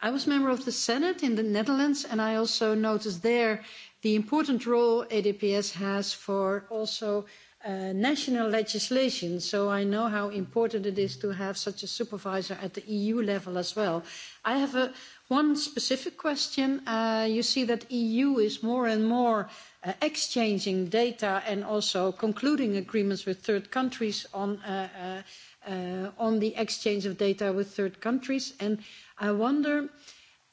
I was member of the Senate in the Netherlands, and I also noticed there the important role ADPS has for also Uh, national legislation, so I know how important it is to have such a supervisor at the EU level as well. I have a, one specific question. Uh, you see that EU is more and more uh, exchanging data and also concluding agreements with third countries on, uh, uh, on the exchange of data with third countries. And I wonder,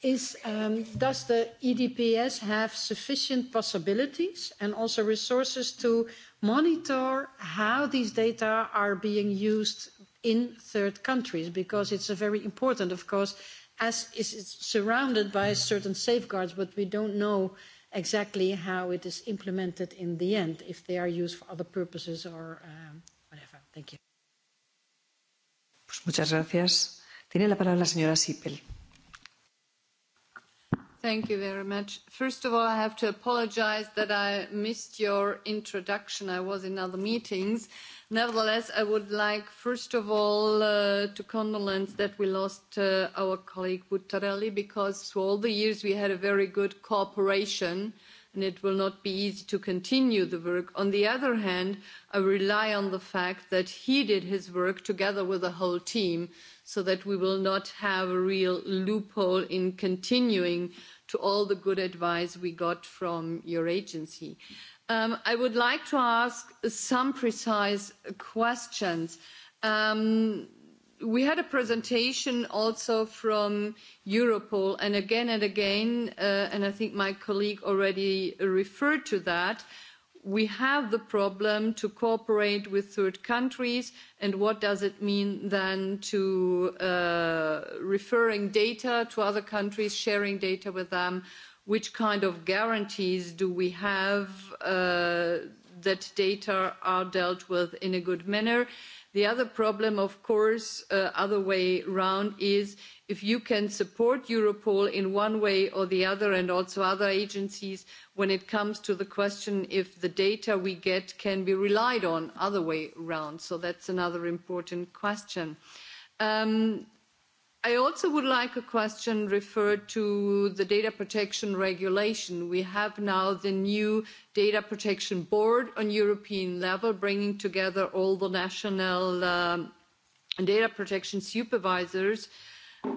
is, um, does the EDPS have sufficient possibilities and also resources to monitor how these data are being used in third countries because it's very important of course as is it's surrounded by certain safeguards but we don't know exactly how it is implemented in the end if they are used for other purposes or um, whatever. Thank you. Pues muchas gracias. Tiene la palabra la señora Sipel. Thank you very much. First of all, I have to apologise that I missed your introduction. I was in other meetings. Nevertheless, I would like, first of all, uh, to condolence that we lost uh, our colleague Buttarelli because for all the years we had a very good cooperation uh, and it will not be easy to continue the work. On the other hand, I rely on the fact that he did his work together with the whole team so that we will not have a real loophole in continuing to all the good advice we got from your agency. Um, I would like to ask some precise questions. Um, we had a presentation also from Europol, and again and again, uh, and I think my colleague already referred to that, we have the problem to cooperate with third countries, and what does it mean then to uh, referring data to other countries, sharing data with them? Which kind of guarantees do we have uh, that data are dealt with in a good manner? the other problem of course the uh, other way round is if you can support europol in one way or the other and also other agencies when it comes to the question if the data we get can be relied on the other way round so that's another important question. Um, I also would like a question referred to the data protection regulation. We have now the new data protection board on European level, bringing together all the national um, data protection supervisors.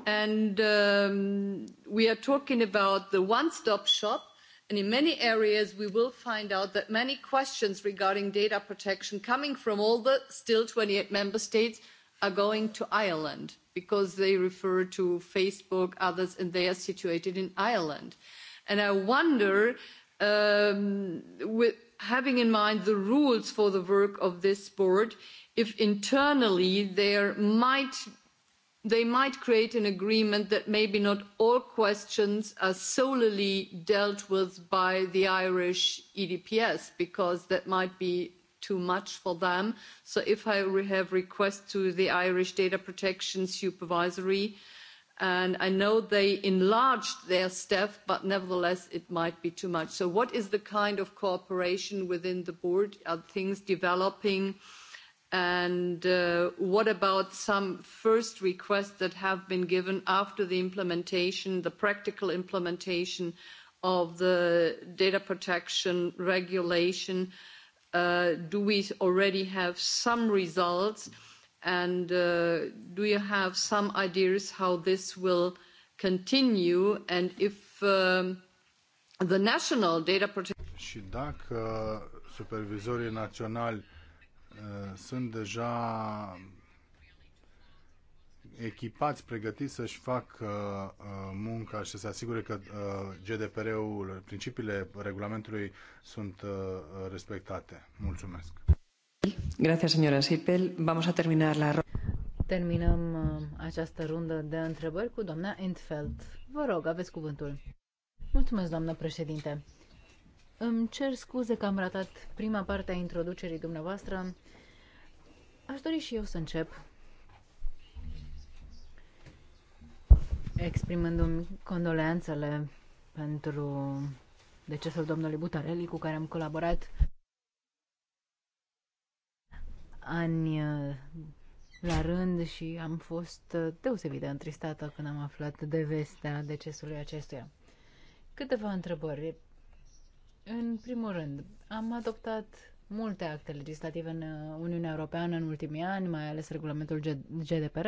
And um, we are talking about the one-stop shop. And in many areas, we will find out that many questions regarding data protection coming from all the still 28 member states – are going to Ireland because they refer to Facebook, others, and they are situated in Ireland. And I wonder, um, with, having in mind the rules for the work of this board, if internally there might they might create an agreement that maybe not all questions are solely dealt with by the Irish EDPS because that might be too much for them. So if I have requests to the Irish Data Protection Supervisory, and I know they enlarged their staff, but nevertheless it might be too much. So what is the kind of cooperation within the board? Are things developing? And uh, what about some first requests that have been given after the implementation, the practical implementation of the data protection regulation? Uh, Uh, do we already have some results? And uh, do you have some ideas how this will continue? And if um, the national data protection... Și dacă supervizorii naționali uh, sunt deja echipați, pregătiți să-și facă uh, munca și să se asigure că uh, GDPR-ul, principiile regulamentului sunt uh, respectate. Mulțumesc. Gracias, señora Sipel. Vamos a terminar la Terminăm uh, această rundă de întrebări cu doamna Entfeld. Vă rog, aveți cuvântul. Mulțumesc, doamnă președinte. Îmi cer scuze că am ratat prima parte a introducerii dumneavoastră. Aș dori și eu să încep exprimându-mi condoleanțele pentru decesul domnului Butarelli, cu care am colaborat ani uh, la rând și am fost uh, deosebit de întristată când am aflat de vestea decesului acestuia. Câteva întrebări. În primul rând, am adoptat multe acte legislative în uh, Uniunea Europeană în ultimii ani, mai ales regulamentul GDPR,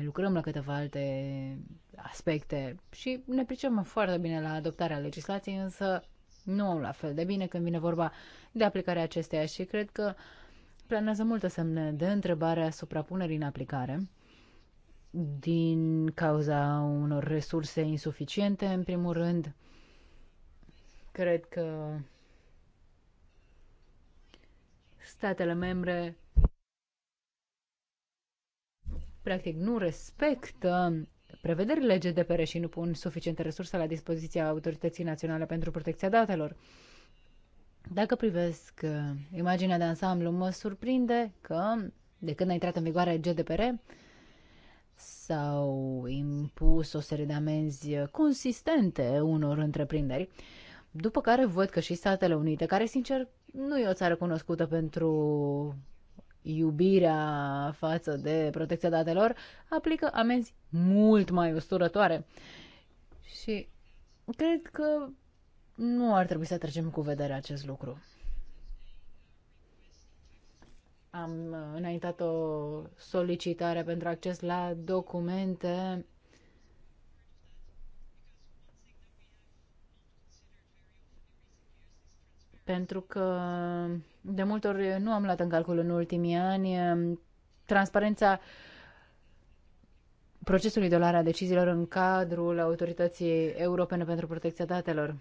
lucrăm la câteva alte aspecte și ne pricepem foarte bine la adoptarea legislației, însă nu la fel de bine când vine vorba de aplicarea acesteia și cred că planează multe semne de întrebare asupra punerii în aplicare din cauza unor resurse insuficiente, în primul rând. Cred că statele membre practic nu respectă prevederile GDPR și nu pun suficiente resurse la dispoziția Autorității Naționale pentru Protecția Datelor. Dacă privesc uh, imaginea de ansamblu, mă surprinde că de când a intrat în vigoare GDPR, s-au impus o serie de amenzi consistente unor întreprinderi, după care văd că și Statele Unite, care sincer nu e o țară cunoscută pentru iubirea față de protecția datelor, aplică amenzi mult mai usturătoare. Și cred că nu ar trebui să trecem cu vedere acest lucru. Am înaintat o solicitare pentru acces la documente pentru că de multe ori nu am luat în calcul în ultimii ani eh, transparența procesului de luare a deciziilor în cadrul Autorității Europene pentru Protecția Datelor.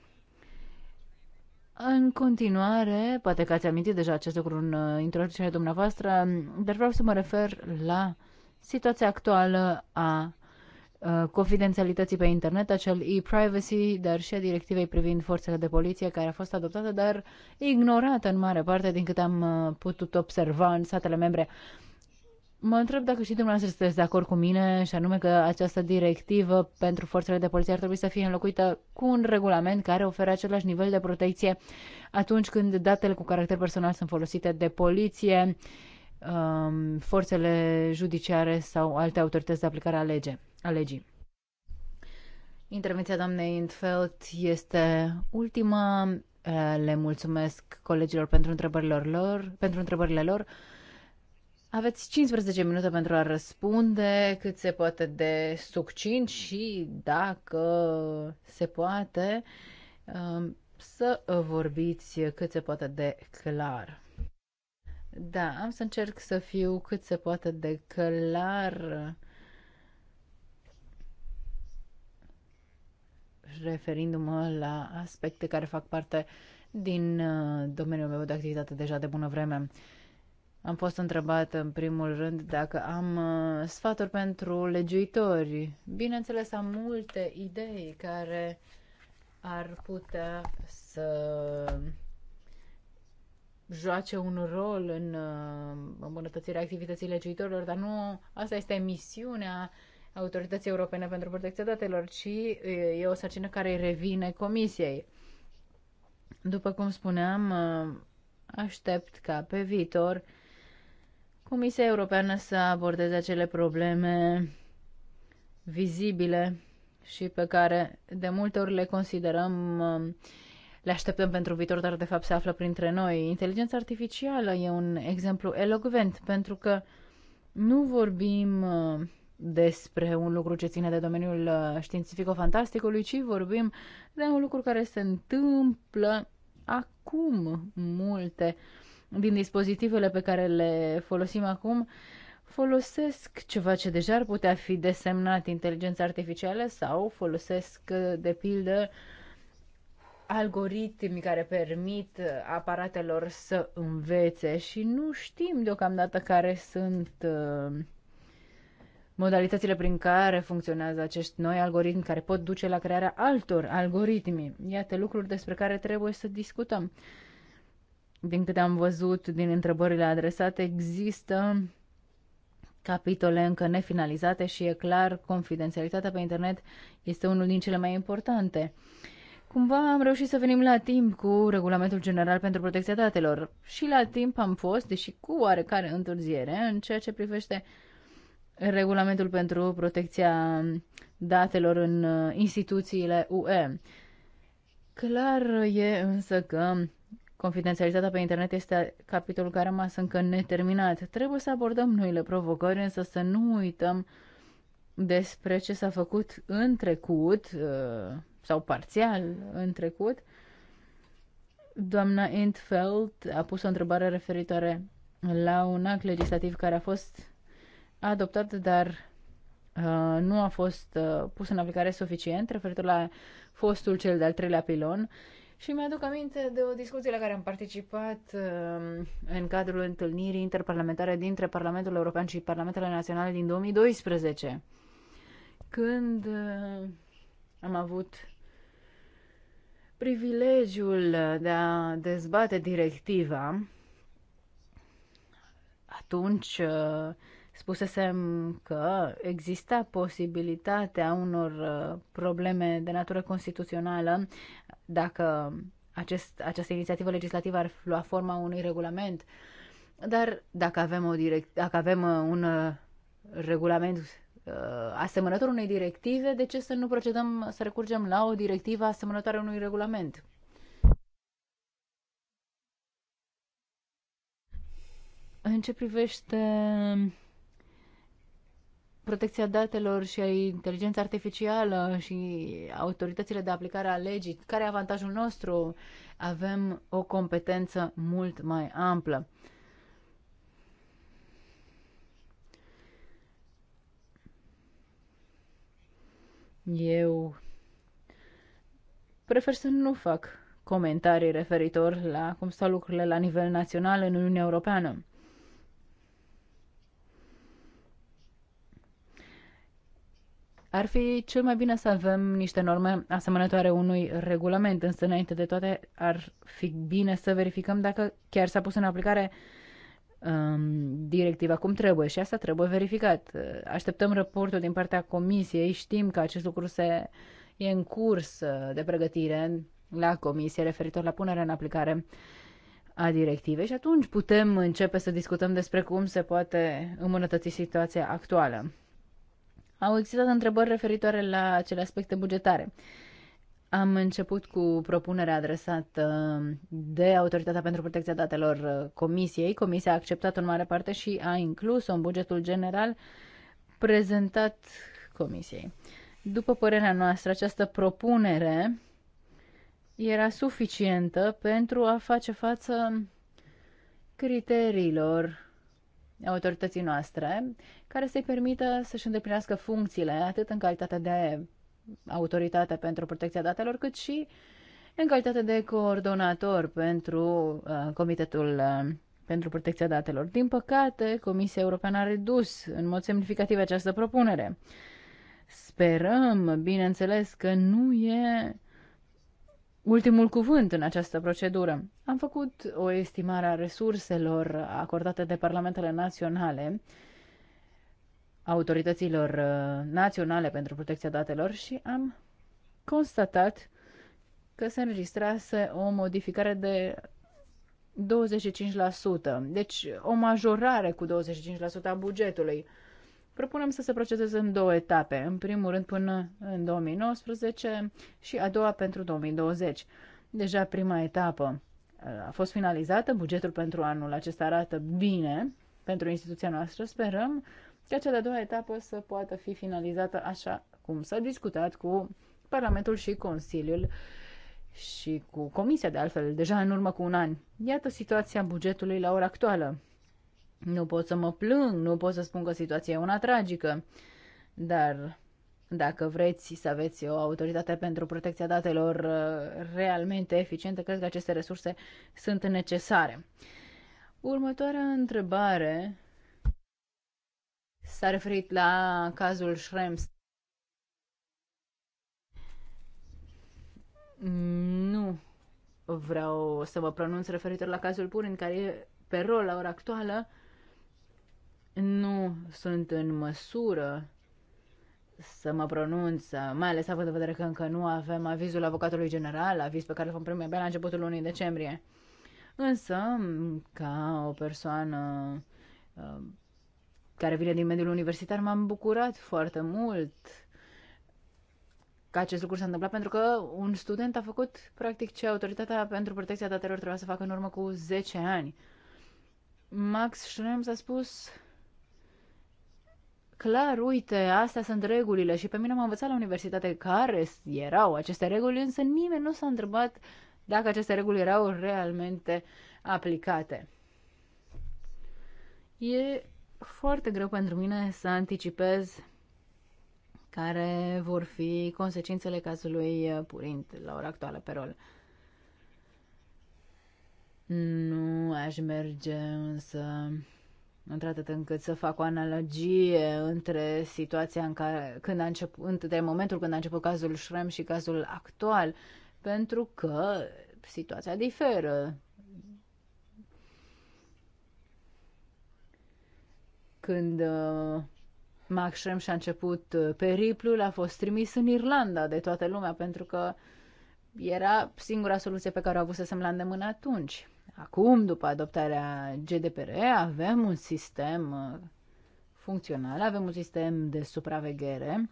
În continuare, poate că ați amintit deja acest lucru în eh, introducerea dumneavoastră, dar vreau să mă refer la situația actuală a Uh, confidențialității pe internet, acel e-privacy, dar și a directivei privind forțele de poliție care a fost adoptată, dar ignorată în mare parte din câte am uh, putut observa în statele membre. Mă întreb dacă și dumneavoastră sunteți de acord cu mine și anume că această directivă pentru forțele de poliție ar trebui să fie înlocuită cu un regulament care oferă același nivel de protecție atunci când datele cu caracter personal sunt folosite de poliție, um, forțele judiciare sau alte autorități de aplicare a legei a legii. Intervenția doamnei Intfeld este ultima. Eh, le mulțumesc colegilor pentru întrebările lor. Pentru întrebările lor. Aveți 15 minute pentru a răspunde cât se poate de succint și, dacă se poate, eh, să vorbiți cât se poate de clar. Da, am să încerc să fiu cât se poate de clar referindu-mă la aspecte care fac parte din uh, domeniul meu de activitate deja de bună vreme. Am fost întrebată în primul rând dacă am uh, sfaturi pentru legiuitori. Bineînțeles, am multe idei care ar putea să joace un rol în uh, îmbunătățirea activității legiuitorilor, dar nu asta este misiunea uh, Autorității Europene pentru Protecția Datelor, ci e o sarcină care îi revine Comisiei. După cum spuneam, ă, aștept ca pe viitor Comisia Europeană să abordeze acele probleme vizibile și pe care de multe ori le considerăm, ă, le așteptăm pentru viitor, dar de fapt se află printre noi. Inteligența artificială e un exemplu elocvent pentru că nu vorbim ă, despre un lucru ce ține de domeniul uh, științifico-fantasticului, ci vorbim de un lucru care se întâmplă acum multe din dispozitivele pe care le folosim acum folosesc ceva ce deja ar putea fi desemnat inteligența artificială sau folosesc, uh, de pildă, algoritmi care permit uh, aparatelor să învețe și nu știm deocamdată care sunt uh, modalitățile prin care funcționează acești noi algoritmi care pot duce la crearea altor algoritmi. Iată lucruri despre care trebuie să discutăm. Din câte am văzut din întrebările adresate, există capitole încă nefinalizate și e clar, confidențialitatea pe internet este unul din cele mai importante. Cumva am reușit să venim la timp cu Regulamentul General pentru Protecția Datelor și la timp am fost, deși cu oarecare întârziere, în ceea ce privește uh, regulamentul pentru protecția datelor în uh, instituțiile UE. Clar e însă că confidențialitatea pe internet este capitolul care a rămas încă neterminat. Trebuie să abordăm noile provocări, însă să nu uităm despre ce s-a făcut în trecut uh, sau parțial în trecut. Doamna Intfeld a pus o întrebare referitoare la un act legislativ care a fost adoptat, dar uh, nu a fost uh, pus în aplicare suficient, referitor la fostul cel de-al treilea pilon. Și mi-aduc aminte de o discuție la care am participat uh, în cadrul întâlnirii interparlamentare dintre Parlamentul European și Parlamentele Naționale din 2012, când uh, am avut privilegiul de a dezbate directiva. Atunci, uh, Spusesem că exista posibilitatea unor uh, probleme de natură constituțională dacă acest, această inițiativă legislativă ar lua forma unui regulament. Dar dacă avem, o direct, dacă avem uh, un uh, regulament asemănător unei directive, de ce să nu procedăm, să recurgem la o directivă asemănătoare unui regulament? În ce privește protecția datelor și inteligența artificială și autoritățile de aplicare a legii, care e avantajul nostru? Avem o competență mult mai amplă. Eu prefer să nu fac comentarii referitor la cum stau lucrurile la nivel național în Uniunea Europeană. Ar fi cel mai bine să avem niște norme asemănătoare unui regulament, însă înainte de toate ar fi bine să verificăm dacă chiar s-a pus în aplicare um, directiva cum trebuie și asta trebuie verificat. Așteptăm raportul din partea comisiei, știm că acest lucru se e în curs uh, de pregătire la comisie referitor la punerea în aplicare a directivei și atunci putem începe să discutăm despre cum se poate îmbunătăți situația actuală. Au existat întrebări referitoare la acele aspecte bugetare. Am început cu propunerea adresată de Autoritatea pentru Protecția Datelor uh, Comisiei. Comisia a acceptat în mare parte și a inclus-o în bugetul general prezentat Comisiei. După părerea noastră, această propunere era suficientă pentru a face față criteriilor autorității noastre, care să-i permită să-și îndeplinească funcțiile, atât în calitate de autoritate pentru protecția datelor, cât și în calitate de coordonator pentru uh, Comitetul uh, pentru protecția datelor. Din păcate, Comisia Europeană a redus în mod semnificativ această propunere. Sperăm, bineînțeles, că nu e ultimul cuvânt în această procedură. Am făcut o estimare a resurselor acordate de parlamentele naționale autorităților uh, naționale pentru protecția datelor și am constatat că se înregistrase o modificare de 25%, deci o majorare cu 25% a bugetului. Propunem să se procedeze în două etape. În primul rând până în 2019 și a doua pentru 2020. Deja prima etapă uh, a fost finalizată, bugetul pentru anul acesta arată bine pentru instituția noastră, sperăm ca cea de-a doua etapă să poată fi finalizată așa cum s-a discutat cu Parlamentul și Consiliul și cu Comisia, de altfel, deja în urmă cu un an. Iată situația bugetului la ora actuală. Nu pot să mă plâng, nu pot să spun că situația e una tragică, dar dacă vreți să aveți o autoritate pentru protecția datelor uh, realmente eficientă, cred că aceste resurse sunt necesare. Următoarea întrebare s-a referit la cazul Schrems. Nu vreau să mă pronunț referitor la cazul Purin, care e pe rol la ora actuală, nu sunt în măsură să mă pronunț, mai ales având în vedere că încă nu avem avizul avocatului general, aviz pe care îl vom primi abia la începutul lunii decembrie. Însă, ca o persoană uh, care vine din mediul universitar, m-am bucurat foarte mult că acest lucru s-a întâmplat pentru că un student a făcut practic ce autoritatea pentru protecția datelor trebuia să facă în urmă cu 10 ani. Max Schrems a spus clar, uite, astea sunt regulile și pe mine m am învățat la universitate care erau aceste reguli, însă nimeni nu s-a întrebat dacă aceste reguli erau realmente aplicate. E foarte greu pentru mine să anticipez care vor fi consecințele cazului Purind la ora actuală pe rol. Nu aș merge însă într-atât încât să fac o analogie între situația în care, când a început, între momentul când a început cazul Shrem și cazul actual, pentru că situația diferă. Când uh, Max Shrem și-a început uh, periplul, a fost trimis în Irlanda de toată lumea, pentru că era singura soluție pe care o avusesem la îndemână atunci. Acum, după adoptarea GDPR, avem un sistem uh, funcțional, avem un sistem de supraveghere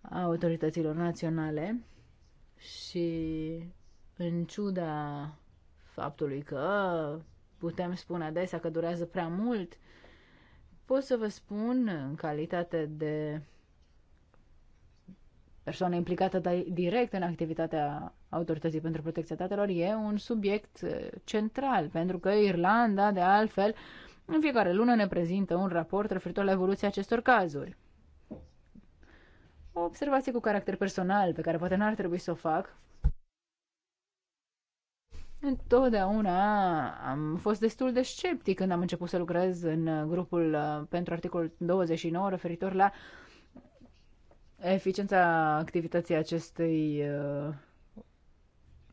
a autorităților naționale și în ciuda faptului că putem spune adesea că durează prea mult, pot să vă spun în calitate de persoană implicată direct în activitatea Autorității pentru Protecția Datelor e un subiect eh, central, pentru că Irlanda, de altfel, în fiecare lună ne prezintă un raport referitor la evoluția acestor cazuri. O observație cu caracter personal, pe care poate n-ar trebui să o fac. Întotdeauna am fost destul de sceptic când am început să lucrez în grupul eh, pentru articolul 29 referitor la eficiența activității acestei eh,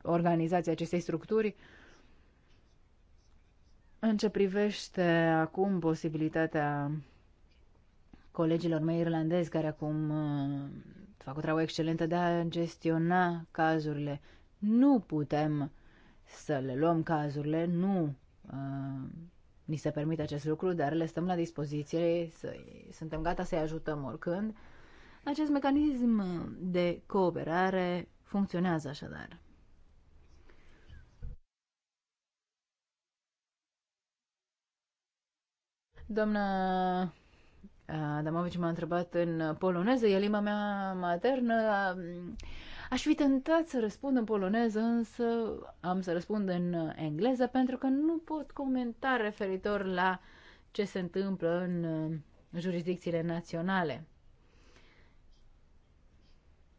organizația acestei structuri. În ce privește acum posibilitatea colegilor mei irlandezi care acum uh, fac o treabă excelentă de a gestiona cazurile. Nu putem să le luăm cazurile, nu uh, ni se permite acest lucru, dar le stăm la dispoziție, să, suntem gata să-i ajutăm oricând. Acest mecanism de cooperare funcționează așadar. Doamna uh, Adamovici m-a întrebat în poloneză, e limba mea maternă. Aș fi tentat să răspund în poloneză, însă am să răspund în engleză pentru că nu pot comenta referitor la ce se întâmplă în uh, jurisdicțiile naționale.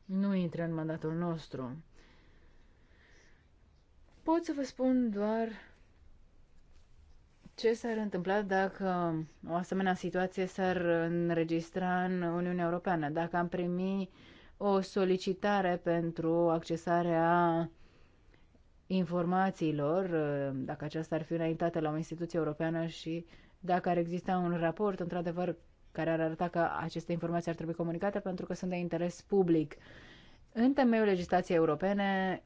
Nu intră în mandatul nostru. Pot să vă spun doar ce s-ar întâmpla dacă o asemenea situație s-ar înregistra în Uniunea Europeană? Dacă am primi o solicitare pentru accesarea informațiilor, dacă aceasta ar fi înaintată la o instituție europeană și dacă ar exista un raport, într-adevăr, care ar arăta că aceste informații ar trebui comunicate pentru că sunt de interes public. În temeiul legislației europene,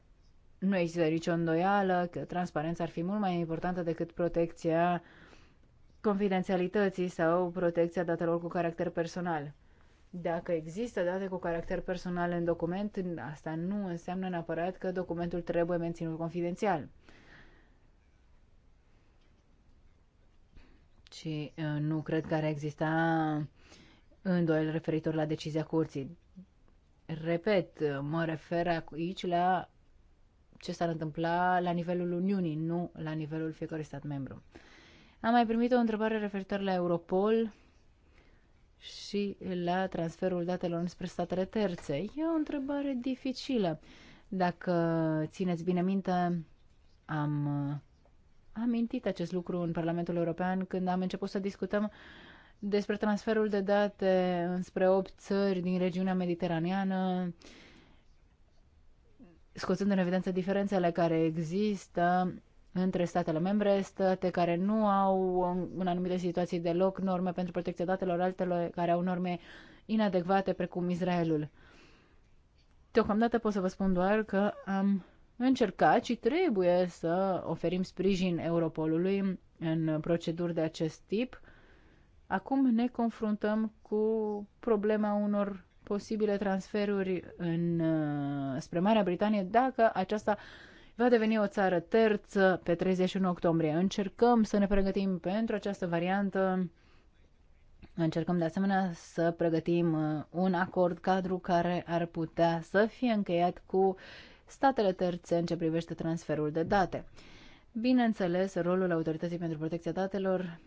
nu există nicio îndoială că transparența ar fi mult mai importantă decât protecția confidențialității sau protecția datelor cu caracter personal. Dacă există date cu caracter personal în document, asta nu înseamnă neapărat că documentul trebuie menținut confidențial. Și uh, nu cred că ar exista îndoiel referitor la decizia curții. Repet, mă refer aici la ce s-ar întâmpla la nivelul Uniunii, nu la nivelul fiecărui stat membru. Am mai primit o întrebare referitor la Europol și la transferul datelor înspre statele terțe. E o întrebare dificilă. Dacă țineți bine minte, am uh, amintit acest lucru în Parlamentul European când am început să discutăm despre transferul de date înspre 8 țări din regiunea mediteraneană, uh, scotând în evidență diferențele care există între statele membre, state care nu au în anumite situații deloc norme pentru protecția datelor, altele care au norme inadecvate, precum Israelul. Deocamdată pot să vă spun doar că am încercat și trebuie să oferim sprijin Europolului în proceduri de acest tip. Acum ne confruntăm cu problema unor posibile transferuri în, uh, spre Marea Britanie dacă aceasta va deveni o țară terță pe 31 octombrie. Încercăm să ne pregătim pentru această variantă. Încercăm de asemenea să pregătim uh, un acord cadru care ar putea să fie încheiat cu statele terțe în ce privește transferul de date. Bineînțeles, rolul Autorității pentru Protecția Datelor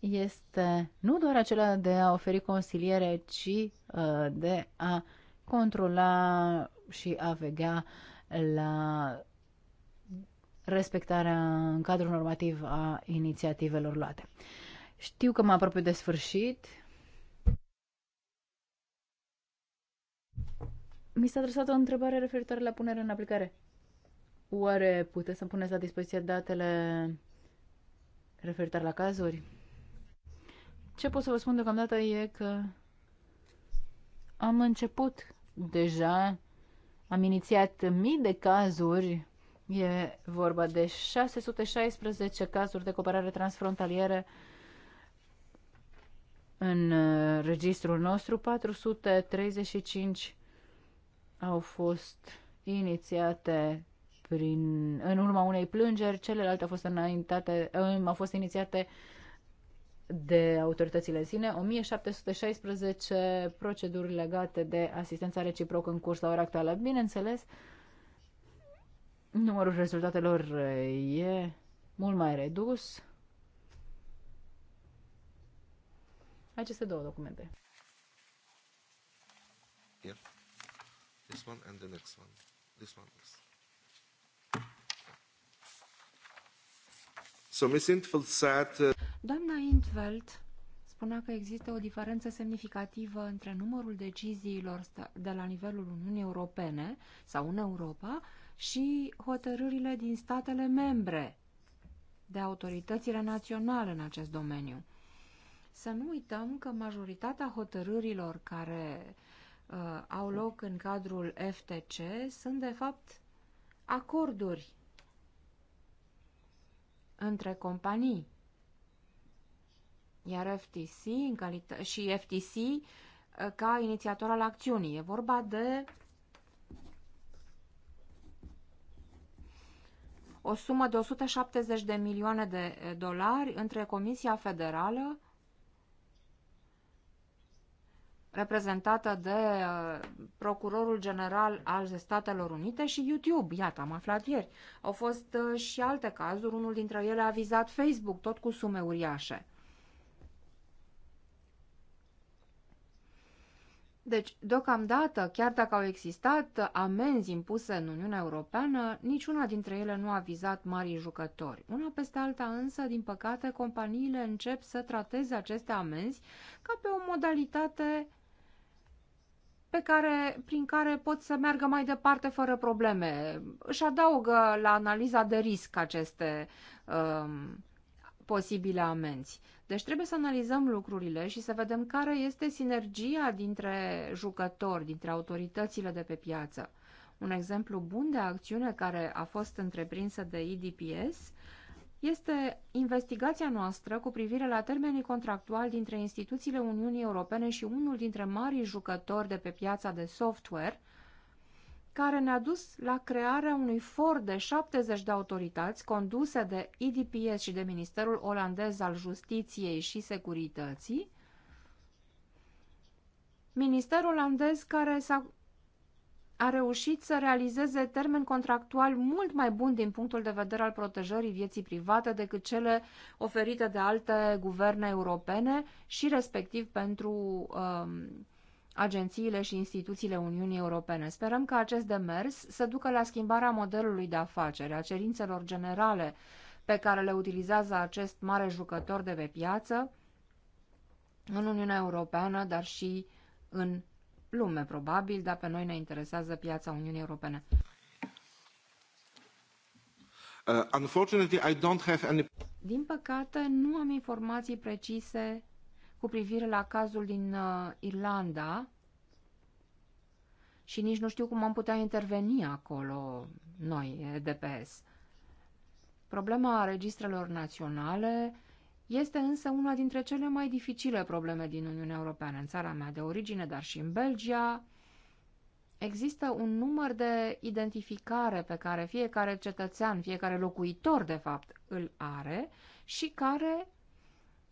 este nu doar acela de a oferi consiliere, ci uh, de a controla și a vegea la respectarea în cadrul normativ a inițiativelor luate. Știu că mă apropiu de sfârșit. Mi s-a adresat o întrebare referitoare la punerea în aplicare. Oare puteți să-mi puneți la dispoziție datele referitoare la cazuri? Ce pot să vă spun deocamdată e că am început deja, am inițiat mii de cazuri, e vorba de 616 cazuri de cooperare transfrontalieră în uh, registrul nostru, 435 au fost inițiate prin, în urma unei plângeri, celelalte au fost, înaintate, uh, au fost inițiate uh, de autoritățile în sine, 1716 proceduri legate de asistența reciprocă în curs la ora actuală. Bineînțeles, numărul rezultatelor e mult mai redus. Aceste două documente. Here. This one and the next one. This one is. So, Ms. Intveld said, uh... Doamna Intveld spunea că există o diferență semnificativă între numărul deciziilor de la nivelul Uniunii Europene sau în Europa și hotărârile din statele membre de autoritățile naționale în acest domeniu. Să nu uităm că majoritatea hotărârilor care uh, au loc în cadrul FTC sunt de fapt acorduri între companii. Iar FTC în calită- și FTC uh, ca inițiator al acțiunii. E vorba de o sumă de 170 de milioane de uh, dolari între Comisia Federală reprezentată de uh, Procurorul General al Statelor Unite și YouTube. Iată, am aflat ieri. Au fost uh, și alte cazuri, unul dintre ele a vizat Facebook, tot cu sume uriașe. Deci, deocamdată, chiar dacă au existat amenzi impuse în Uniunea Europeană, niciuna dintre ele nu a vizat mari jucători. Una peste alta însă, din păcate, companiile încep să trateze aceste amenzi ca pe o modalitate pe care, prin care pot să meargă mai departe fără probleme. Își adaugă la analiza de risc aceste um, posibile amenzi. Deci trebuie să analizăm lucrurile și să vedem care este sinergia dintre jucători, dintre autoritățile de pe piață. Un exemplu bun de acțiune care a fost întreprinsă de IDPS este investigația noastră cu privire la termenii contractuali dintre instituțiile Uniunii Europene și unul dintre marii jucători de pe piața de software, care ne-a dus la crearea unui for de 70 de autorități conduse de IDPS și de Ministerul Olandez al Justiției și Securității, Ministerul olandez care s-a a reușit să realizeze termen contractual mult mai bun din punctul de vedere al protejării vieții private decât cele oferite de alte guverne europene și respectiv pentru um, agențiile și instituțiile Uniunii Europene. Sperăm că acest demers să ducă la schimbarea modelului de afacere, a cerințelor generale pe care le utilizează acest mare jucător de pe piață în Uniunea Europeană, dar și în lume, probabil, dar pe noi ne interesează piața Uniunii Europene. Uh, I don't have any... Din păcate, nu am informații precise cu privire la cazul din uh, Irlanda și nici nu știu cum am putea interveni acolo noi, DPS. Problema registrelor naționale este însă una dintre cele mai dificile probleme din Uniunea Europeană. În țara mea de origine, dar și în Belgia, există un număr de identificare pe care fiecare cetățean, fiecare locuitor, de fapt, îl are și care,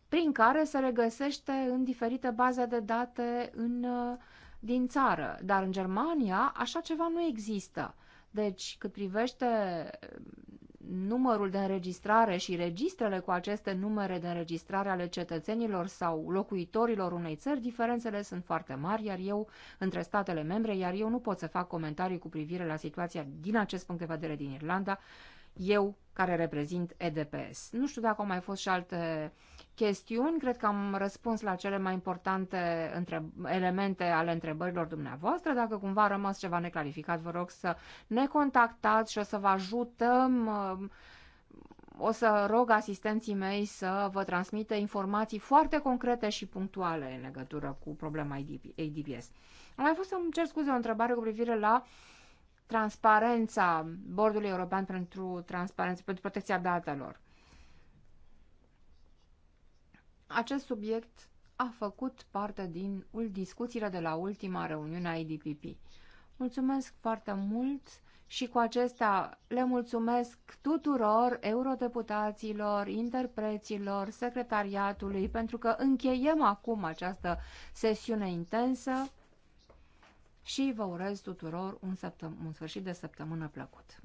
prin care se regăsește în diferite baze de date în, din țară. Dar în Germania așa ceva nu există. Deci, cât privește numărul de înregistrare și registrele cu aceste numere de înregistrare ale cetățenilor sau locuitorilor unei țări, diferențele sunt foarte mari, iar eu, între statele membre, iar eu nu pot să fac comentarii cu privire la situația din acest punct de vedere din Irlanda. Eu care reprezint EDPS. Nu știu dacă au mai fost și alte chestiuni, cred că am răspuns la cele mai importante elemente ale întrebărilor dumneavoastră. Dacă cumva a rămas ceva neclarificat, vă rog să ne contactați și o să vă ajutăm. O să rog asistenții mei să vă transmită informații foarte concrete și punctuale în legătură cu problema ADPS. Am mai fost să-mi cer scuze o întrebare cu privire la uh, transparența Bordului European pentru Transparență, pentru protecția datelor. Acest subiect a făcut parte din discuțiile de la ultima reuniune a IDPP. Mulțumesc foarte mult și cu acestea le mulțumesc tuturor eurodeputaților, interpreților, secretariatului, pentru că încheiem acum această sesiune intensă și vă urez tuturor un, săptăm- un sfârșit de săptămână plăcut.